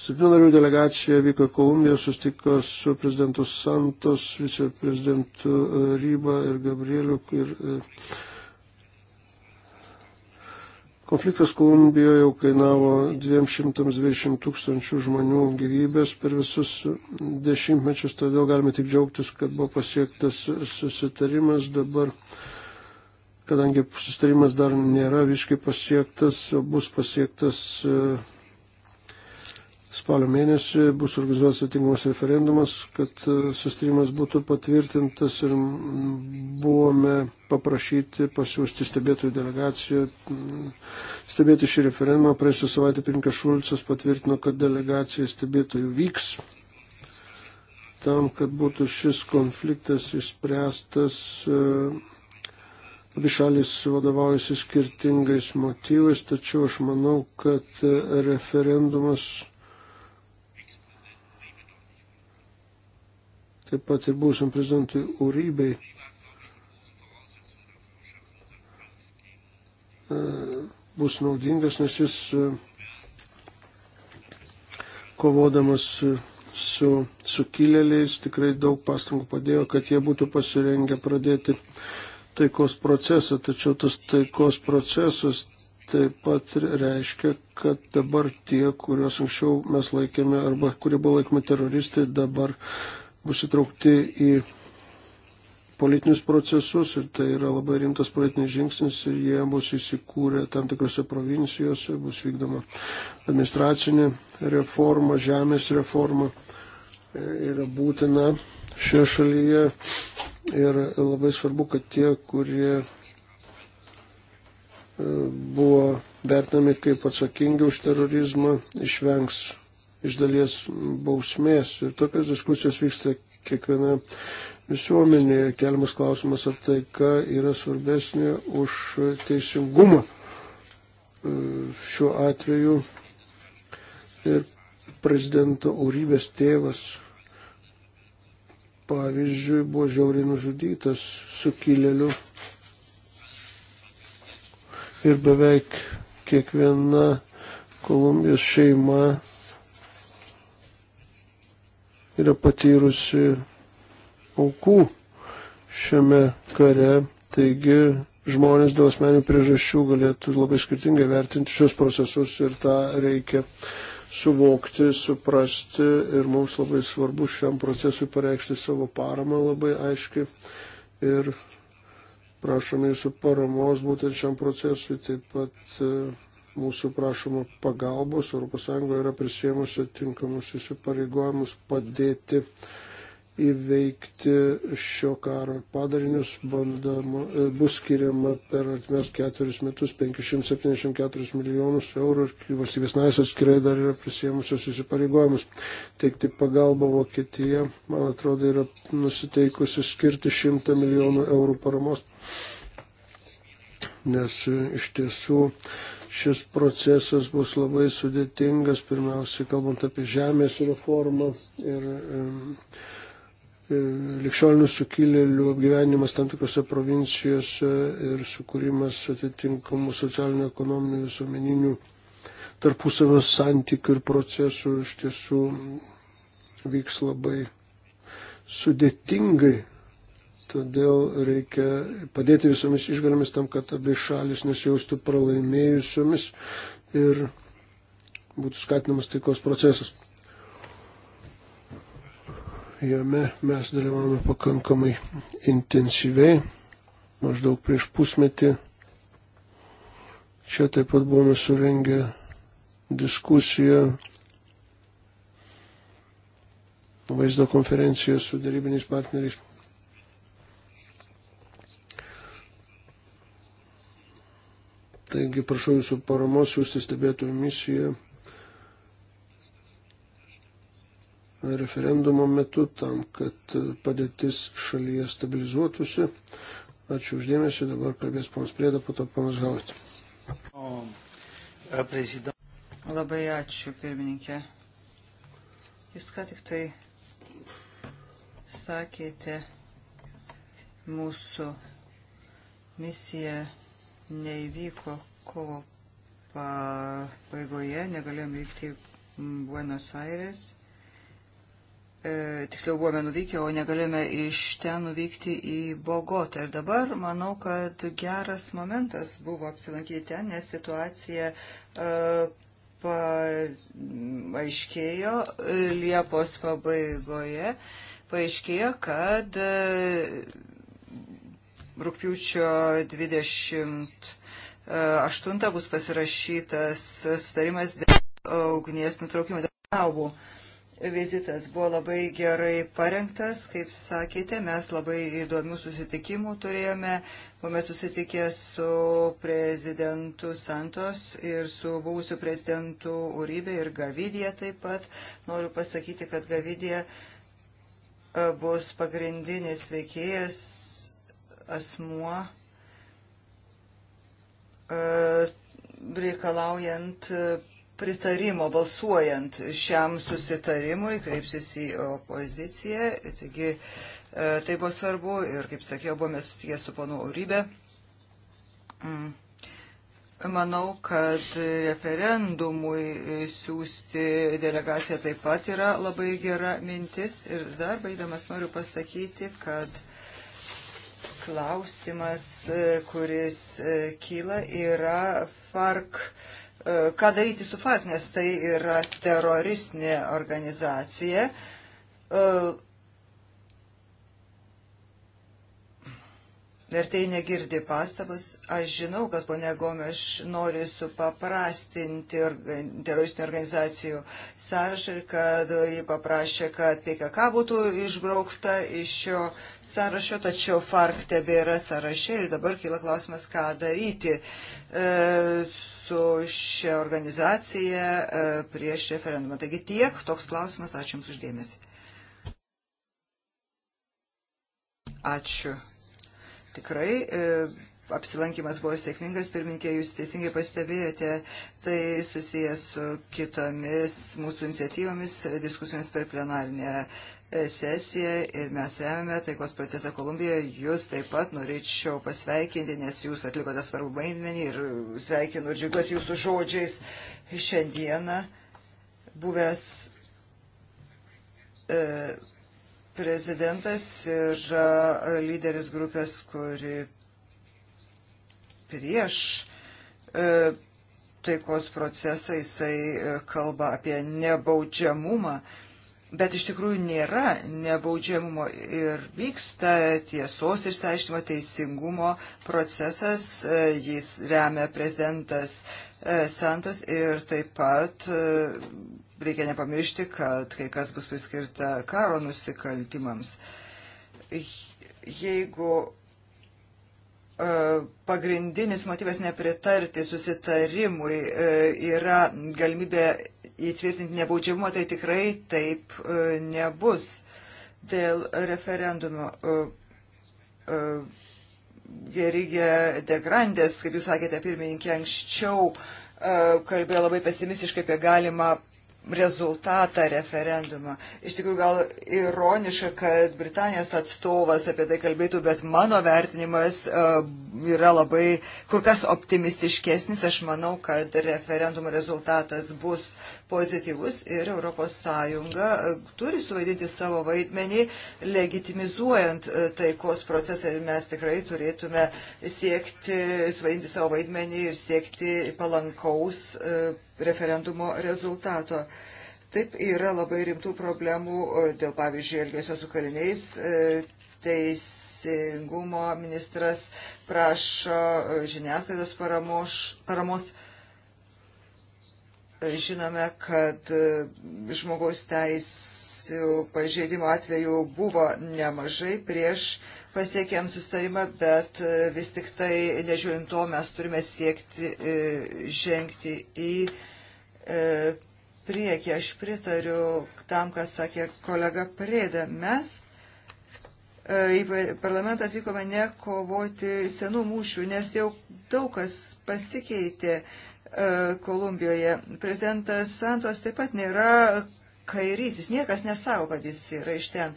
Septynių narių delegacija vyko į Kolumbiją, sustiko su prezidentu Santos, viceprezidentu e, Ryba ir Gabrieliu. Ir, e, Konfliktas Kolumbijoje jau kainavo 220 tūkstančių žmonių gyvybės per visus dešimtmečius, todėl galime tik džiaugtis, kad buvo pasiektas susitarimas. Dabar uh, kadangi sustarimas dar nėra viškai pasiektas, bus pasiektas e, spalio mėnesį, bus organizuotas atitinkamas referendumas, kad e, sustarimas būtų patvirtintas ir buvome paprašyti pasiūsti stebėtojų delegaciją, stebėti šį referendumą. Praėjusią savaitę Pinkas Šulcas patvirtino, kad delegacija stebėtojų vyks tam, kad būtų šis konfliktas išspręstas. E, Abi šalis vadovaujasi skirtingais motyvais, tačiau aš manau, kad referendumas taip pat ir būsim prezidentui Urybei e, bus naudingas, nes jis e, kovodamas su sukilėliais tikrai daug pastangų padėjo, kad jie būtų pasirengę pradėti taikos procesą, tačiau tas taikos procesas taip pat reiškia, kad dabar tie, kuriuos anksčiau mes laikėme arba kurie buvo laikomi teroristai, dabar bus įtraukti į politinius procesus ir tai yra labai rimtas politinis žingsnis ir jie bus įsikūrę tam tikrose provincijose, bus vykdoma administracinė reforma, žemės reforma e, yra būtina šioje šalyje Ir labai svarbu, kad tie, kurie e, buvo vertinami kaip atsakingi už terorizmą, išvengs iš dalies bausmės. Ir tokios diskusijos vyksta kiekviena visuomenėje. Keliamas klausimas, ar taika yra svarbesnė už teisingumą e, šiuo atveju. Ir prezidento Urybės tėvas pavyzdžiui, buvo žiauriai nužudytas sukilėlių ir beveik kiekviena Kolumbijos šeima yra patyrusi aukų šiame kare, taigi žmonės dėl asmenių priežasčių galėtų labai skirtingai vertinti šios procesus ir tą reikia uh, suvokti, suprasti ir mums labai svarbu šiam procesui pareikšti savo paramą labai aiškiai ir prašome jūsų paramos būtent šiam procesui, taip pat e, mūsų prašoma pagalbos, ES yra prisėmusi tinkamus įsipareigojimus padėti uh, įveikti šio karo padarinius bandama, e, bus skiriama per atmes keturis metus 574 milijonus eurų ir valstybės narės atskirai dar yra prisėmusios įsipareigojimus. Teikti pagalbą Vokietija, man atrodo, yra nusiteikusi skirti 100 milijonų eurų paramos, nes e, iš tiesų šis procesas bus labai sudėtingas, pirmiausiai kalbant apie žemės reformą ir um, E, likščiolinių sukilėlių apgyvenimas tam tikrose provincijose ir sukūrimas atitinkamų socialinių, ekonominių, visuomeninių tarpusavio santykių ir procesų iš tiesų vyks labai sudėtingai. Todėl reikia padėti visomis išgalėmis tam, kad abi šalis nesijaustų pralaimėjusiomis ir būtų skatinamas taikos procesas jame mes dalyvavome pakankamai intensyviai, maždaug prieš pusmetį. Čia taip pat buvome surengę diskusiją, vaizdo konferenciją su darybiniais partneriais. Taigi prašau jūsų paramos siūsti stebėtojų misiją referendumo metu tam, kad padėtis šalyje stabilizuotųsi. Ačiū uždėmesi, dabar kalbės ponas Prėda, po to ponas Galat. Labai ačiū, pirmininkė. Jūs ką tik tai sakėte, mūsų misija neįvyko kovo pabaigoje, negalėjome vykti į Buenos Aires E, tiksliau buvome nuvykę, o negalėjome iš ten nuvykti į Bogotą. Ir dabar manau, kad geras momentas buvo apsilankyti ten, nes situacija e, paaiškėjo e, Liepos pabaigoje. Paaiškėjo, kad rūpiučio 28 bus pasirašytas sustarimas dėl ugnies nutraukimo dėl naubų vizitas buvo labai gerai parengtas, kaip sakėte, mes labai įdomių susitikimų turėjome, buvome susitikę su prezidentu Santos ir su buvusiu prezidentu Urybė ir Gavidija taip pat. Noriu pasakyti, kad Gavidija e, bus pagrindinis veikėjas asmuo e, reikalaujant pritarimo balsuojant šiam susitarimui, kreipsis į opoziciją. Taigi e, tai buvo svarbu ir, kaip sakiau, buvome susitikę su ponu Urybė. Mm. Manau, kad referendumui siūsti delegaciją taip pat yra labai gera mintis. Ir dar baigdamas noriu pasakyti, kad klausimas, e, kuris e, kyla, yra FARC E, ką daryti su FAT, nes tai yra teroristinė organizacija. E, ir tai negirdi pastabas. Aš žinau, kad ponia Gomeš nori supaprastinti teroristinių organizacijų sąrašą ir kad ji paprašė, kad PKK būtų išbraukta iš šio sąrašo, tačiau FARC tebėra sąraše ir dabar kyla klausimas, ką daryti. E, su šia organizacija e, prieš referendumą. Taigi tiek toks klausimas. Ačiū Jums uždėmesi. Ačiū. Tikrai e, apsilankimas buvo sėkmingas, pirmininkė, jūs teisingai pastebėjote, tai susijęs su kitomis mūsų iniciatyvomis, e, diskusijomis per plenarinę sesiją ir mes remiame taikos procesą Kolumbijoje. Jūs taip pat norėčiau pasveikinti, nes jūs atlikote svarbu vaidmenį ir sveikinu ir džiugiuosi jūsų žodžiais šiandieną buvęs e, prezidentas yra lyderis grupės, kuri prieš e, taikos procesą jisai e, kalba apie nebaudžiamumą. E, Bet iš tikrųjų nėra nebaudžiamumo ir vyksta tiesos išsiaiškimo teisingumo procesas, e, jis remia prezidentas e, Santos ir taip pat e, reikia nepamiršti, kad kai kas bus priskirta karo nusikaltimams. Jeigu pagrindinis motyvas nepritarti susitarimui yra galimybė įtvirtinti nebaudžiamumą, tai tikrai taip e, nebus. Dėl referendumo e, e, Gerigė Degrandės, kaip jūs sakėte, pirmininkė anksčiau kalbėjo labai pesimistiškai apie galimą rezultatą referendumą. Iš tikrųjų, gal ironiška, kad Britanijos atstovas apie tai kalbėtų, bet mano vertinimas yra labai kur kas optimistiškesnis. Aš manau, kad referendumo rezultatas bus pozityvus ir ES e, turi suvaidinti savo vaidmenį, legitimizuojant e, taikos procesą ir mes tikrai turėtume siekti, suvaidinti savo vaidmenį ir siekti palankaus e, referendumo rezultato. Taip yra labai rimtų problemų dėl, pavyzdžiui, elgesio su kaliniais. Teisingumo ministras prašo žiniasklaidos paramos, paramos Žinome, kad e, žmogaus teisų pažeidimo atveju buvo nemažai prieš pasiekėm sustarimą, bet e, vis tik tai, nežiūrint to, mes turime siekti e, žengti į priekį. Aš pritariu tam, ką sakė kolega Prėda. Mes į parlamentą atvykome ne kovoti senų mūšių, nes jau daug kas pasikeitė. E, Kolumbijoje. Prezidentas Santos taip pat nėra kairysis, niekas nesako, kad jis yra iš ten,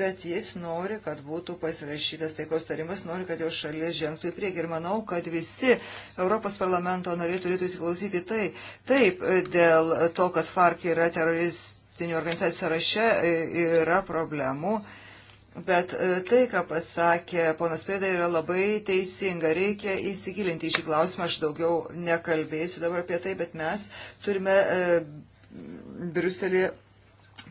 bet jis nori, kad būtų pasirašytas taikos tarimas, nori, kad jo šalis žengtų į priekį ir manau, kad visi Europos parlamento nariai turėtų įsiklausyti tai. Taip, e, dėl to, kad FARC yra teroristų organizacijų sąraše, e, yra problemų Bet e, tai, ką pasakė ponas Pėda, yra labai teisinga. Reikia įsigilinti į šį klausimą. Aš daugiau nekalbėsiu dabar apie tai, bet mes turime e, Briuselį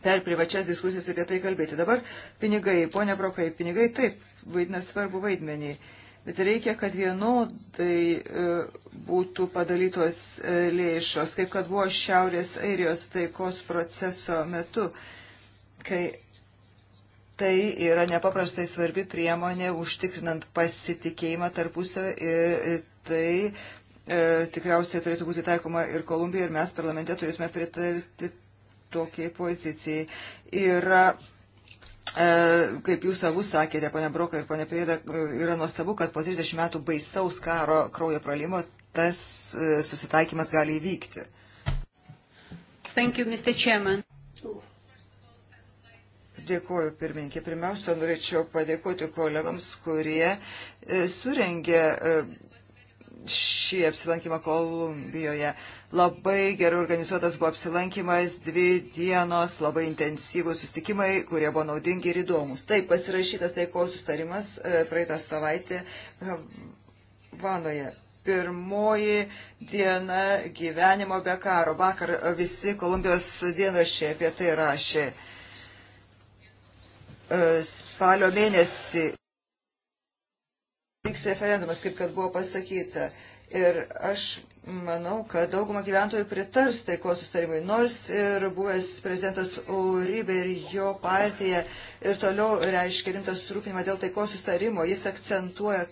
per privačias diskusijas apie tai kalbėti. Dabar pinigai, ponia Brokai, pinigai taip vaidina svarbu vaidmenį. Bet reikia, kad vienodai e, būtų padalytos e, lėšos, kaip kad buvo Šiaurės Airijos taikos proceso metu, kai Tai yra nepaprastai svarbi priemonė užtikrinant pasitikėjimą tarpusio ir e, tai e, tikriausiai turėtų būti taikoma ir Kolumbijai, ir mes parlamente turėtume pritarti tokiai pozicijai. Yra e, Kaip jūs savų sakėte, ponia Broka ir ponia Prieda, e, yra nuostabu, kad po 30 metų baisaus karo kraujo pralimo tas susitaikymas gali įvykti. Thank you, Mr. Chairman. Dėkuoju, pirmininkė. Pirmiausia, norėčiau padėkoti kolegams, kurie e, surengė e, šį apsilankymą Kolumbijoje. Labai gerai organizuotas buvo apsilankymas, dvi dienos, labai intensyvūs sustikimai, kurie buvo naudingi ir įdomus. Taip, pasirašytas taikos sustarimas e, praeitą savaitę Vanoje pirmoji diena gyvenimo be karo. Vakar visi Kolumbijos dienrašiai apie tai rašė. E, spalio mėnesį vyks referendumas, kaip kad buvo pasakyta. Ir aš manau, kad dauguma gyventojų pritars taikos sustarimui, nors ir buvęs prezidentas Uribe ir jo partija ir toliau reiškia rimtą susirūpinimą dėl taikos sustarimo. Jis akcentuoja,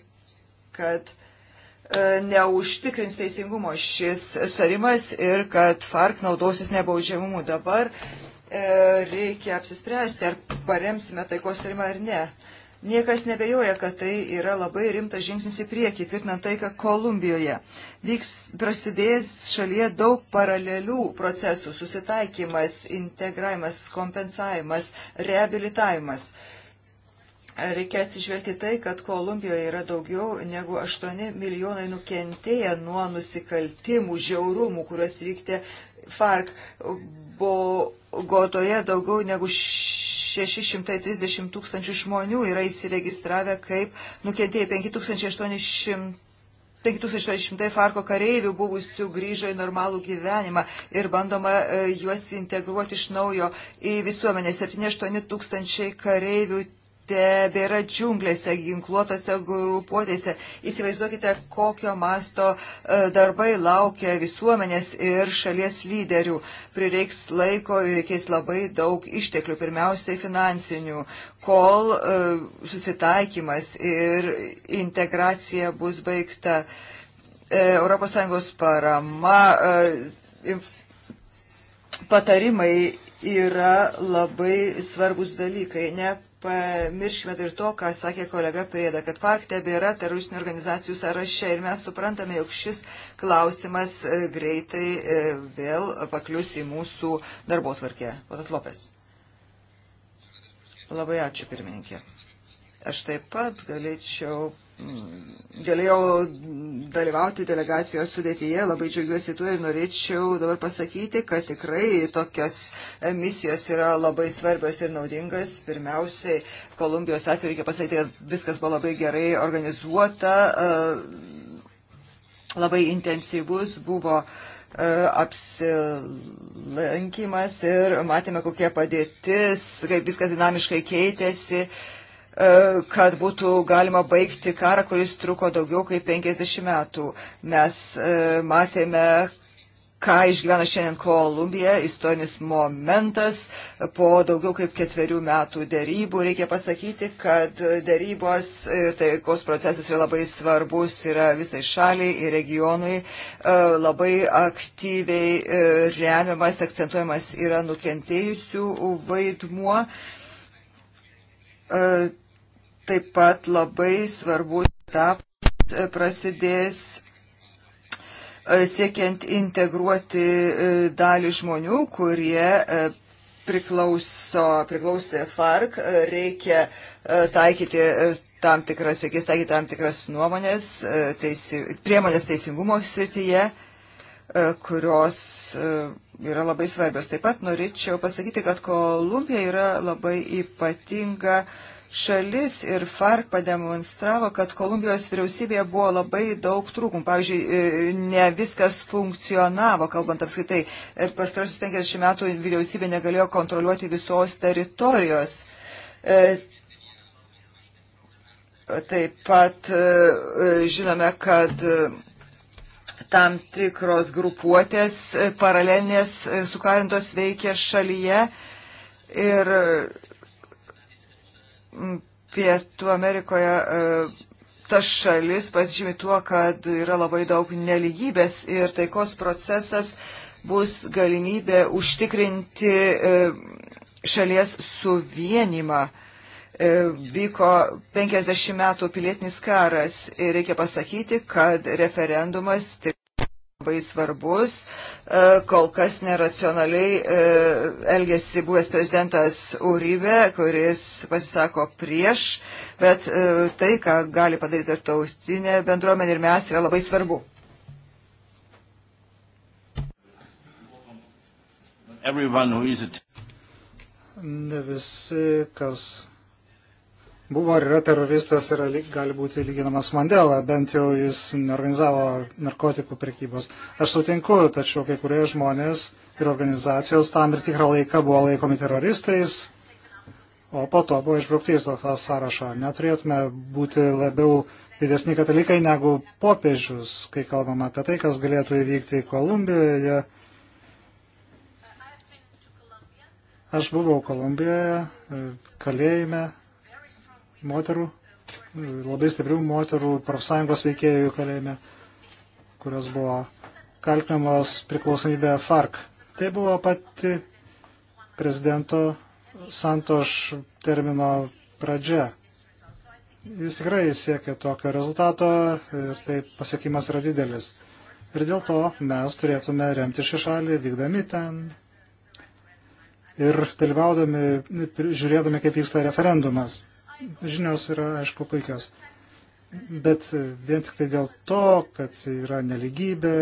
kad e, neužtikrins teisingumo šis sustarimas ir kad FARC naudosis nebaudžiamumu. Dabar E, reikia apsispręsti, ar paremsime taikos tarimą ar ne. Niekas nebejoja, kad tai yra labai rimtas žingsnis į priekį, tvirtinant taiką Kolumbijoje. Vyks prasidės šalyje daug paralelių procesų - susitaikymas, integravimas, kompensavimas, reabilitavimas. Reikia atsižvelgti tai, kad Kolumbijoje yra daugiau negu 8 milijonai nukentėję nuo nusikaltimų, žiaurumų, kuriuos vykdė FARC Bogotoje daugiau negu 630 tūkstančių žmonių yra įsiregistravę kaip nukentėjai 5800. 5600 Farko kareivių buvusių grįžo į normalų gyvenimą ir bandoma e, juos integruoti iš naujo į visuomenę. 7-8 tūkstančiai kareivių tebėra džiunglėse, ginkluotose grupuotėse. Įsivaizduokite, kokio masto e, darbai laukia visuomenės ir šalies lyderių. Prireiks laiko ir reikės labai daug išteklių, pirmiausiai finansinių, kol e, susitaikymas ir integracija bus baigta. ES parama, e, patarimai yra labai svarbus dalykai. Ne Pamirškime ir to, ką sakė kolega Prieda, kad FARC tebėra teroristinių organizacijų sąraše ir mes suprantame, jog šis klausimas e, greitai e, vėl paklius į mūsų darbo tvarkę. Ponas Lopes. Labai ačiū, pirmininkė. Aš taip pat galėčiau galėjau dalyvauti delegacijos sudėtyje, labai džiaugiuosi tuo ir norėčiau dabar pasakyti, kad tikrai tokios misijos yra labai svarbios ir naudingas. Pirmiausiai, Kolumbijos atveju reikia pasakyti, kad viskas buvo labai gerai organizuota, e, labai intensyvus buvo e, apsilankimas ir matėme, kokia padėtis, kaip viskas dinamiškai keitėsi. Uh, E, kad būtų galima baigti karą, kuris truko daugiau kaip 50 metų. Mes e, matėme, ką išgyvena šiandien Kolumbija, istorinis momentas, po daugiau kaip ketverių metų dėrybų. Reikia pasakyti, kad dėrybos ir taikos procesas yra labai svarbus, yra visai šaliai ir regionui e, labai aktyviai remiamas, akcentuojamas yra nukentėjusių vaidmuo taip pat labai svarbus etapas e, prasidės e, siekiant integruoti e, dalį žmonių, kurie priklauso, priklausė FARC, reikia taikyti tam tikras, reikės taikyti tam tikras nuomonės, teisi, priemonės teisingumo srityje, kurios yra labai svarbios. Taip pat norėčiau pasakyti, kad Kolumbija yra labai ypatinga uh, šalis ir FARC pademonstravo, kad Kolumbijos vyriausybėje buvo labai daug trūkumų. Pavyzdžiui, e, ne viskas funkcionavo, kalbant apskaitai. Pastarosius 50 metų vyriausybė negalėjo kontroliuoti visos teritorijos. E, taip pat e, žinome, kad tam tikros grupuotės paralelinės sukarintos veikia šalyje ir Pietų Amerikoje e, ta šalis pasižymi tuo, kad yra labai daug neligybės ir taikos procesas bus galimybė užtikrinti e, šalies suvienimą. E, vyko 50 metų pilietinis karas ir reikia pasakyti, kad referendumas labai svarbus. E, kol kas neracionaliai e, elgesi buvęs prezidentas Uribe, kuris pasisako prieš, bet e, tai, ką gali padaryti tarptautinė bendruomenė ir mes, yra labai svarbu. Ne visi, kas buvo ir yra teroristas ir gali būti lyginamas Mandela, bent jau jis neorganizavo narkotikų prekybos. Aš sutinku, tačiau kai kurie žmonės ir organizacijos tam ir tikrą laiką buvo laikomi teroristais, o po to buvo išbraukti iš to sąrašo. Neturėtume būti labiau didesni katalikai negu popiežius, kai kalbam apie tai, kas galėtų įvykti Kolumbijoje. Aš buvau Kolumbijoje, kalėjime, moterų, labai stiprių moterų profsąjungos veikėjų kalėjime, kurios buvo kaltinamos priklausomybė FARC. Tai buvo pati prezidento Santoš termino pradžia. Jis tikrai siekia tokio rezultato ir tai pasiekimas yra didelis. Ir dėl to mes turėtume remti šį šalį, vykdami ten ir dalyvaudami, žiūrėdami, kaip vyksta referendumas žinios yra, aišku, puikios. Bet vien tik tai dėl to, kad yra neligybė,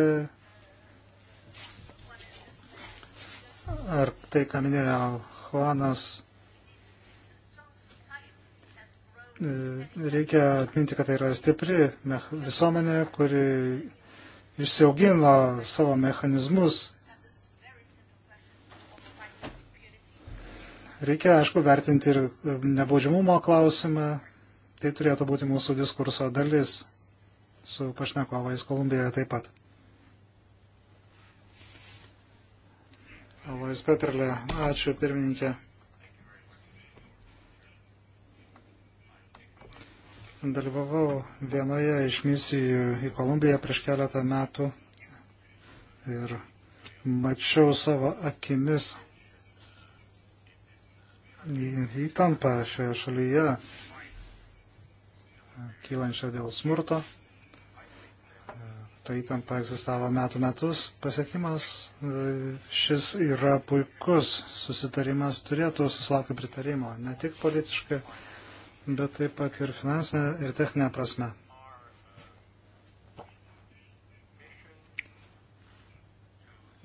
ar tai, ką minėjo Juanas, reikia atminti, kad tai yra stipri visuomenė, kuri išsiaugino savo mechanizmus Reikia, aišku, vertinti ir e, nebaudžiamumo klausimą. Tai turėtų būti mūsų diskurso dalis su pašnekovais Kolumbijoje taip pat. Alois Petrelė, ačiū pirmininkė. dalyvavau vienoje iš misijų į Kolumbiją prieš keletą metų ir mačiau savo akimis, įtampą šioje šalyje kylančią dėl smurto. Ta įtampa egzistavo metų metus. Pasiekimas šis yra puikus. Susitarimas turėtų susilaukti pritarimo, ne tik politiškai, bet taip pat ir finansinė ir techninė prasme.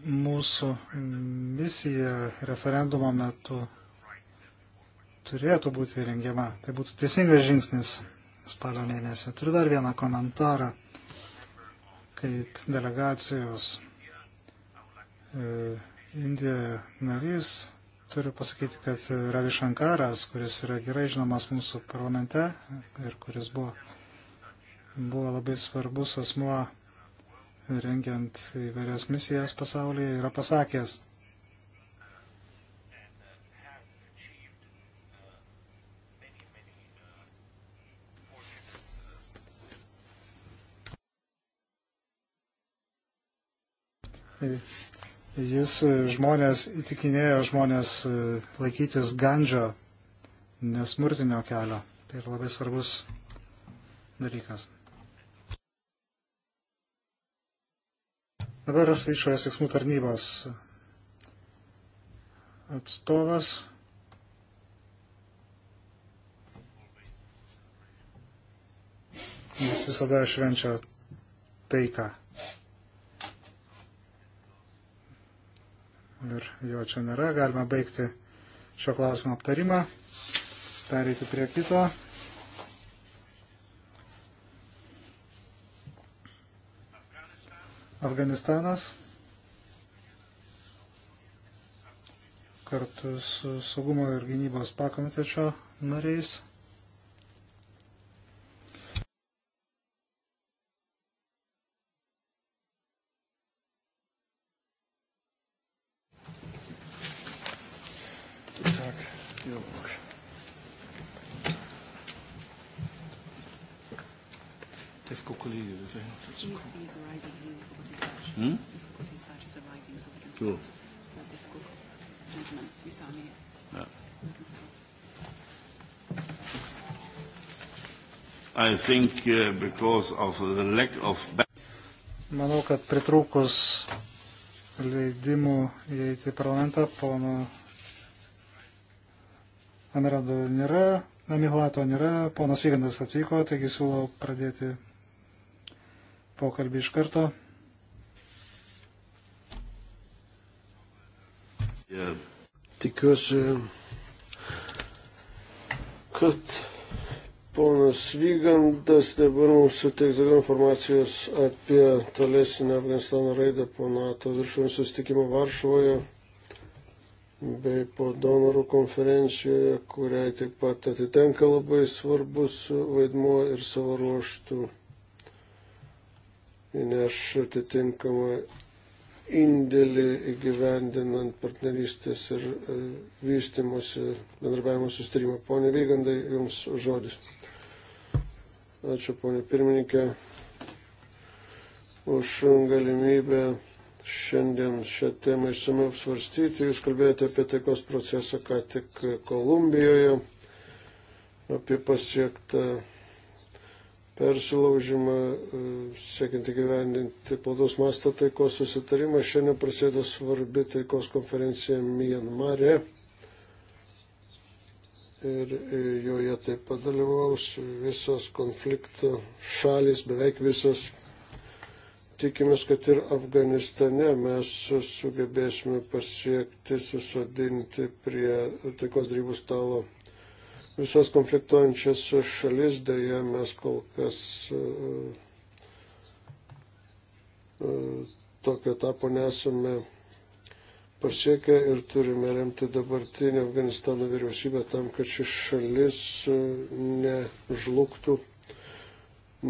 Mūsų misija referendumo metu turėtų būti rengiama. Tai būtų teisingas žingsnis spalio mėnesį. Turiu dar vieną komentarą, kaip delegacijos e, Indijoje narys. Turiu pasakyti, kad e, Ravi Šankaras, kuris yra gerai žinomas mūsų parlamente ir kuris buvo, buvo labai svarbus asmuo rengiant įvairias misijas pasaulyje, yra pasakęs, Jis e, žmonės įtikinėjo žmonės e, laikytis gandžio nesmurtinio kelio. Tai yra labai svarbus dalykas. Dabar išorės veiksmų tarnybos atstovas. Jis visada švenčia taiką. ir jo čia nėra. Galime baigti šio klausimo aptarimą, pereiti prie kito. Afganistanas kartu su saugumo ir gynybos pakomitečio nariais think uh, because of the lack of... Manau, kad pritrūkus leidimų įeiti į parlamentą, pono Amirado nėra, Namihlato nėra, ponas Vygandas atvyko, taigi siūlau pradėti pokalbį iš karto. Yeah. Tikiuosi, kad Ponas Vygandas dabar mums suteiks daugiau informacijos apie tolesnį Afganistano raidą po NATO viršūnų sustikimo Varšuvoje bei po donorų konferencijoje, kuriai taip pat atitenka labai svarbus vaidmuo ir savo ruoštų įneš atitinkamą indėlį įgyvendinant partnerystės ir e, vystimosi bendrabiavimo sustarimą. Pone Vygandai, Jums žodis. Ačiū, ponė pirmininkė, už galimybę šiandien šią temą išsamiau apsvarstyti. Jūs kalbėjote apie taikos procesą ką tik Kolumbijoje, apie pasiektą persilaužimą, e, siekiant įgyvendinti plataus masto taikos susitarimą. Šiandien prasideda svarbi taikos konferencija Mianmare. Ir e, joje taip pat dalyvaus visos konflikto šalis, beveik visos. Tikimės, kad ir Afganistane mes sugebėsime pasiekti susodinti prie taikos drybų stalo visas konfliktuojančias šalis, dėja mes kol kas e, e, tokio etapo nesame pasiekę ir turime remti dabartinį Afganistano vyriausybę tam, kad šis šalis e, nežlugtų,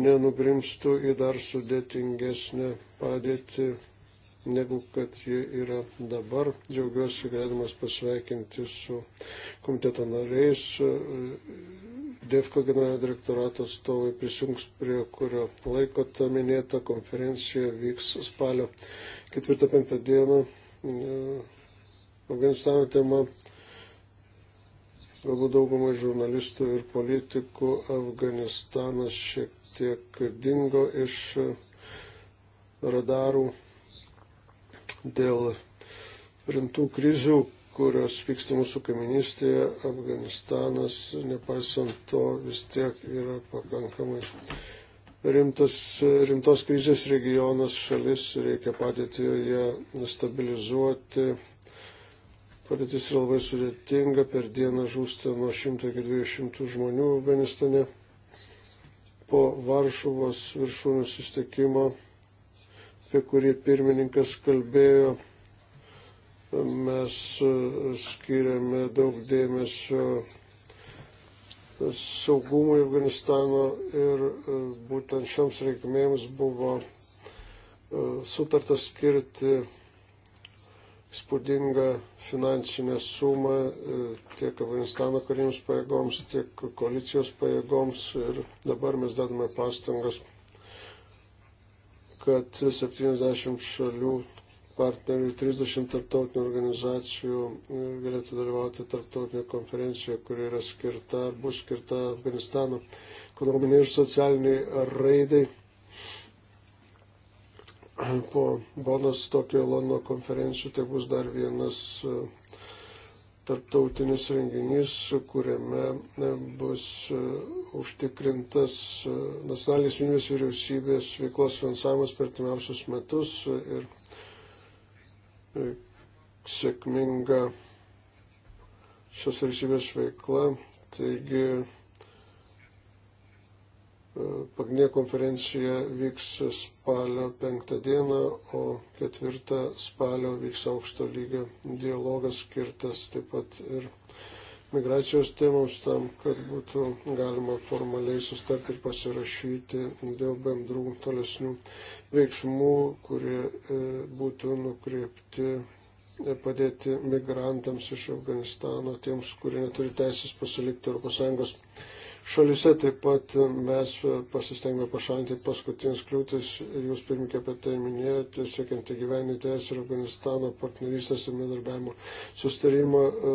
nenugrimstų į dar sudėtingesnę padėtį negu kad ji yra dabar. Džiaugiuosi galėdamas pasveikinti su komiteto nariais. DEFCO generalinio direktorato atstovai prisijungs prie kurio laiko ta minėta konferencija vyks spalio 4-5 dieną. Afganistano tema galbūt daugumai žurnalistų ir politikų Afganistanas šiek tiek dingo iš radarų dėl rimtų krizių, kurios vyksta mūsų kaiminystėje, Afganistanas, nepaisant to, vis tiek yra pakankamai rimtas, rimtos krizės regionas, šalis, reikia padėti joje stabilizuoti. Padėtis yra labai sudėtinga, per dieną žūsta nuo 100 iki 200 žmonių Afganistane. Po Varšuvos viršūnių sustikimo apie kurį pirmininkas kalbėjo, mes e, skiriame daug dėmesio saugumui Afganistano ir e, būtent šioms reikmėms buvo e, sutarta skirti spūdingą finansinę sumą tiek Afganistano karinėms pajėgoms, tiek koalicijos pajėgoms ir dabar mes dedame pastangas kad 70 šalių partnerių, 30 tarptautinių organizacijų e, galėtų dalyvauti tarptautinėje konferencijoje, kuri yra skirta, bus skirta Afganistano ekonominiai ir socialiniai raidai. Po Bonos Tokijo Londono konferencijų tai bus dar vienas e, tarptautinis renginys, kuriame e, bus e, užtikrintas e, nacionalinės vienybės vyriausybės veiklos finansavimas per timiausius metus ir sėkminga šios vyriausybės veikla. Taigi Pagrindinė konferencija vyks spalio penktą dieną, o ketvirtą spalio vyks aukšto lygio dialogas skirtas taip pat ir migracijos temams tam, kad būtų galima formaliai sustarti ir pasirašyti dėl bendrų tolesnių veiksmų, kurie e, būtų nukreipti e, padėti migrantams iš Afganistano, tiems, kurie neturi teisės pasilikti Europos Sąjungos šalise. Taip pat mes pasistengėme pašalinti paskutinius kliūtis ir jūs pirmininkė apie tai minėjote, siekiant įgyveninti es ir Afganistano partnerystės ir bendarbiavimo sustarimą, e,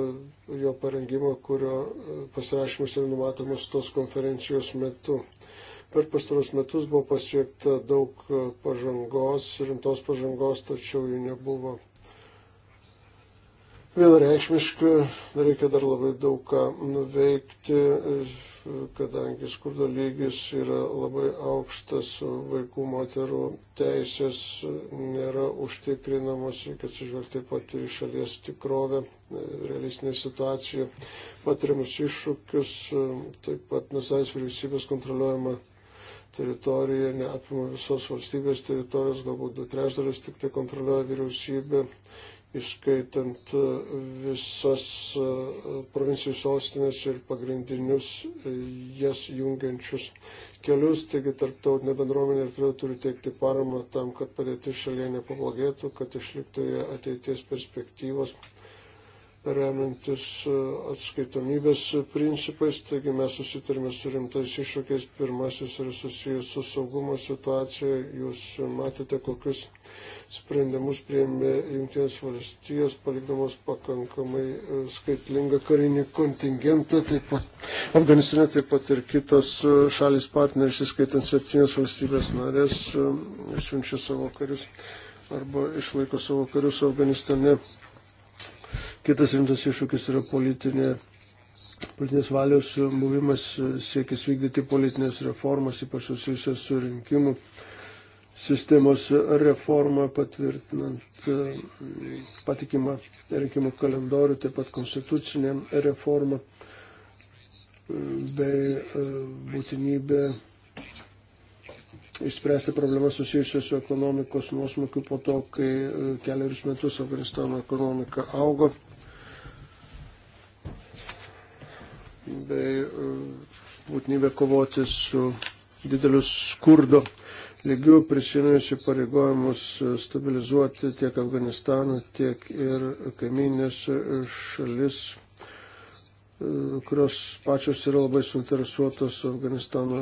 jo parengimą, kurio e, pasirašymus yra numatomas tos konferencijos metu. Per pastarus metus buvo pasiekta daug e, pažangos, rimtos pažangos, tačiau jų nebuvo Vienareikšmiškai reikia dar labai daug ką nuveikti, kadangi skurdo lygis yra labai aukštas, vaikų moterų teisės nėra užtikrinamos, reikia atsižvelgti pati į šalies tikrovę, realistinę situaciją, patiriamus iššūkius, taip pat nusavis vyriausybės kontroliuojama teritorija, neapima visos valstybės teritorijos, galbūt du trešdalius tik tai kontroliuoja vyriausybė įskaitant e, visas e, provincijų sostinės ir pagrindinius e, jas jungiančius kelius. Taigi tarptautinė bendruomenė ir toliau turi teikti paramą tam, kad padėti šalyje nepablogėtų, kad išliktų jie ateities perspektyvos remiantis atskaitomybės principais. Taigi mes susitarime su rimtais iššūkiais. Pirmasis yra susijęs su saugumo situacija. Jūs matėte, kokius sprendimus prieimė Junktinės valstijos, palikdamos pakankamai e, skaitlingą karinį kontingentą. Taip pat Afganistane taip pat ir kitos e, šalis partneris, įskaitant septynės valstybės narės, e, siunčia savo karius arba išlaiko savo karius Afganistane. Kitas rimtas iššūkis yra politinė politinės valios buvimas siekis vykdyti politinės reformas, ypač susijusios su rinkimu sistemos reformą patvirtinant e, patikimą rinkimų kalendorių, taip pat konstitucinę reformą e, bei e, būtinybę išspręsti problemas susijusios su ekonomikos nuosmukiu po to, kai keliarius metus Afganistano ekonomika augo. Bei būtinybė kovoti su dideliu skurdo lygių prisimė įsipareigojimus stabilizuoti tiek Afganistaną, tiek ir kaiminės šalis, kurios pačios yra labai suinteresuotos Afganistano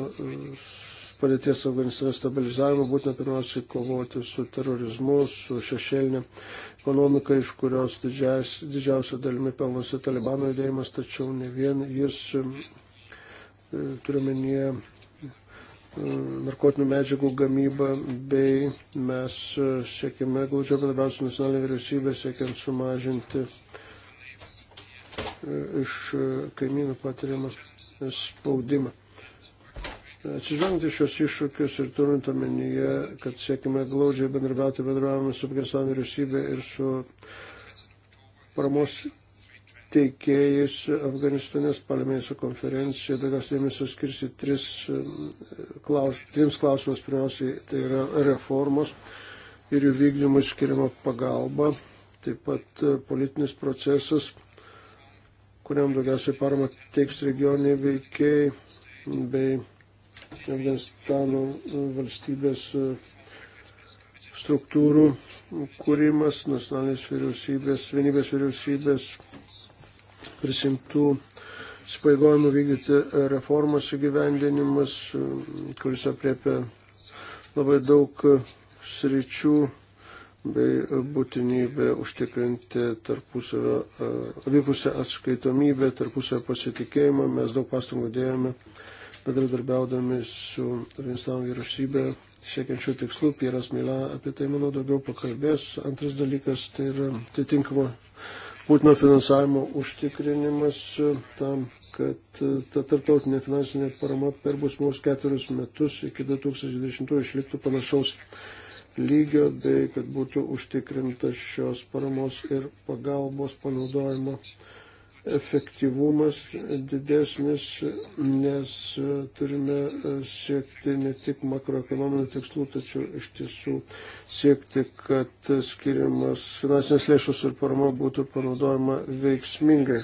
padėties Afganistane stabilizavimo, būtina pirmiausiai kovoti su terorizmu, su šešėlinė ekonomika, iš kurios didžiais, didžiausia dalimi pelnosi talibano judėjimas, tačiau ne vien jis, e, turiuomenyje, narkotinių medžiagų gamybą, bei mes e, siekime glaudžiau bendrabiauti su nacionalinė vyriausybė, siekiant sumažinti e, iš e, kaimynų patiriamą spaudimą. Atsižvelgiant į šios iššūkius ir turint omenyje, kad siekime glaudžiai bendrabiauti bendravimą su Afganistano vyriausybė ir su paramos teikėjais Afganistanės parlamento konferencija daugiausiai dėmesio skirsi tris, e, klaus, trims klausimams. Pirmiausiai tai yra reformos ir jų vykdymui skiriama pagalba, taip pat e, politinis procesas, kuriam daugiausiai parama teiks regioniai veikėjai bei Afganistano valstybės e, struktūrų kūrimas, nacionalinės vyriausybės, vienybės vyriausybės prisimtų spaigojimų vykdyti reformos įgyvendinimas, kuris apriepia labai daug sričių bei būtinybė užtikrinti tarpusavio, abipusę atskaitomybę, tarpusavio pasitikėjimą. Mes daug pastangų dėjome, bendradarbiaudami su Afganistano vyriausybė, siekiančių tikslų. Pieras Mila apie tai, manau, daugiau pakalbės. Antras dalykas tai yra atitinkamo Putino finansavimo užtikrinimas e, tam, kad e, ta tarptautinė finansinė parama per būsimus keturis metus iki 2020 išliktų panašaus lygio, bei kad būtų užtikrinta šios paramos ir pagalbos panaudojimo efektyvumas didesnis, nes turime siekti ne tik makroekonominių tikslų, tačiau iš tiesų siekti, kad skiriamas finansinės lėšos ir parama būtų panaudojama veiksmingai.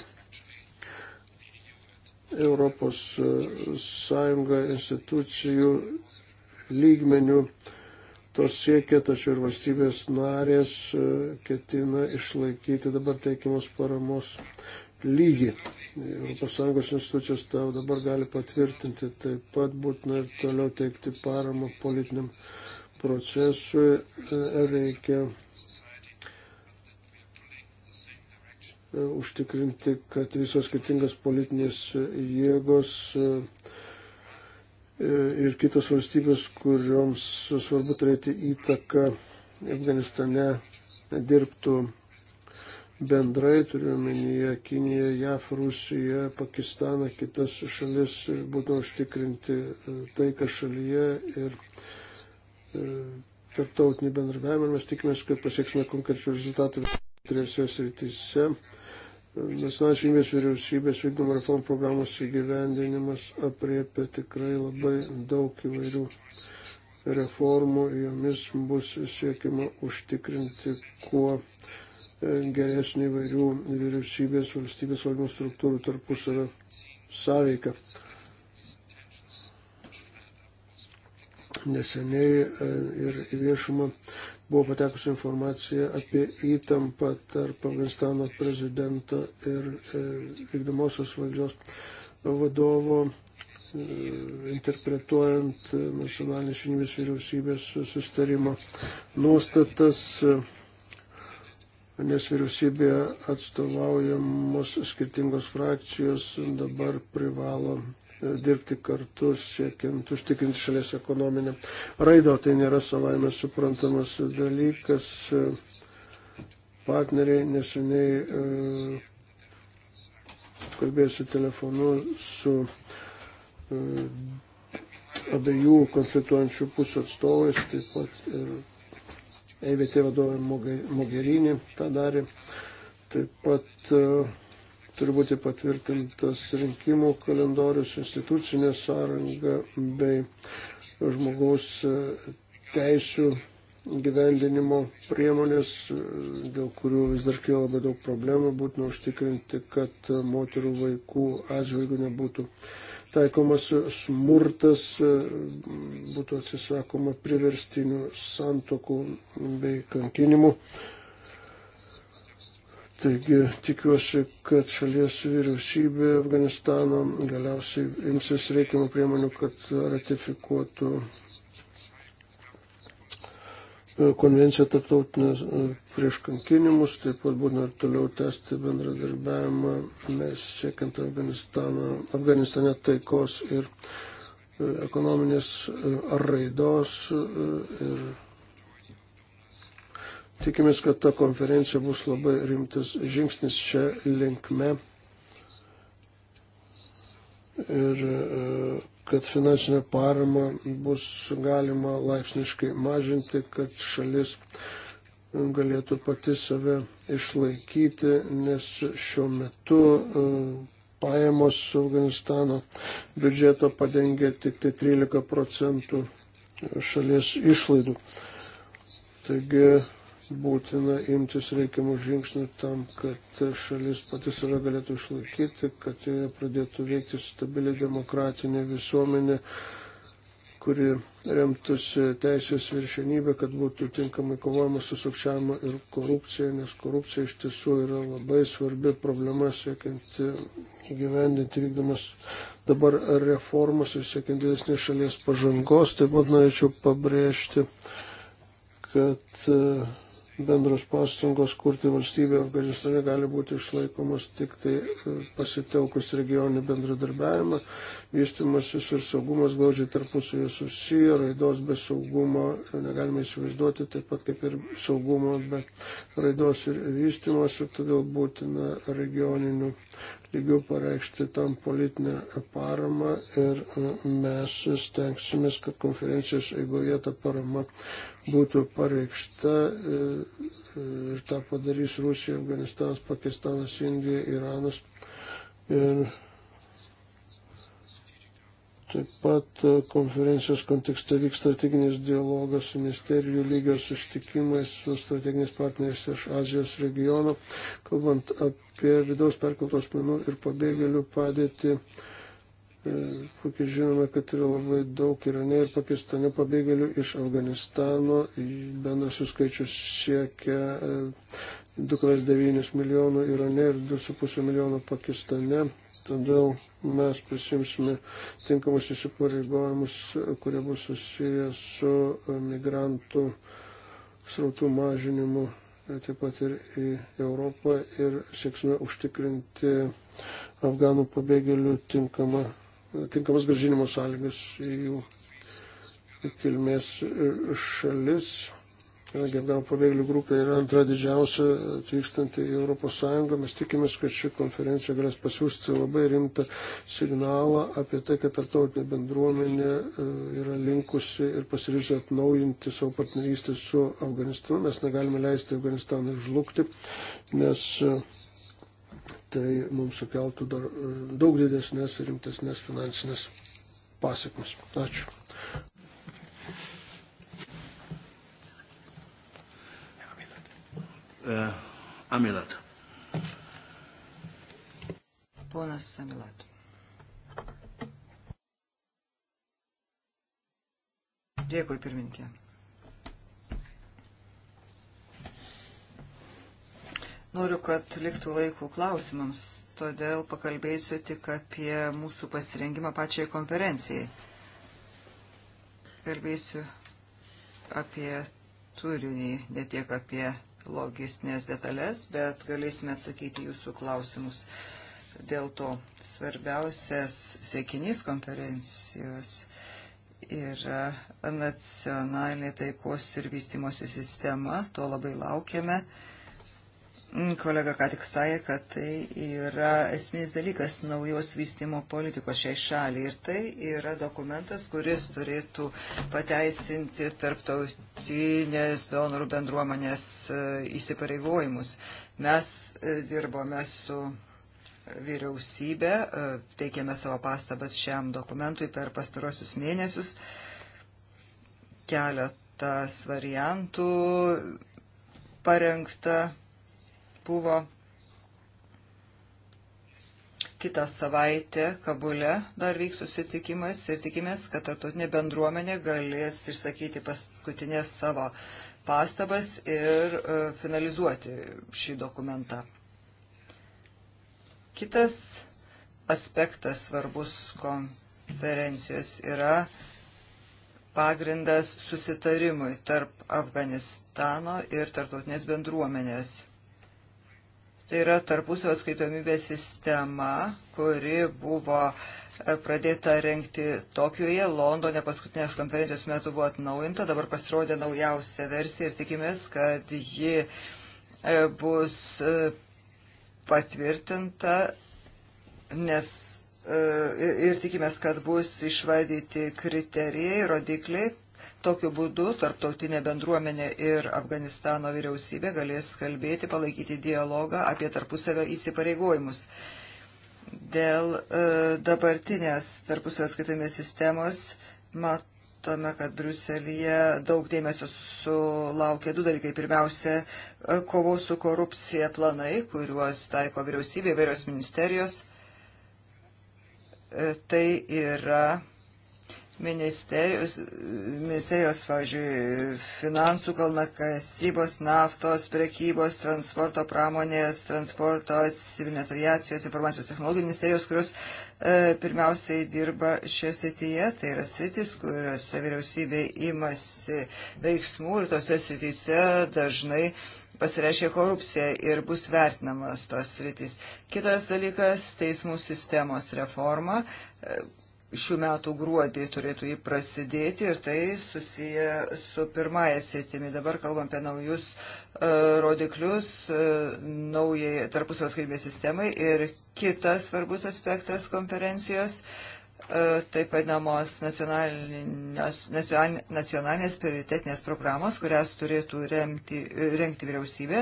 Europos Sąjunga institucijų lygmenių to siekia, tačiau ir valstybės narės ketina išlaikyti dabar teikiamos paramos lygį. ES institucijos tau dabar gali patvirtinti. Taip pat būtina ir toliau teikti paramą politiniam procesui. Reikia e, užtikrinti, kad visos skirtingas politinės jėgos e, ir kitos valstybės, kurioms svarbu turėti įtaką Afganistane, dirbtų bendrai, turiu omenyje Kiniją, JAF, Rusiją, Pakistaną, kitas šalis, būtų užtikrinti e, taiką šalyje ir e, tarptautinį bendradarbiavimą. Mes tikimės, kad pasieksime konkrečių rezultatų trijose srityse. Nacionalinės vienybės vyriausybės vykdomų reformų programos įgyvendinimas apriepia tikrai labai daug įvairių reformų, jomis bus siekiama užtikrinti kuo geresnį įvairių vyriausybės, valstybės valdymo struktūrų tarpusavio sąveiką. Neseniai e, ir į viešumą buvo patekusi informacija apie įtampą tarp Afganistano prezidento ir e, vykdomosios valdžios vadovo, e, interpretuojant nacionalinės vienybės vyriausybės sustarimo nuostatas nes vyriausybėje atstovaujamos skirtingos frakcijos dabar privalo e, dirbti kartu, siekiant užtikrinti šalies ekonominę raidą. Tai nėra savaime suprantamas dalykas. E, partneriai neseniai e, kalbėjusi telefonu su abiejų konfliktuojančių pusių atstovais, taip pat ir EVT vadovė Mogherini tą darė. Taip pat e, turi būti patvirtintas rinkimų kalendorius, institucinė sąranga bei žmogaus e, teisų gyvendinimo priemonės, e, dėl kurių vis dar kyla labai daug problemų, būtina užtikrinti, kad moterų vaikų atžvilgių nebūtų uh, taikomas smurtas, e, būtų atsisakoma priverstinių santokų bei kankinimų. Taigi tikiuosi, kad šalies vyriausybė Afganistano galiausiai imsis reikiamų priemonių, kad ratifikuotų E, konvenciją tarptautinę e, prieš kankinimus, taip pat būtina ir toliau tęsti bendradarbiavimą, mes siekiant Afganistane taikos ir e, ekonominės raidos ir tikimės, kad ta konferencija bus labai rimtas žingsnis šią linkme. Ir kad finansinę paramą bus galima laipsniškai mažinti, kad šalis galėtų pati save išlaikyti, nes šiuo metu e, pajamos Afganistano biudžeto padengia tik tai 13 procentų šalies išlaidų. Taigi būtina imtis reikiamų žingsnių tam, kad šalis pati save galėtų išlaikyti, kad joje pradėtų veikti stabili demokratinė visuomenė, kuri remtųsi teisės viršenybė, kad būtų tinkamai kovojama su sukčiavimu ir korupcija, nes korupcija iš tiesų yra labai svarbi problema siekiant įgyvendinti vykdomas dabar reformas ir siekiant didesnės šalies pažangos. Taip pat norėčiau pabrėžti, kad uh, bendros pastangos kurti valstybę Afganistane gali būti išlaikomos tik tai e, pasitelkus regioninį bendradarbiavimą, vystimasis ir saugumas glaudžiai tarpusavėje susiję, raidos be saugumo e, negalime įsivaizduoti, taip pat kaip ir saugumo be raidos ir vystimosi, todėl būtina regioninių lygių pareikšti tam politinę paramą ir e, mes stengsimės, kad konferencijos eigoje ta parama būtų pareikšta e, e, ir tą padarys Rusija, Afganistanas, Pakistanas, Indija, Iranas ir Taip pat e, konferencijos kontekste vyks strateginis dialogas su ministerijų lygio sustikimais su strateginiais partneriais iš Azijos regiono, kalbant apie vidaus perkeltos menų ir pabėgėlių padėtį. E, puikiai žinome, kad yra labai daug Irane ir Pakistane pabėgėlių iš Afganistano. Bendras jų skaičius siekia e, 2,9 milijonų Irane ir 2,5 milijonų Pakistane. Todėl mes prisimsime tinkamus įsipareigojimus, kurie bus susiję su e, migrantų srautų mažinimu e, taip pat ir į Europą ir sieksime užtikrinti afganų pabėgėlių tinkamą, e, tinkamas gražinimo sąlygas į jų kilmės šalis. Kadangi Afganų pabėgėlių grupė yra antra didžiausia atvykstanti į ES, mes tikimės, kad ši konferencija galės pasiūsti labai rimtą signalą apie tai, kad tarptautinė bendruomenė e, yra linkusi ir pasiryžę atnaujinti savo partnerystę su Afganistanu. Mes negalime leisti Afganistanui žlugti, nes e, tai mums sukeltų dar e, daug didesnės ir rimtesnės finansinės pasiekmes. Ačiū. uh, Amilat. Ponas Amilat. Dėkui, pirmininkė. Noriu, kad liktų laikų klausimams, todėl pakalbėsiu tik apie mūsų pasirengimą pačiai konferencijai. Kalbėsiu apie turinį, ne tiek apie logistinės detalės, bet galėsime atsakyti jūsų klausimus. Dėl to svarbiausias sėkinys konferencijos yra nacionalinė taikos ir vystimosi sistema. To labai laukiame. Uh, Kolega ką tik sąja, kad tai yra esminis dalykas naujos vystimo politikos šiai šaliai. Ir tai yra dokumentas, kuris turėtų pateisinti tarptautinės donorų bendruomenės e, įsipareigojimus. Mes e, dirbome su vyriausybė, e, teikėme savo pastabas šiam dokumentui per pastarosius mėnesius. Keletas variantų parengta buvo kitą savaitę Kabule dar vyks susitikimas ir tikimės, kad tarptautinė bendruomenė galės išsakyti paskutinės savo pastabas ir e, finalizuoti šį dokumentą. Kitas aspektas svarbus konferencijos yra pagrindas susitarimui tarp Afganistano ir tarptautinės bendruomenės. Tai yra tarpusio atskaitomybės sistema, kuri buvo e, pradėta renkti Tokijoje, Londone paskutinės konferencijos metu buvo atnaujinta, dabar pasirodė naujausia versija ir tikimės, kad ji e, bus e, patvirtinta, nes ir tikimės, kad bus išvadyti kriterijai, rodikliai, Tokiu būdu tarptautinė bendruomenė ir Afganistano vyriausybė galės kalbėti, palaikyti dialogą apie tarpusavio įsipareigojimus. Dėl e, dabartinės tarpusavio skaitomės sistemos matome, matome, kad Briuselyje daug dėmesio sulaukia du dalykai. Pirmiausia, e, kovos su korupcija planai, kuriuos taiko vyriausybė, vairios ministerijos. E, tai yra ministerijos, ministerijos pavyzdžiui, finansų kalnakasybos, naftos, prekybos, transporto pramonės, transporto, civilinės aviacijos, informacijos technologijų ministerijos, kurios e, pirmiausiai dirba šioje srityje. Tai yra sritis, kuriuose vyriausybė imasi veiksmų ir tose srityse dažnai pasireiškia korupcija ir bus vertinamas tos sritis. Kitas dalykas - teismų sistemos reforma. E, šių metų gruodį turėtų jį prasidėti ir tai susiję su pirmąją sėtimi. Dabar kalbam apie naujus e, rodiklius, e, naujai tarpusavos kalbės sistemai ir kitas svarbus aspektas konferencijos e, taip vadinamos nacionalinės prioritetinės programos, kurias turėtų remti, renkti vyriausybė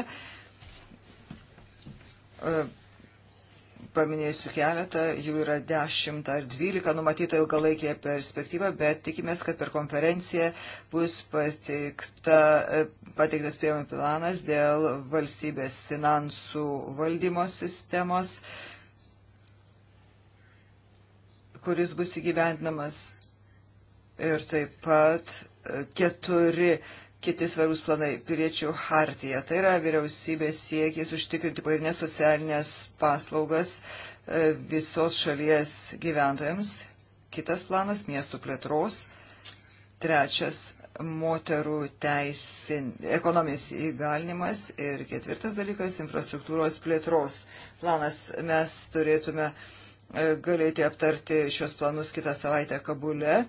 paminėsiu keletą, jų yra 10 ar 12 numatyta ilgalaikėje perspektyva, bet tikimės, kad per konferenciją bus pateikta, pateiktas priemonių planas dėl valstybės finansų valdymo sistemos, kuris bus įgyvendinamas ir taip pat e, keturi kiti svarbus planai - piliečių hartija. Tai yra vyriausybės siekis užtikrinti pagrindinės socialinės paslaugas e, visos šalies gyventojams. Kitas planas - miestų plėtros. Trečias - moterų teisin, ekonominis įgalinimas. Ir ketvirtas dalykas - infrastruktūros plėtros planas. Mes turėtume e, galėti aptarti šios planus kitą savaitę Kabule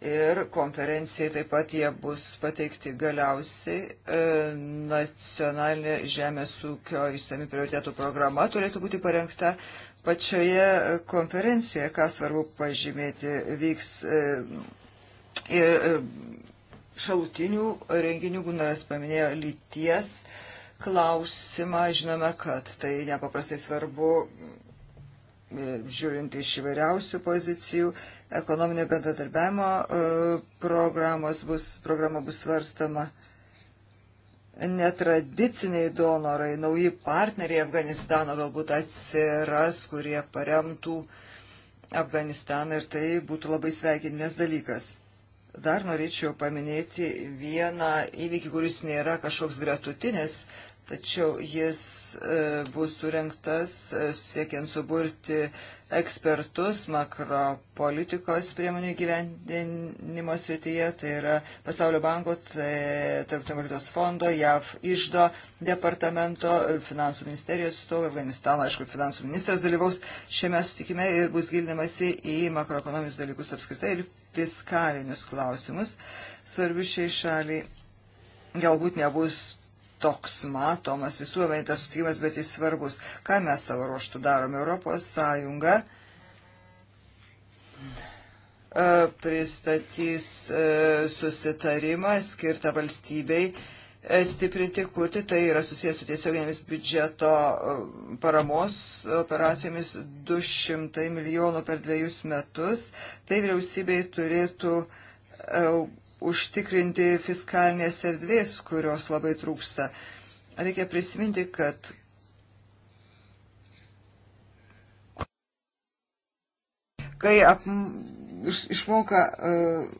ir konferencijai taip pat jie bus pateikti galiausiai. E, nacionalinė žemės ūkio išsami prioritėtų programa turėtų būti parengta pačioje konferencijoje, ką svarbu pažymėti, vyks e, ir e, šalutinių renginių, Gunaras paminėjo lyties klausimą, žinome, kad tai nepaprastai svarbu žiūrint iš įvairiausių pozicijų ekonominio bendradarbiavimo e, programos bus, programa bus svarstama. Netradiciniai donorai, nauji partneriai Afganistano galbūt atsiras, kurie paremtų Afganistaną ir tai būtų labai sveikinės dalykas. Dar norėčiau paminėti vieną įvykį, kuris nėra kažkoks gretutinis tačiau jis e, bus surinktas e, siekiant suburti ekspertus makropolitikos priemonių gyvendinimo srityje, tai yra Pasaulio banko, tai Tarptautinio valiutos fondo, JAV išdo departamento, finansų ministerijos atstovai, Afganistano, aišku, finansų ministras dalyvaus šiame sutikime ir bus gilinamasi į makroekonominius dalykus apskritai ir fiskalinius klausimus. Svarbius šiai šaliai galbūt nebus toks matomas visuomenė tas susitikimas, bet jis svarbus. Ką mes savo ruoštų darome? Europos Sąjunga e, pristatys e, susitarimą skirtą valstybei e, stiprinti, kurti. Tai yra susijęs su tiesioginėmis biudžeto paramos operacijomis 200 milijonų per dvejus metus. Tai vyriausybei turėtų užtikrinti fiskalinės erdvės, kurios labai trūksta. Reikia prisiminti, kad kai ap, iš, išmoka uh,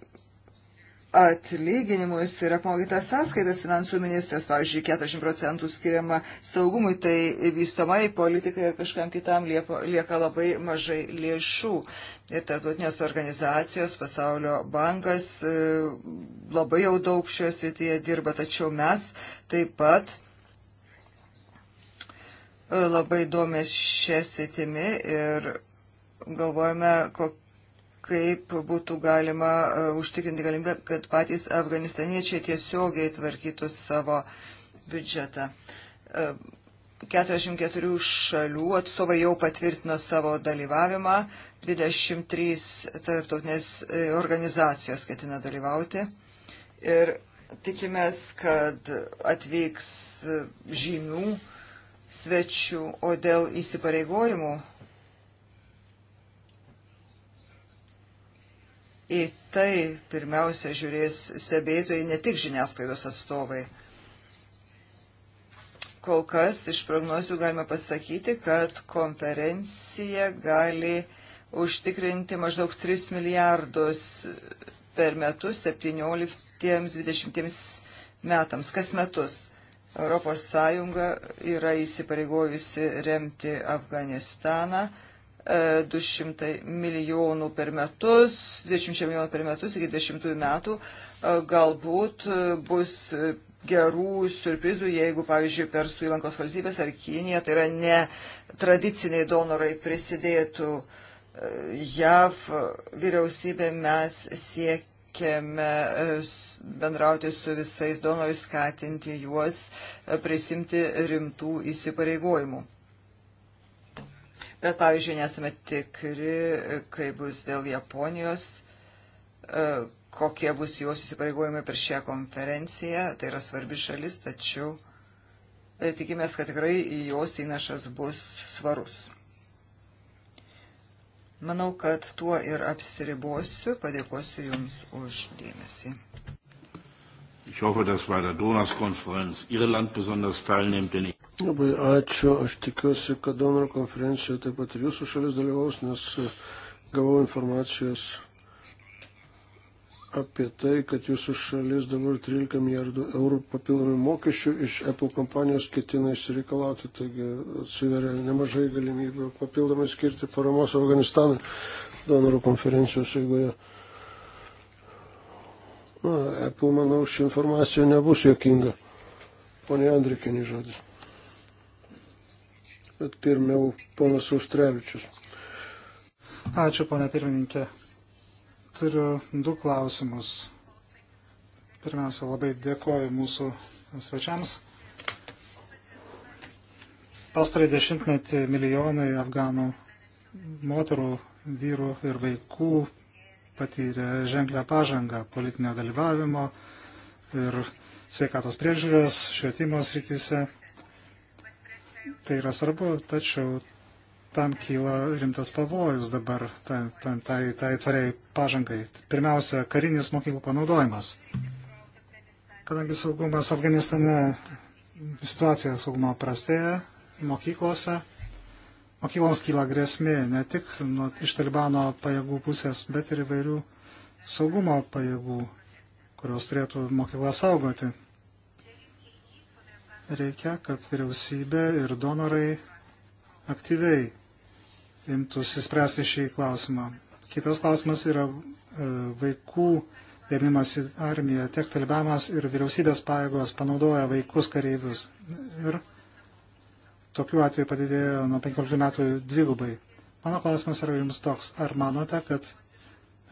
atlyginimus ir apmokytas sąskaitas finansų ministras, pavyzdžiui, 40 procentų skiriama saugumui, tai vystomai politikai ir kažkam kitam liepo, lieka labai mažai lėšų. Ir tarptautinės organizacijos, pasaulio bankas e, labai jau daug šioje srityje dirba, tačiau mes taip pat e, labai domės šią sritimi ir galvojame, kokie kaip būtų galima e, užtikrinti galimybę, kad patys afganistaniečiai tiesiogiai tvarkytų savo biudžetą. 44 e, šalių atstovai jau patvirtino savo dalyvavimą, 23 tarptautinės e, organizacijos ketina dalyvauti. Ir tikimės, kad atvyks žymių svečių, o dėl įsipareigojimų į tai pirmiausia žiūrės stebėtojai, ne tik žiniasklaidos atstovai. Kol kas iš prognozių galime pasakyti, kad konferencija gali užtikrinti maždaug 3 milijardus per metus 17-20 metams, kas metus. Europos Sąjunga yra įsipareigojusi remti Afganistaną 200 milijonų per metus, 20 milijonų per metus iki 10 metų. E, galbūt e, bus gerų surprizų, jeigu, pavyzdžiui, Persų įlankos valstybės ar Kinija, tai yra ne tradiciniai donorai prisidėtų e, JAV vyriausybė, mes siekiame bendrauti su visais donorais, skatinti juos prisimti rimtų įsipareigojimų bet, pavyzdžiui, nesame tikri, kaip bus dėl Japonijos, e, kokie bus jos įsipareigojimai per šią konferenciją. Tai yra svarbi šalis, tačiau e, tikimės, kad tikrai jos įnašas bus svarus. Manau, kad tuo ir apsiribosiu. Padėkosiu Jums už dėmesį. Ich hoffe, dass bei der Donauskonferenz Ihr Land besonders teilnimmt. Denn ich Labai ačiū, aš tikiuosi, kad donorų konferencijoje taip pat ir jūsų šalis dalyvaus, nes e, gavau informacijos apie tai, kad jūsų šalis dabar 13 milijardų eurų papildomų mokesčių iš Apple kompanijos ketina išsireikalauti, taigi atsiveria nemažai galimybių papildomai skirti paramos Afganistanui donorų konferencijos eigoje. Ja. Na, Apple, manau, ši informacija nebus jokinga. Pone Andrikinį žodis. Bet pirmiau ponas Ustrevičius. Ačiū, ponė pirmininkė. Turiu du klausimus. Pirmiausia, labai dėkoju mūsų svečiams. Pastarai dešimtmetį milijonai afganų moterų, vyrų ir vaikų patyrė ženklę pažangą politinio dalyvavimo ir sveikatos priežiūros, švietimo srityse. Tai yra svarbu, tačiau tam kyla rimtas pavojus dabar tai, tai, tai, tai tvariai pažangai. Pirmiausia, karinis mokyklų panaudojimas. Kadangi saugumas Afganistane, situacija saugumo prastėja mokyklose, mokykloms kyla grėsmė ne tik nuo, iš Talibano pajėgų pusės, bet ir įvairių saugumo pajėgų, kurios turėtų mokyklą saugoti. Reikia, kad vyriausybė ir donorai aktyviai imtųsi spręsti šį klausimą. Kitas klausimas yra e, vaikų ėmimas į armiją. Tiek talibamas ir vyriausybės pajėgos panaudoja vaikus kareivius. Ir tokių atvejų padidėjo nuo 15 metų dvigubai. Mano klausimas yra jums toks. Ar manote, kad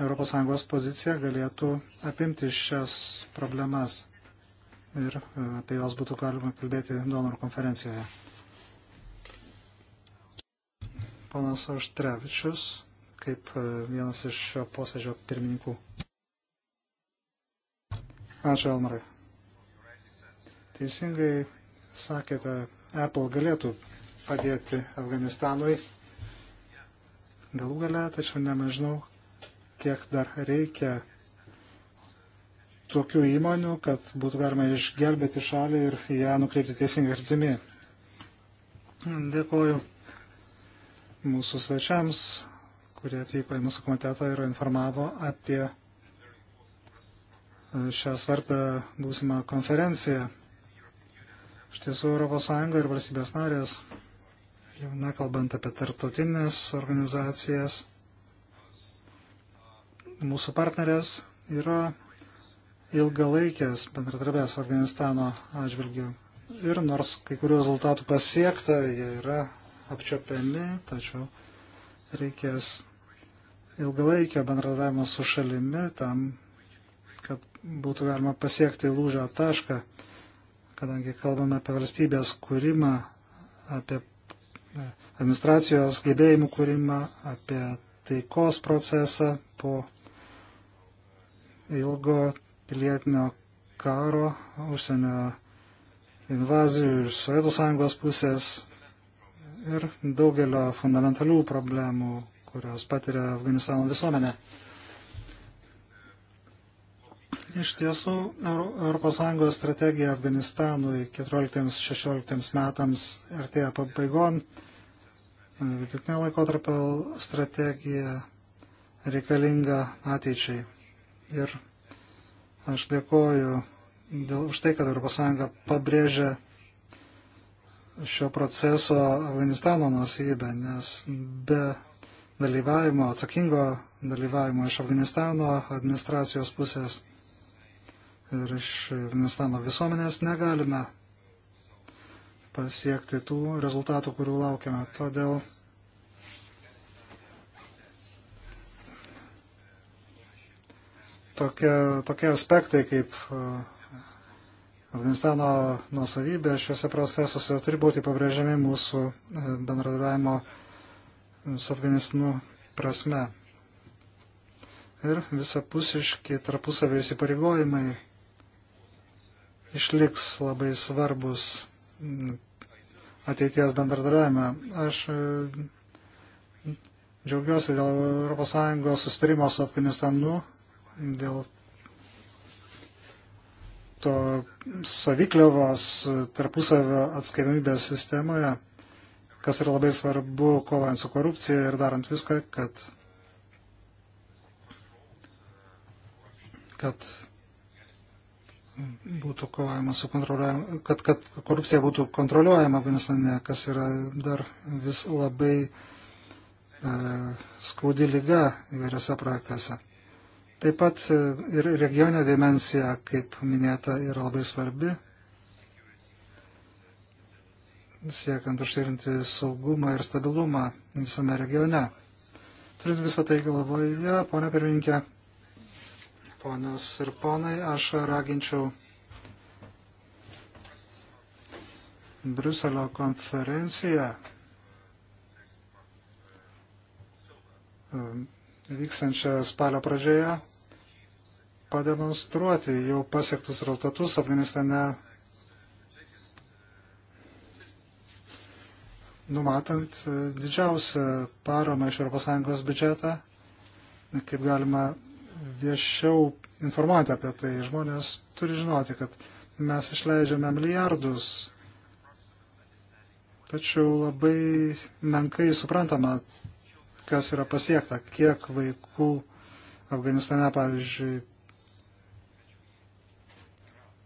ES pozicija galėtų apimti šias problemas ir e, apie jas būtų galima kalbėti donorų konferencijoje? Ponas Auštrevičius, kaip e, vienas iš šio posėdžio pirmininkų. Ačiū, Elmarai. Teisingai sakėte, Apple galėtų padėti Afganistanui galų gale, tačiau nemažinau, kiek dar reikia tokių įmonių, kad būtų galima išgelbėti šalį ir ją nukreipti teisingą kryptimį. Dėkoju mūsų svečiams, kurie atvyko į mūsų komitetą ir informavo apie šią svarbę būsimą konferenciją. Iš tiesų, ES ir valstybės narės, jau nekalbant apie tarptautinės organizacijas, mūsų partnerės yra ilgalaikės bendradarbiavęs Afganistano atžvilgių. Ir nors kai kurių rezultatų pasiekta, jie yra apčiopiami, tačiau reikės ilgalaikio bendradarbiavimo su šalimi tam, kad būtų galima pasiekti lūžio tašką kadangi kalbame apie valstybės kūrimą, apie e, administracijos gebėjimų kūrimą, apie taikos procesą po ilgo pilietinio karo, užsienio invazijų iš Sovietų sąjungos pusės ir daugelio fundamentalių problemų, kurios patiria Afganistano visuomenė. Iš tiesų, ES strategija Afganistanui 14-16 metams artėja pabaigon. Vidutinio laikotarpio strategija reikalinga ateičiai. Ir aš dėkoju dėl, už tai, kad ES pabrėžia šio proceso Afganistano nusybę, nes be dalyvavimo, atsakingo dalyvavimo iš Afganistano administracijos pusės ir iš Afganistano visuomenės negalime pasiekti tų rezultatų, kurių laukiame. Todėl tokie, tokie aspektai kaip e, Afganistano nuosavybė šiuose procesuose turi būti pabrėžiami mūsų e, bendradarbiavimo su Afganistanu prasme. Ir visapusiški tarpusavio įsipareigojimai išliks labai svarbus ateities bendradarbiavime. Aš e, džiaugiuosi dėl ES sustarimo su Afganistanu, dėl to savikliovos tarpusavio atskaitomybės sistemoje, kas yra labai svarbu kovant su korupcija ir darant viską, kad, kad būtų kovojama su kontroliuojama, kad, kad korupcija būtų kontroliuojama Afganistane, kas yra dar vis labai e, skaudi lyga įvairiose projektuose. Taip pat e, ir regioninė dimensija, kaip minėta, yra labai svarbi, siekiant užtikrinti saugumą ir stabilumą visame regione. Turint visą tai galvoje, ponia pirmininkė, ponios ir ponai, aš raginčiau Bruselio konferenciją um, vykstančią spalio pradžioje pademonstruoti jau pasiektus rezultatus Afganistane, numatant uh, didžiausią paramą iš ES biudžetą, kaip galima viešiau informuoti apie tai. Žmonės turi žinoti, kad mes išleidžiame milijardus, tačiau labai menkai suprantama, kas yra pasiekta, kiek vaikų Afganistane, pavyzdžiui,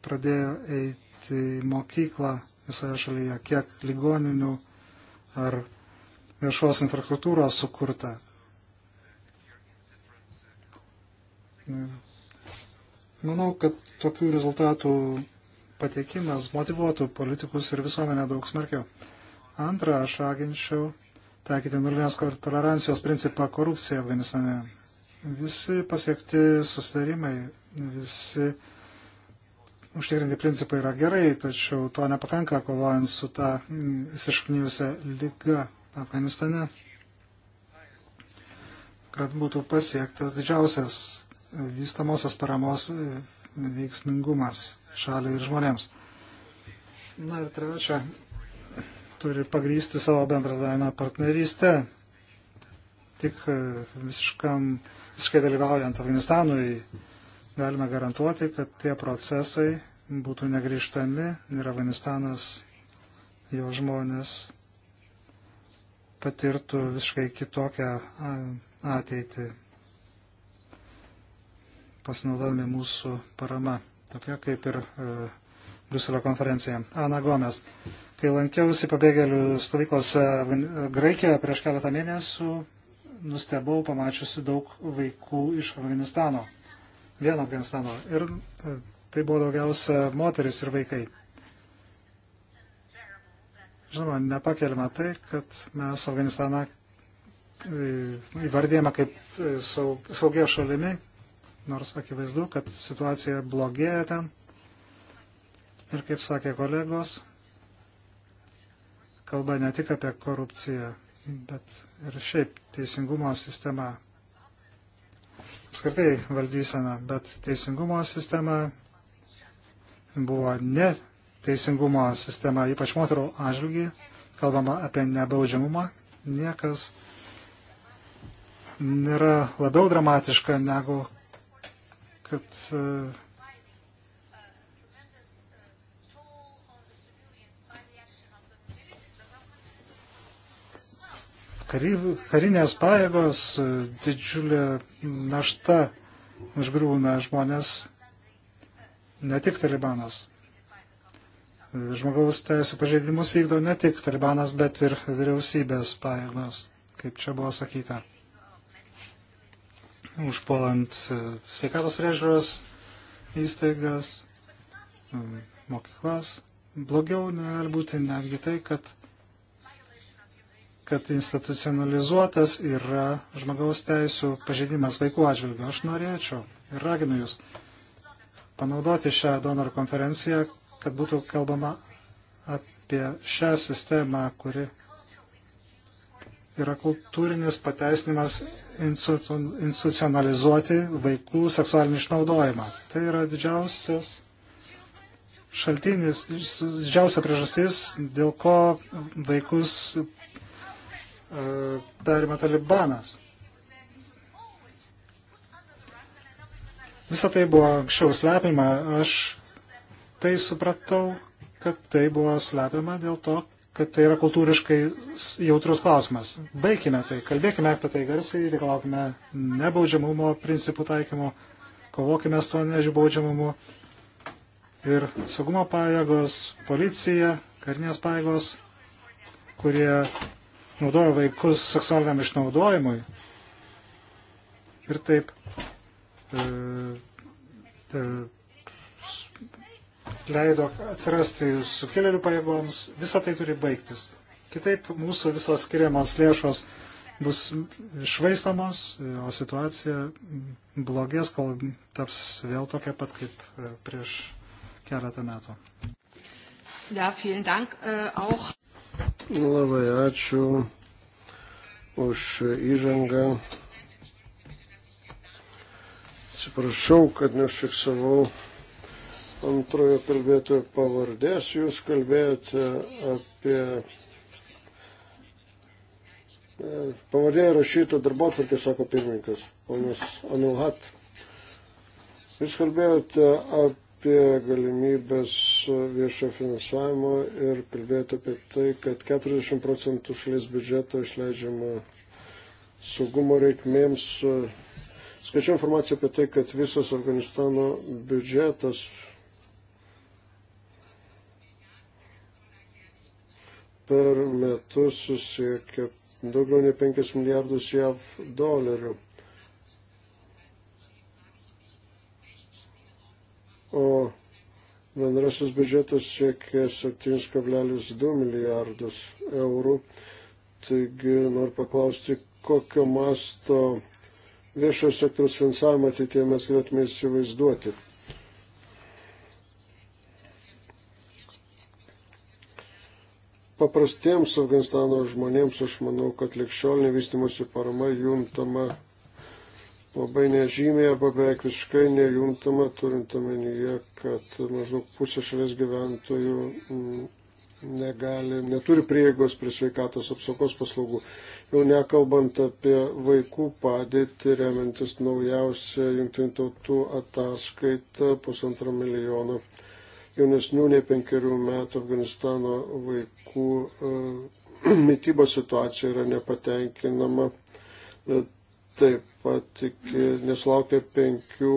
pradėjo eiti į mokyklą visoje šalyje, kiek ligoninių ar viešos infrastruktūros sukurta. Manau, kad tokių rezultatų pateikimas motivuotų politikus ir visuomenę daug smarkiau. Antra, aš raginčiau taikyti nulinės tolerancijos principą korupcijai Afganistane. Visi pasiekti susitarimai, visi užtikrinti principai yra gerai, tačiau to nepakanka kovojant su tą įsišknyjusią lygą Afganistane, kad būtų pasiektas didžiausias vystamosios paramos e, veiksmingumas šaliai ir žmonėms. Na ir trečia, turi pagrysti savo bendradavimą partnerystę, tik e, visiškam, visiškai dalyvaujant Afganistanui galime garantuoti, kad tie procesai būtų negryžtami ir Afganistanas, jo žmonės patirtų visiškai kitokią ateitį pasinaudodami mūsų parama, tokia kaip ir e, Briuselio konferencija. Ana Gomes. Kai lankiausi pabėgėlių stovyklose Graikijoje prieš keletą mėnesių, nustebau pamačiusi daug vaikų iš Afganistano. Vieno Afganistano. Ir e, tai buvo daugiausia moteris ir vaikai. Žinoma, nepakeliama tai, kad mes Afganistaną e, įvardėjame kaip saugia šalimi, nors akivaizdu, kad situacija blogėja ten. Ir kaip sakė kolegos, kalba ne tik apie korupciją, bet ir šiaip teisingumo sistema. Apskritai valdysena, bet teisingumo sistema buvo ne teisingumo sistema, ypač moterų atžvilgiai, kalbama apie nebaudžiamumą, niekas nėra labiau dramatiška negu kad e, karinės pajėgos e, didžiulė našta užgrūna žmonės, ne tik talibanas. E, žmogaus teisų pažeidimus vykdo ne tik talibanas, bet ir vyriausybės pajėgos, kaip čia buvo sakyta užpuolant e, sveikatos priežiūros įstaigas, e, mokyklas. Blogiau gali būti netgi tai, kad, kad institucionalizuotas yra žmogaus teisų pažeidimas vaikų atžvilgių. Aš norėčiau ir raginu Jūs panaudoti šią donorų konferenciją, kad būtų kalbama apie šią sistemą, kuri yra kultūrinis pateisinimas institucionalizuoti vaikų seksualinį išnaudojimą. Tai yra didžiausias šaltinis, didžiausia priežastis, dėl ko vaikus e, perima talibanas. Visą tai buvo anksčiau slepiama, aš tai supratau, kad tai buvo slepiama dėl to, kad tai yra kultūriškai jautrus klausimas. Baikime tai, kalbėkime apie tai garsiai, reikalaukime nebaudžiamumo principų taikymo, kovokime su tuo nežibaudžiamumu. Ir saugumo pajėgos, policija, karinės pajėgos, kurie naudoja vaikus seksualiniam išnaudojimui. Ir taip. E, e, leido atsirasti sukilėlių pajėgoms, visa tai turi baigtis. Kitaip mūsų visos skiriamos lėšos bus išvaistamos, o situacija blogės, kol taps vėl tokia pat kaip e, prieš keletą metų. Ja, vielen Dank äh, auch. Labai ačiū už įžangą. Atsiprašau, kad neužfiksavau antrojo kalbėtojo pavardės. Jūs kalbėjote apie e, pavardėje rašytą darbotvarkę, sako pirmininkas, ponas Anilhat. Jūs kalbėjote apie galimybės viešo finansavimo ir kalbėjote apie tai, kad 40 procentų šalies biudžeto išleidžiama saugumo reikmėms Skaičiau informaciją apie tai, kad visas Afganistano biudžetas per metus siekia daugiau nei 5 milijardus JAV dolerių. O bendrasis biudžetas siekia 7,2 milijardus eurų. Taigi noriu paklausti, kokio masto viešojo sektoriaus finansavimą ateitie mes galėtume įsivaizduoti. paprastiems Afganistano žmonėms, aš manau, kad likščiolinė vystimosi parama juntama labai nežymiai arba beveik visiškai nejuntama, turint omenyje, kad maždaug pusė šalies gyventojų mm, negali, neturi prieigos prie sveikatos apsaugos paslaugų. Jau nekalbant apie vaikų padėtį, remiantis naujausią jungtinių tautų ataskaitą, pusantro milijono jaunesnių nei penkerių metų Afganistano vaikų e, mytybos situacija yra nepatenkinama. E, taip pat iki neslaukia penkių,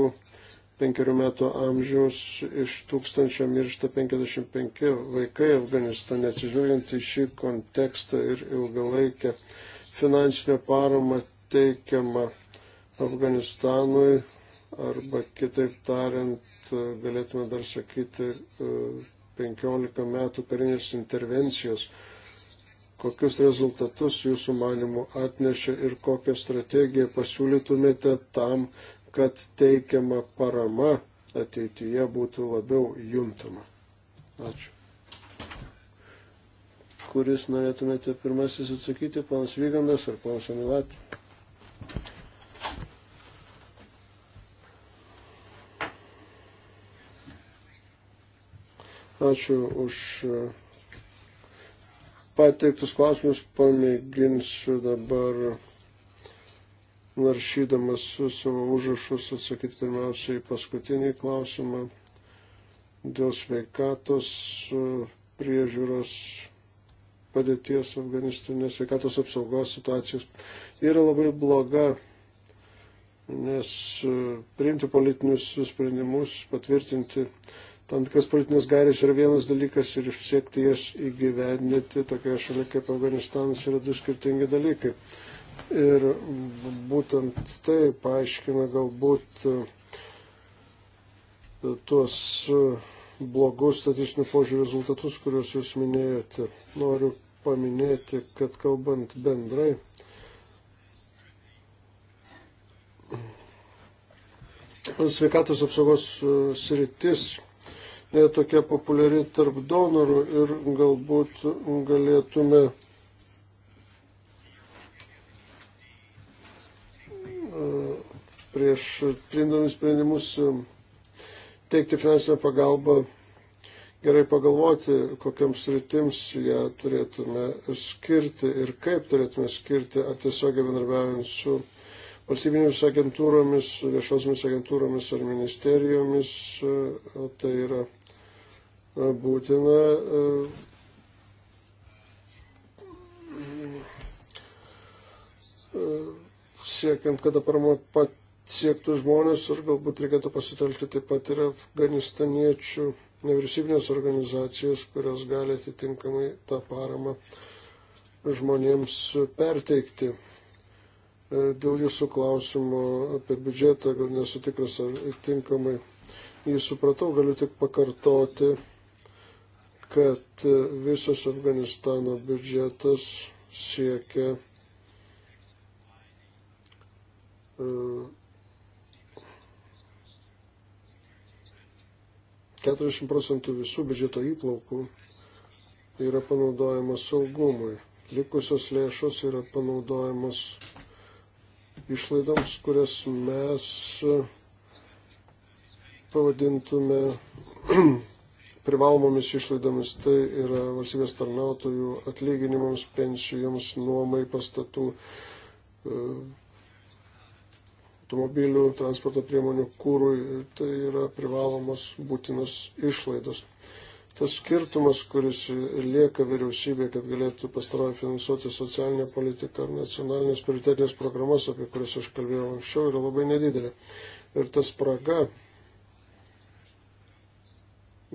penkerių metų amžiaus iš tūkstančio miršta 55 vaikai Afganistane. Atsižvelgiant į šį kontekstą ir ilgalaikę finansinę paramą teikiamą Afganistanui arba kitaip tariant pat e, galėtume dar sakyti 15 e, metų karinės intervencijos. Kokius rezultatus jūsų manimų atnešė ir kokią strategiją pasiūlytumėte tam, kad teikiama parama ateityje būtų labiau juntama. Ačiū. Kuris norėtumėte pirmasis atsakyti, panas Vygandas ar panas Amilat? Ačiū už e, pateiktus klausimus. Pamėginsiu dabar naršydamas savo užrašus atsakyti pirmiausiai į paskutinį klausimą dėl sveikatos e, priežiūros padėties Afganistane, sveikatos apsaugos situacijos yra labai bloga, nes e, priimti politinius sprendimus, patvirtinti tam tikras politinės gairės yra vienas dalykas ir siekti jas įgyvendinti tokioje šalia kaip Afganistanas yra du skirtingi dalykai. Ir būtent tai paaiškina galbūt e, tuos e, blogus statistinių požiūrį rezultatus, kuriuos jūs minėjote. Noriu paminėti, kad kalbant bendrai, sveikatos apsaugos e, sritis netokia populiari tarp donorų ir galbūt galėtume e, prieš priimdami sprendimus e, teikti finansinę pagalbą gerai pagalvoti, kokiams rytims ją turėtume skirti ir kaip turėtume skirti, ar tiesiogiai bendarbiaujant su valstybinėmis agentūromis, viešosiomis agentūromis ar ministerijomis, e, tai yra būtina e, siekiant, kad ta parama pasiektų žmonės ir galbūt reikėtų pasitelkti taip pat ir afganistaniečių nevyriausybinės organizacijos, kurios gali atitinkamai tą paramą žmonėms perteikti. E, dėl jūsų klausimo apie biudžetą, gal nesu tikras, ar tinkamai jį supratau, galiu tik pakartoti kad visas Afganistano biudžetas siekia e, uh, 40 procentų visų biudžeto įplaukų yra panaudojamas saugumui. Likusios lėšos yra panaudojamas išlaidoms, kurias mes pavadintume privalomomis išlaidomis, tai yra valstybės tarnautojų atlyginimams, pensijoms, nuomai, pastatų, e, automobilių, transporto priemonių, kūrui, tai yra privalomos būtinos išlaidos. Tas skirtumas, kuris lieka vyriausybė, kad galėtų pastarojo finansuoti socialinę politiką ar nacionalinės prioritetinės programas, apie kurias aš kalbėjau anksčiau, yra labai nedidelė. Ir ta spraga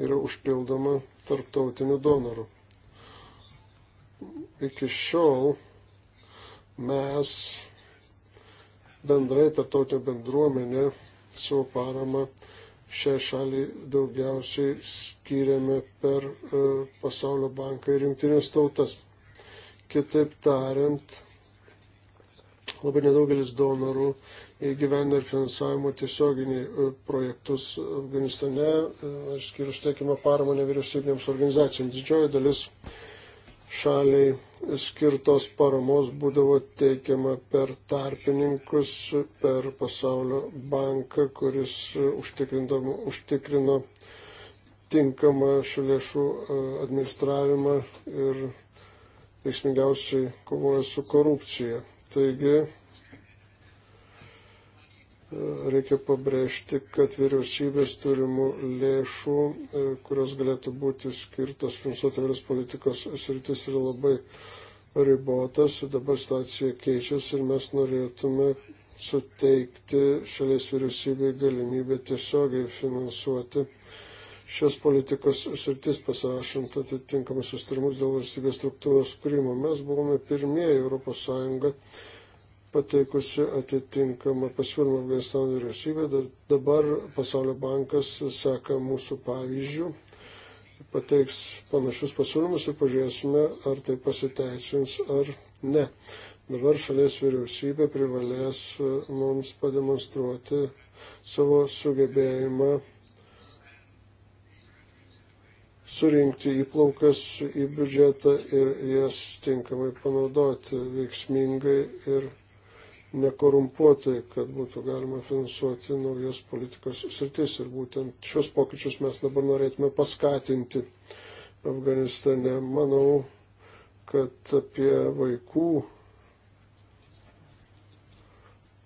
yra užpildoma tarptautinių donorų. Iki šiol mes bendrai tarptautinė bendruomenė savo paramą šią šalį daugiausiai skiriame per e, Pasaulio banką ir rinktinės tautas. Kitaip tariant, labai nedaugelis donorų įgyvendino ir finansavimo tiesioginį e, projektus Afganistane, e, išskyrus teikimą paramą nevyriausybinėms organizacijoms. Didžioji dalis šaliai skirtos paramos būdavo teikiama per tarpininkus, per pasaulio banką, kuris užtikrino tinkamą šių lėšų e, administravimą ir veiksmingiausiai kovoja su korupcija. Taigi reikia pabrėžti, kad vyriausybės turimų lėšų, e, kurios galėtų būti skirtos finansuoti vėlios politikos sritis, yra labai ribotas. Dabar situacija keičiasi ir mes norėtume suteikti šalies vyriausybei galimybę tiesiogiai finansuoti šios politikos sritis pasirašant atitinkamus sustarimus dėl valstybės struktūros kūrimo. Mes buvome pirmieji ES pateikusi atitinkamą pasiūlymą Afganistano vyriausybė. Dabar Pasaulio bankas seka mūsų pavyzdžių, pateiks panašius pasiūlymus ir pažiūrėsime, ar tai pasiteisins ar ne. Dabar šalies vyriausybė privalės e, mums pademonstruoti savo sugebėjimą surinkti įplaukas į biudžetą ir jas tinkamai panaudoti veiksmingai ir nekorumpuotai, kad būtų galima finansuoti naujas politikos sritis. Ir būtent šios pokyčius mes dabar norėtume paskatinti Afganistane. Manau, kad apie vaikų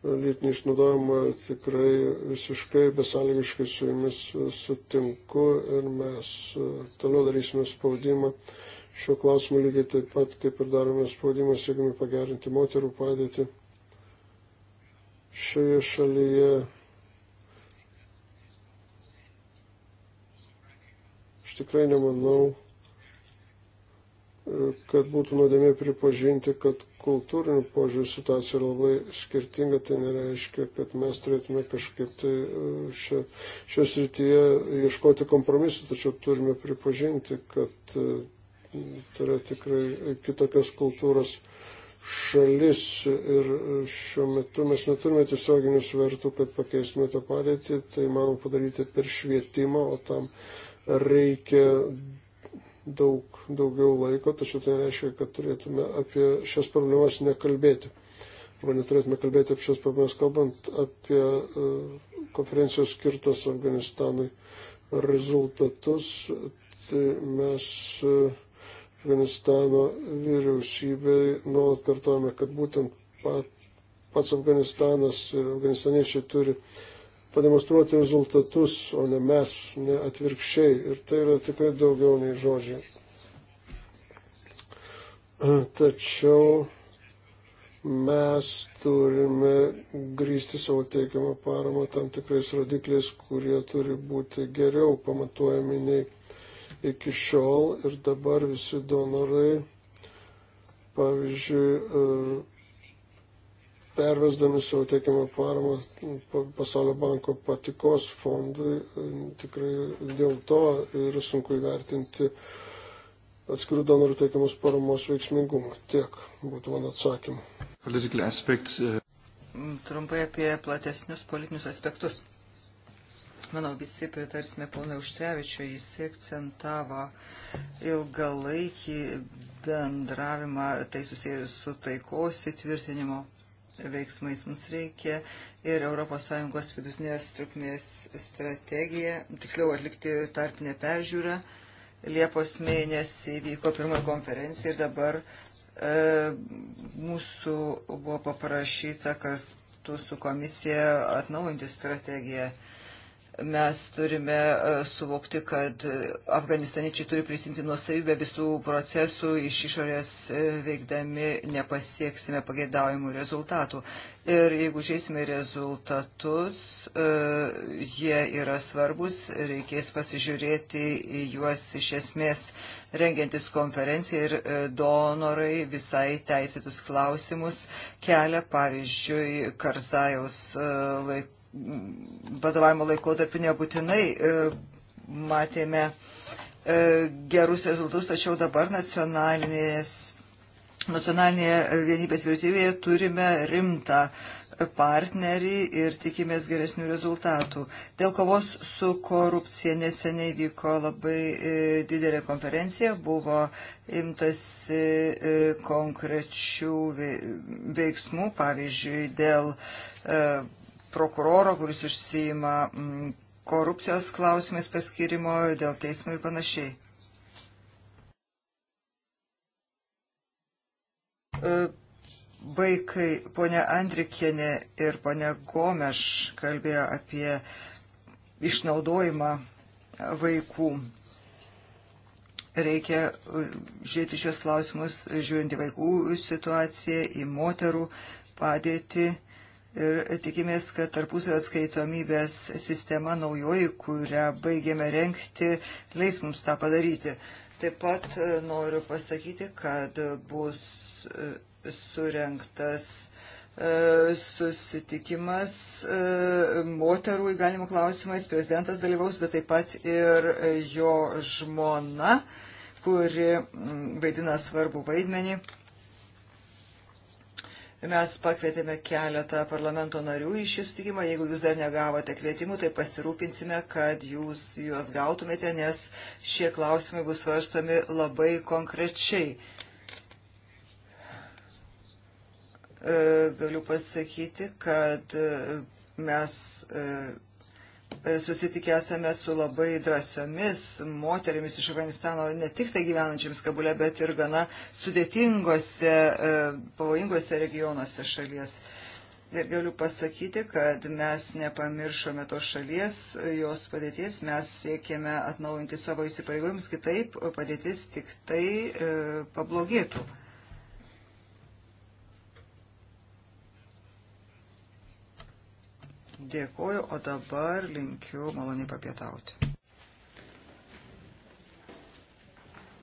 lytinį išnaudojimą tikrai visiškai besąlygiškai su jumis sutinku ir mes e, toliau darysime spaudimą šiuo klausimu lygiai taip pat, kaip ir darome spaudimą, siekime pagerinti moterų padėtį šioje šalyje. Aš tikrai nemanau, kad būtų nuodėmė pripažinti, kad kultūrinių požiūrį situacija yra labai skirtinga, tai nereiškia, kad mes turėtume kažkaip tai uh, šio, šios rytyje ieškoti kompromisų, tačiau turime pripažinti, kad uh, tai yra tikrai kitokios kultūros šalis ir šiuo metu mes neturime tiesioginių svertų, kad pakeistume tą padėtį, tai manau padaryti per švietimą, o tam reikia daug daugiau laiko, tačiau tai reiškia, kad turėtume apie šias problemas nekalbėti. Arba neturėtume kalbėti apie šias problemas, kalbant apie e, konferencijos skirtas Afganistanui rezultatus. Tai mes uh, Afganistano vyriausybei nuolat kartojame, kad būtent pats Afganistanas ir afganistaniečiai turi pademonstruoti rezultatus, o ne mes, ne atvirkščiai. Ir tai yra tikrai daugiau nei žodžiai. Tačiau mes turime grįsti savo teikiamą paramą tam tikrais rodikliais, kurie turi būti geriau pamatuojami nei iki šiol ir dabar visi donorai, pavyzdžiui, e, pervesdami savo teikiamą paramą pasaulio banko patikos fondui, e, tikrai dėl to yra sunku įvertinti atskirų donorų teikiamos paramos veiksmingumą. Tiek būtų mano atsakymas. E, Trumpai apie platesnius politinius aspektus manau, visi pritarsime ponui Užtrevičiu, jis akcentavo ilgalaikį bendravimą, tai susijęs su taikos įtvirtinimo veiksmais. Mums reikia ir ES vidutinės trukmės strategiją, tiksliau atlikti tarpinę peržiūrą. Liepos mėnesį vyko pirmoji konferencija ir dabar e, mūsų buvo paprašyta kartu su komisija atnaujinti strategiją. E, Mes turime e, suvokti, kad e, afganistaniečiai turi prisimti nuosavybę visų procesų, iš išorės e, veikdami nepasieksime pageidaujimų rezultatų. Ir jeigu žiūrėsime rezultatus, jie yra svarbus, reikės pasižiūrėti į juos iš esmės rengiantis konferenciją ir donorai visai teisėtus klausimus kelia, pavyzdžiui, Karzajaus laikų vadovavimo laikotarpiu nebūtinai e, matėme e, gerus rezultatus, tačiau dabar nacionalinės, nacionalinėje vienybės vyriausybėje turime rimtą partnerį ir tikimės geresnių rezultatų. Dėl kovos su korupcija neseniai vyko labai e, didelė konferencija, buvo imtasi konkrečių veiksmų, pavyzdžiui, dėl prokuroro, kuris užsijima mm, korupcijos klausimais paskirimo dėl teismo ir panašiai. E, vaikai, ponia Andrikienė ir ponia Gomeš kalbėjo apie išnaudojimą vaikų. Reikia e, žiūrėti šios klausimus, žiūrinti vaikų situaciją, į moterų padėtį ir tikimės, kad tarpusio atskaitomybės sistema naujoji, kurią baigėme renkti, leis mums tą padaryti. Taip pat e, noriu pasakyti, kad bus e, surenktas e, susitikimas moterų įgalimų klausimais. Prezidentas dalyvaus, bet taip pat ir jo žmona, kuri vaidina svarbų vaidmenį Mes pakvietėme keletą parlamento narių į šį sutikimą. Jeigu jūs dar negavote kvietimų, tai pasirūpinsime, kad jūs juos gautumėte, nes šie klausimai bus svarstomi labai konkrečiai. E, galiu pasakyti, kad e, mes e, E, susitikę esame su labai drąsiomis moterimis iš Afganistano, ne tik tai gyvenančiams Kabule, bet ir gana sudėtingose, e, pavojingose regionuose šalies. Ir galiu pasakyti, kad mes nepamiršome tos šalies, jos padėties, mes siekėme atnaujinti savo įsipareigojimus, kitaip padėtis tik tai e, pablogėtų. dėkoju, o dabar linkiu maloniai papietauti.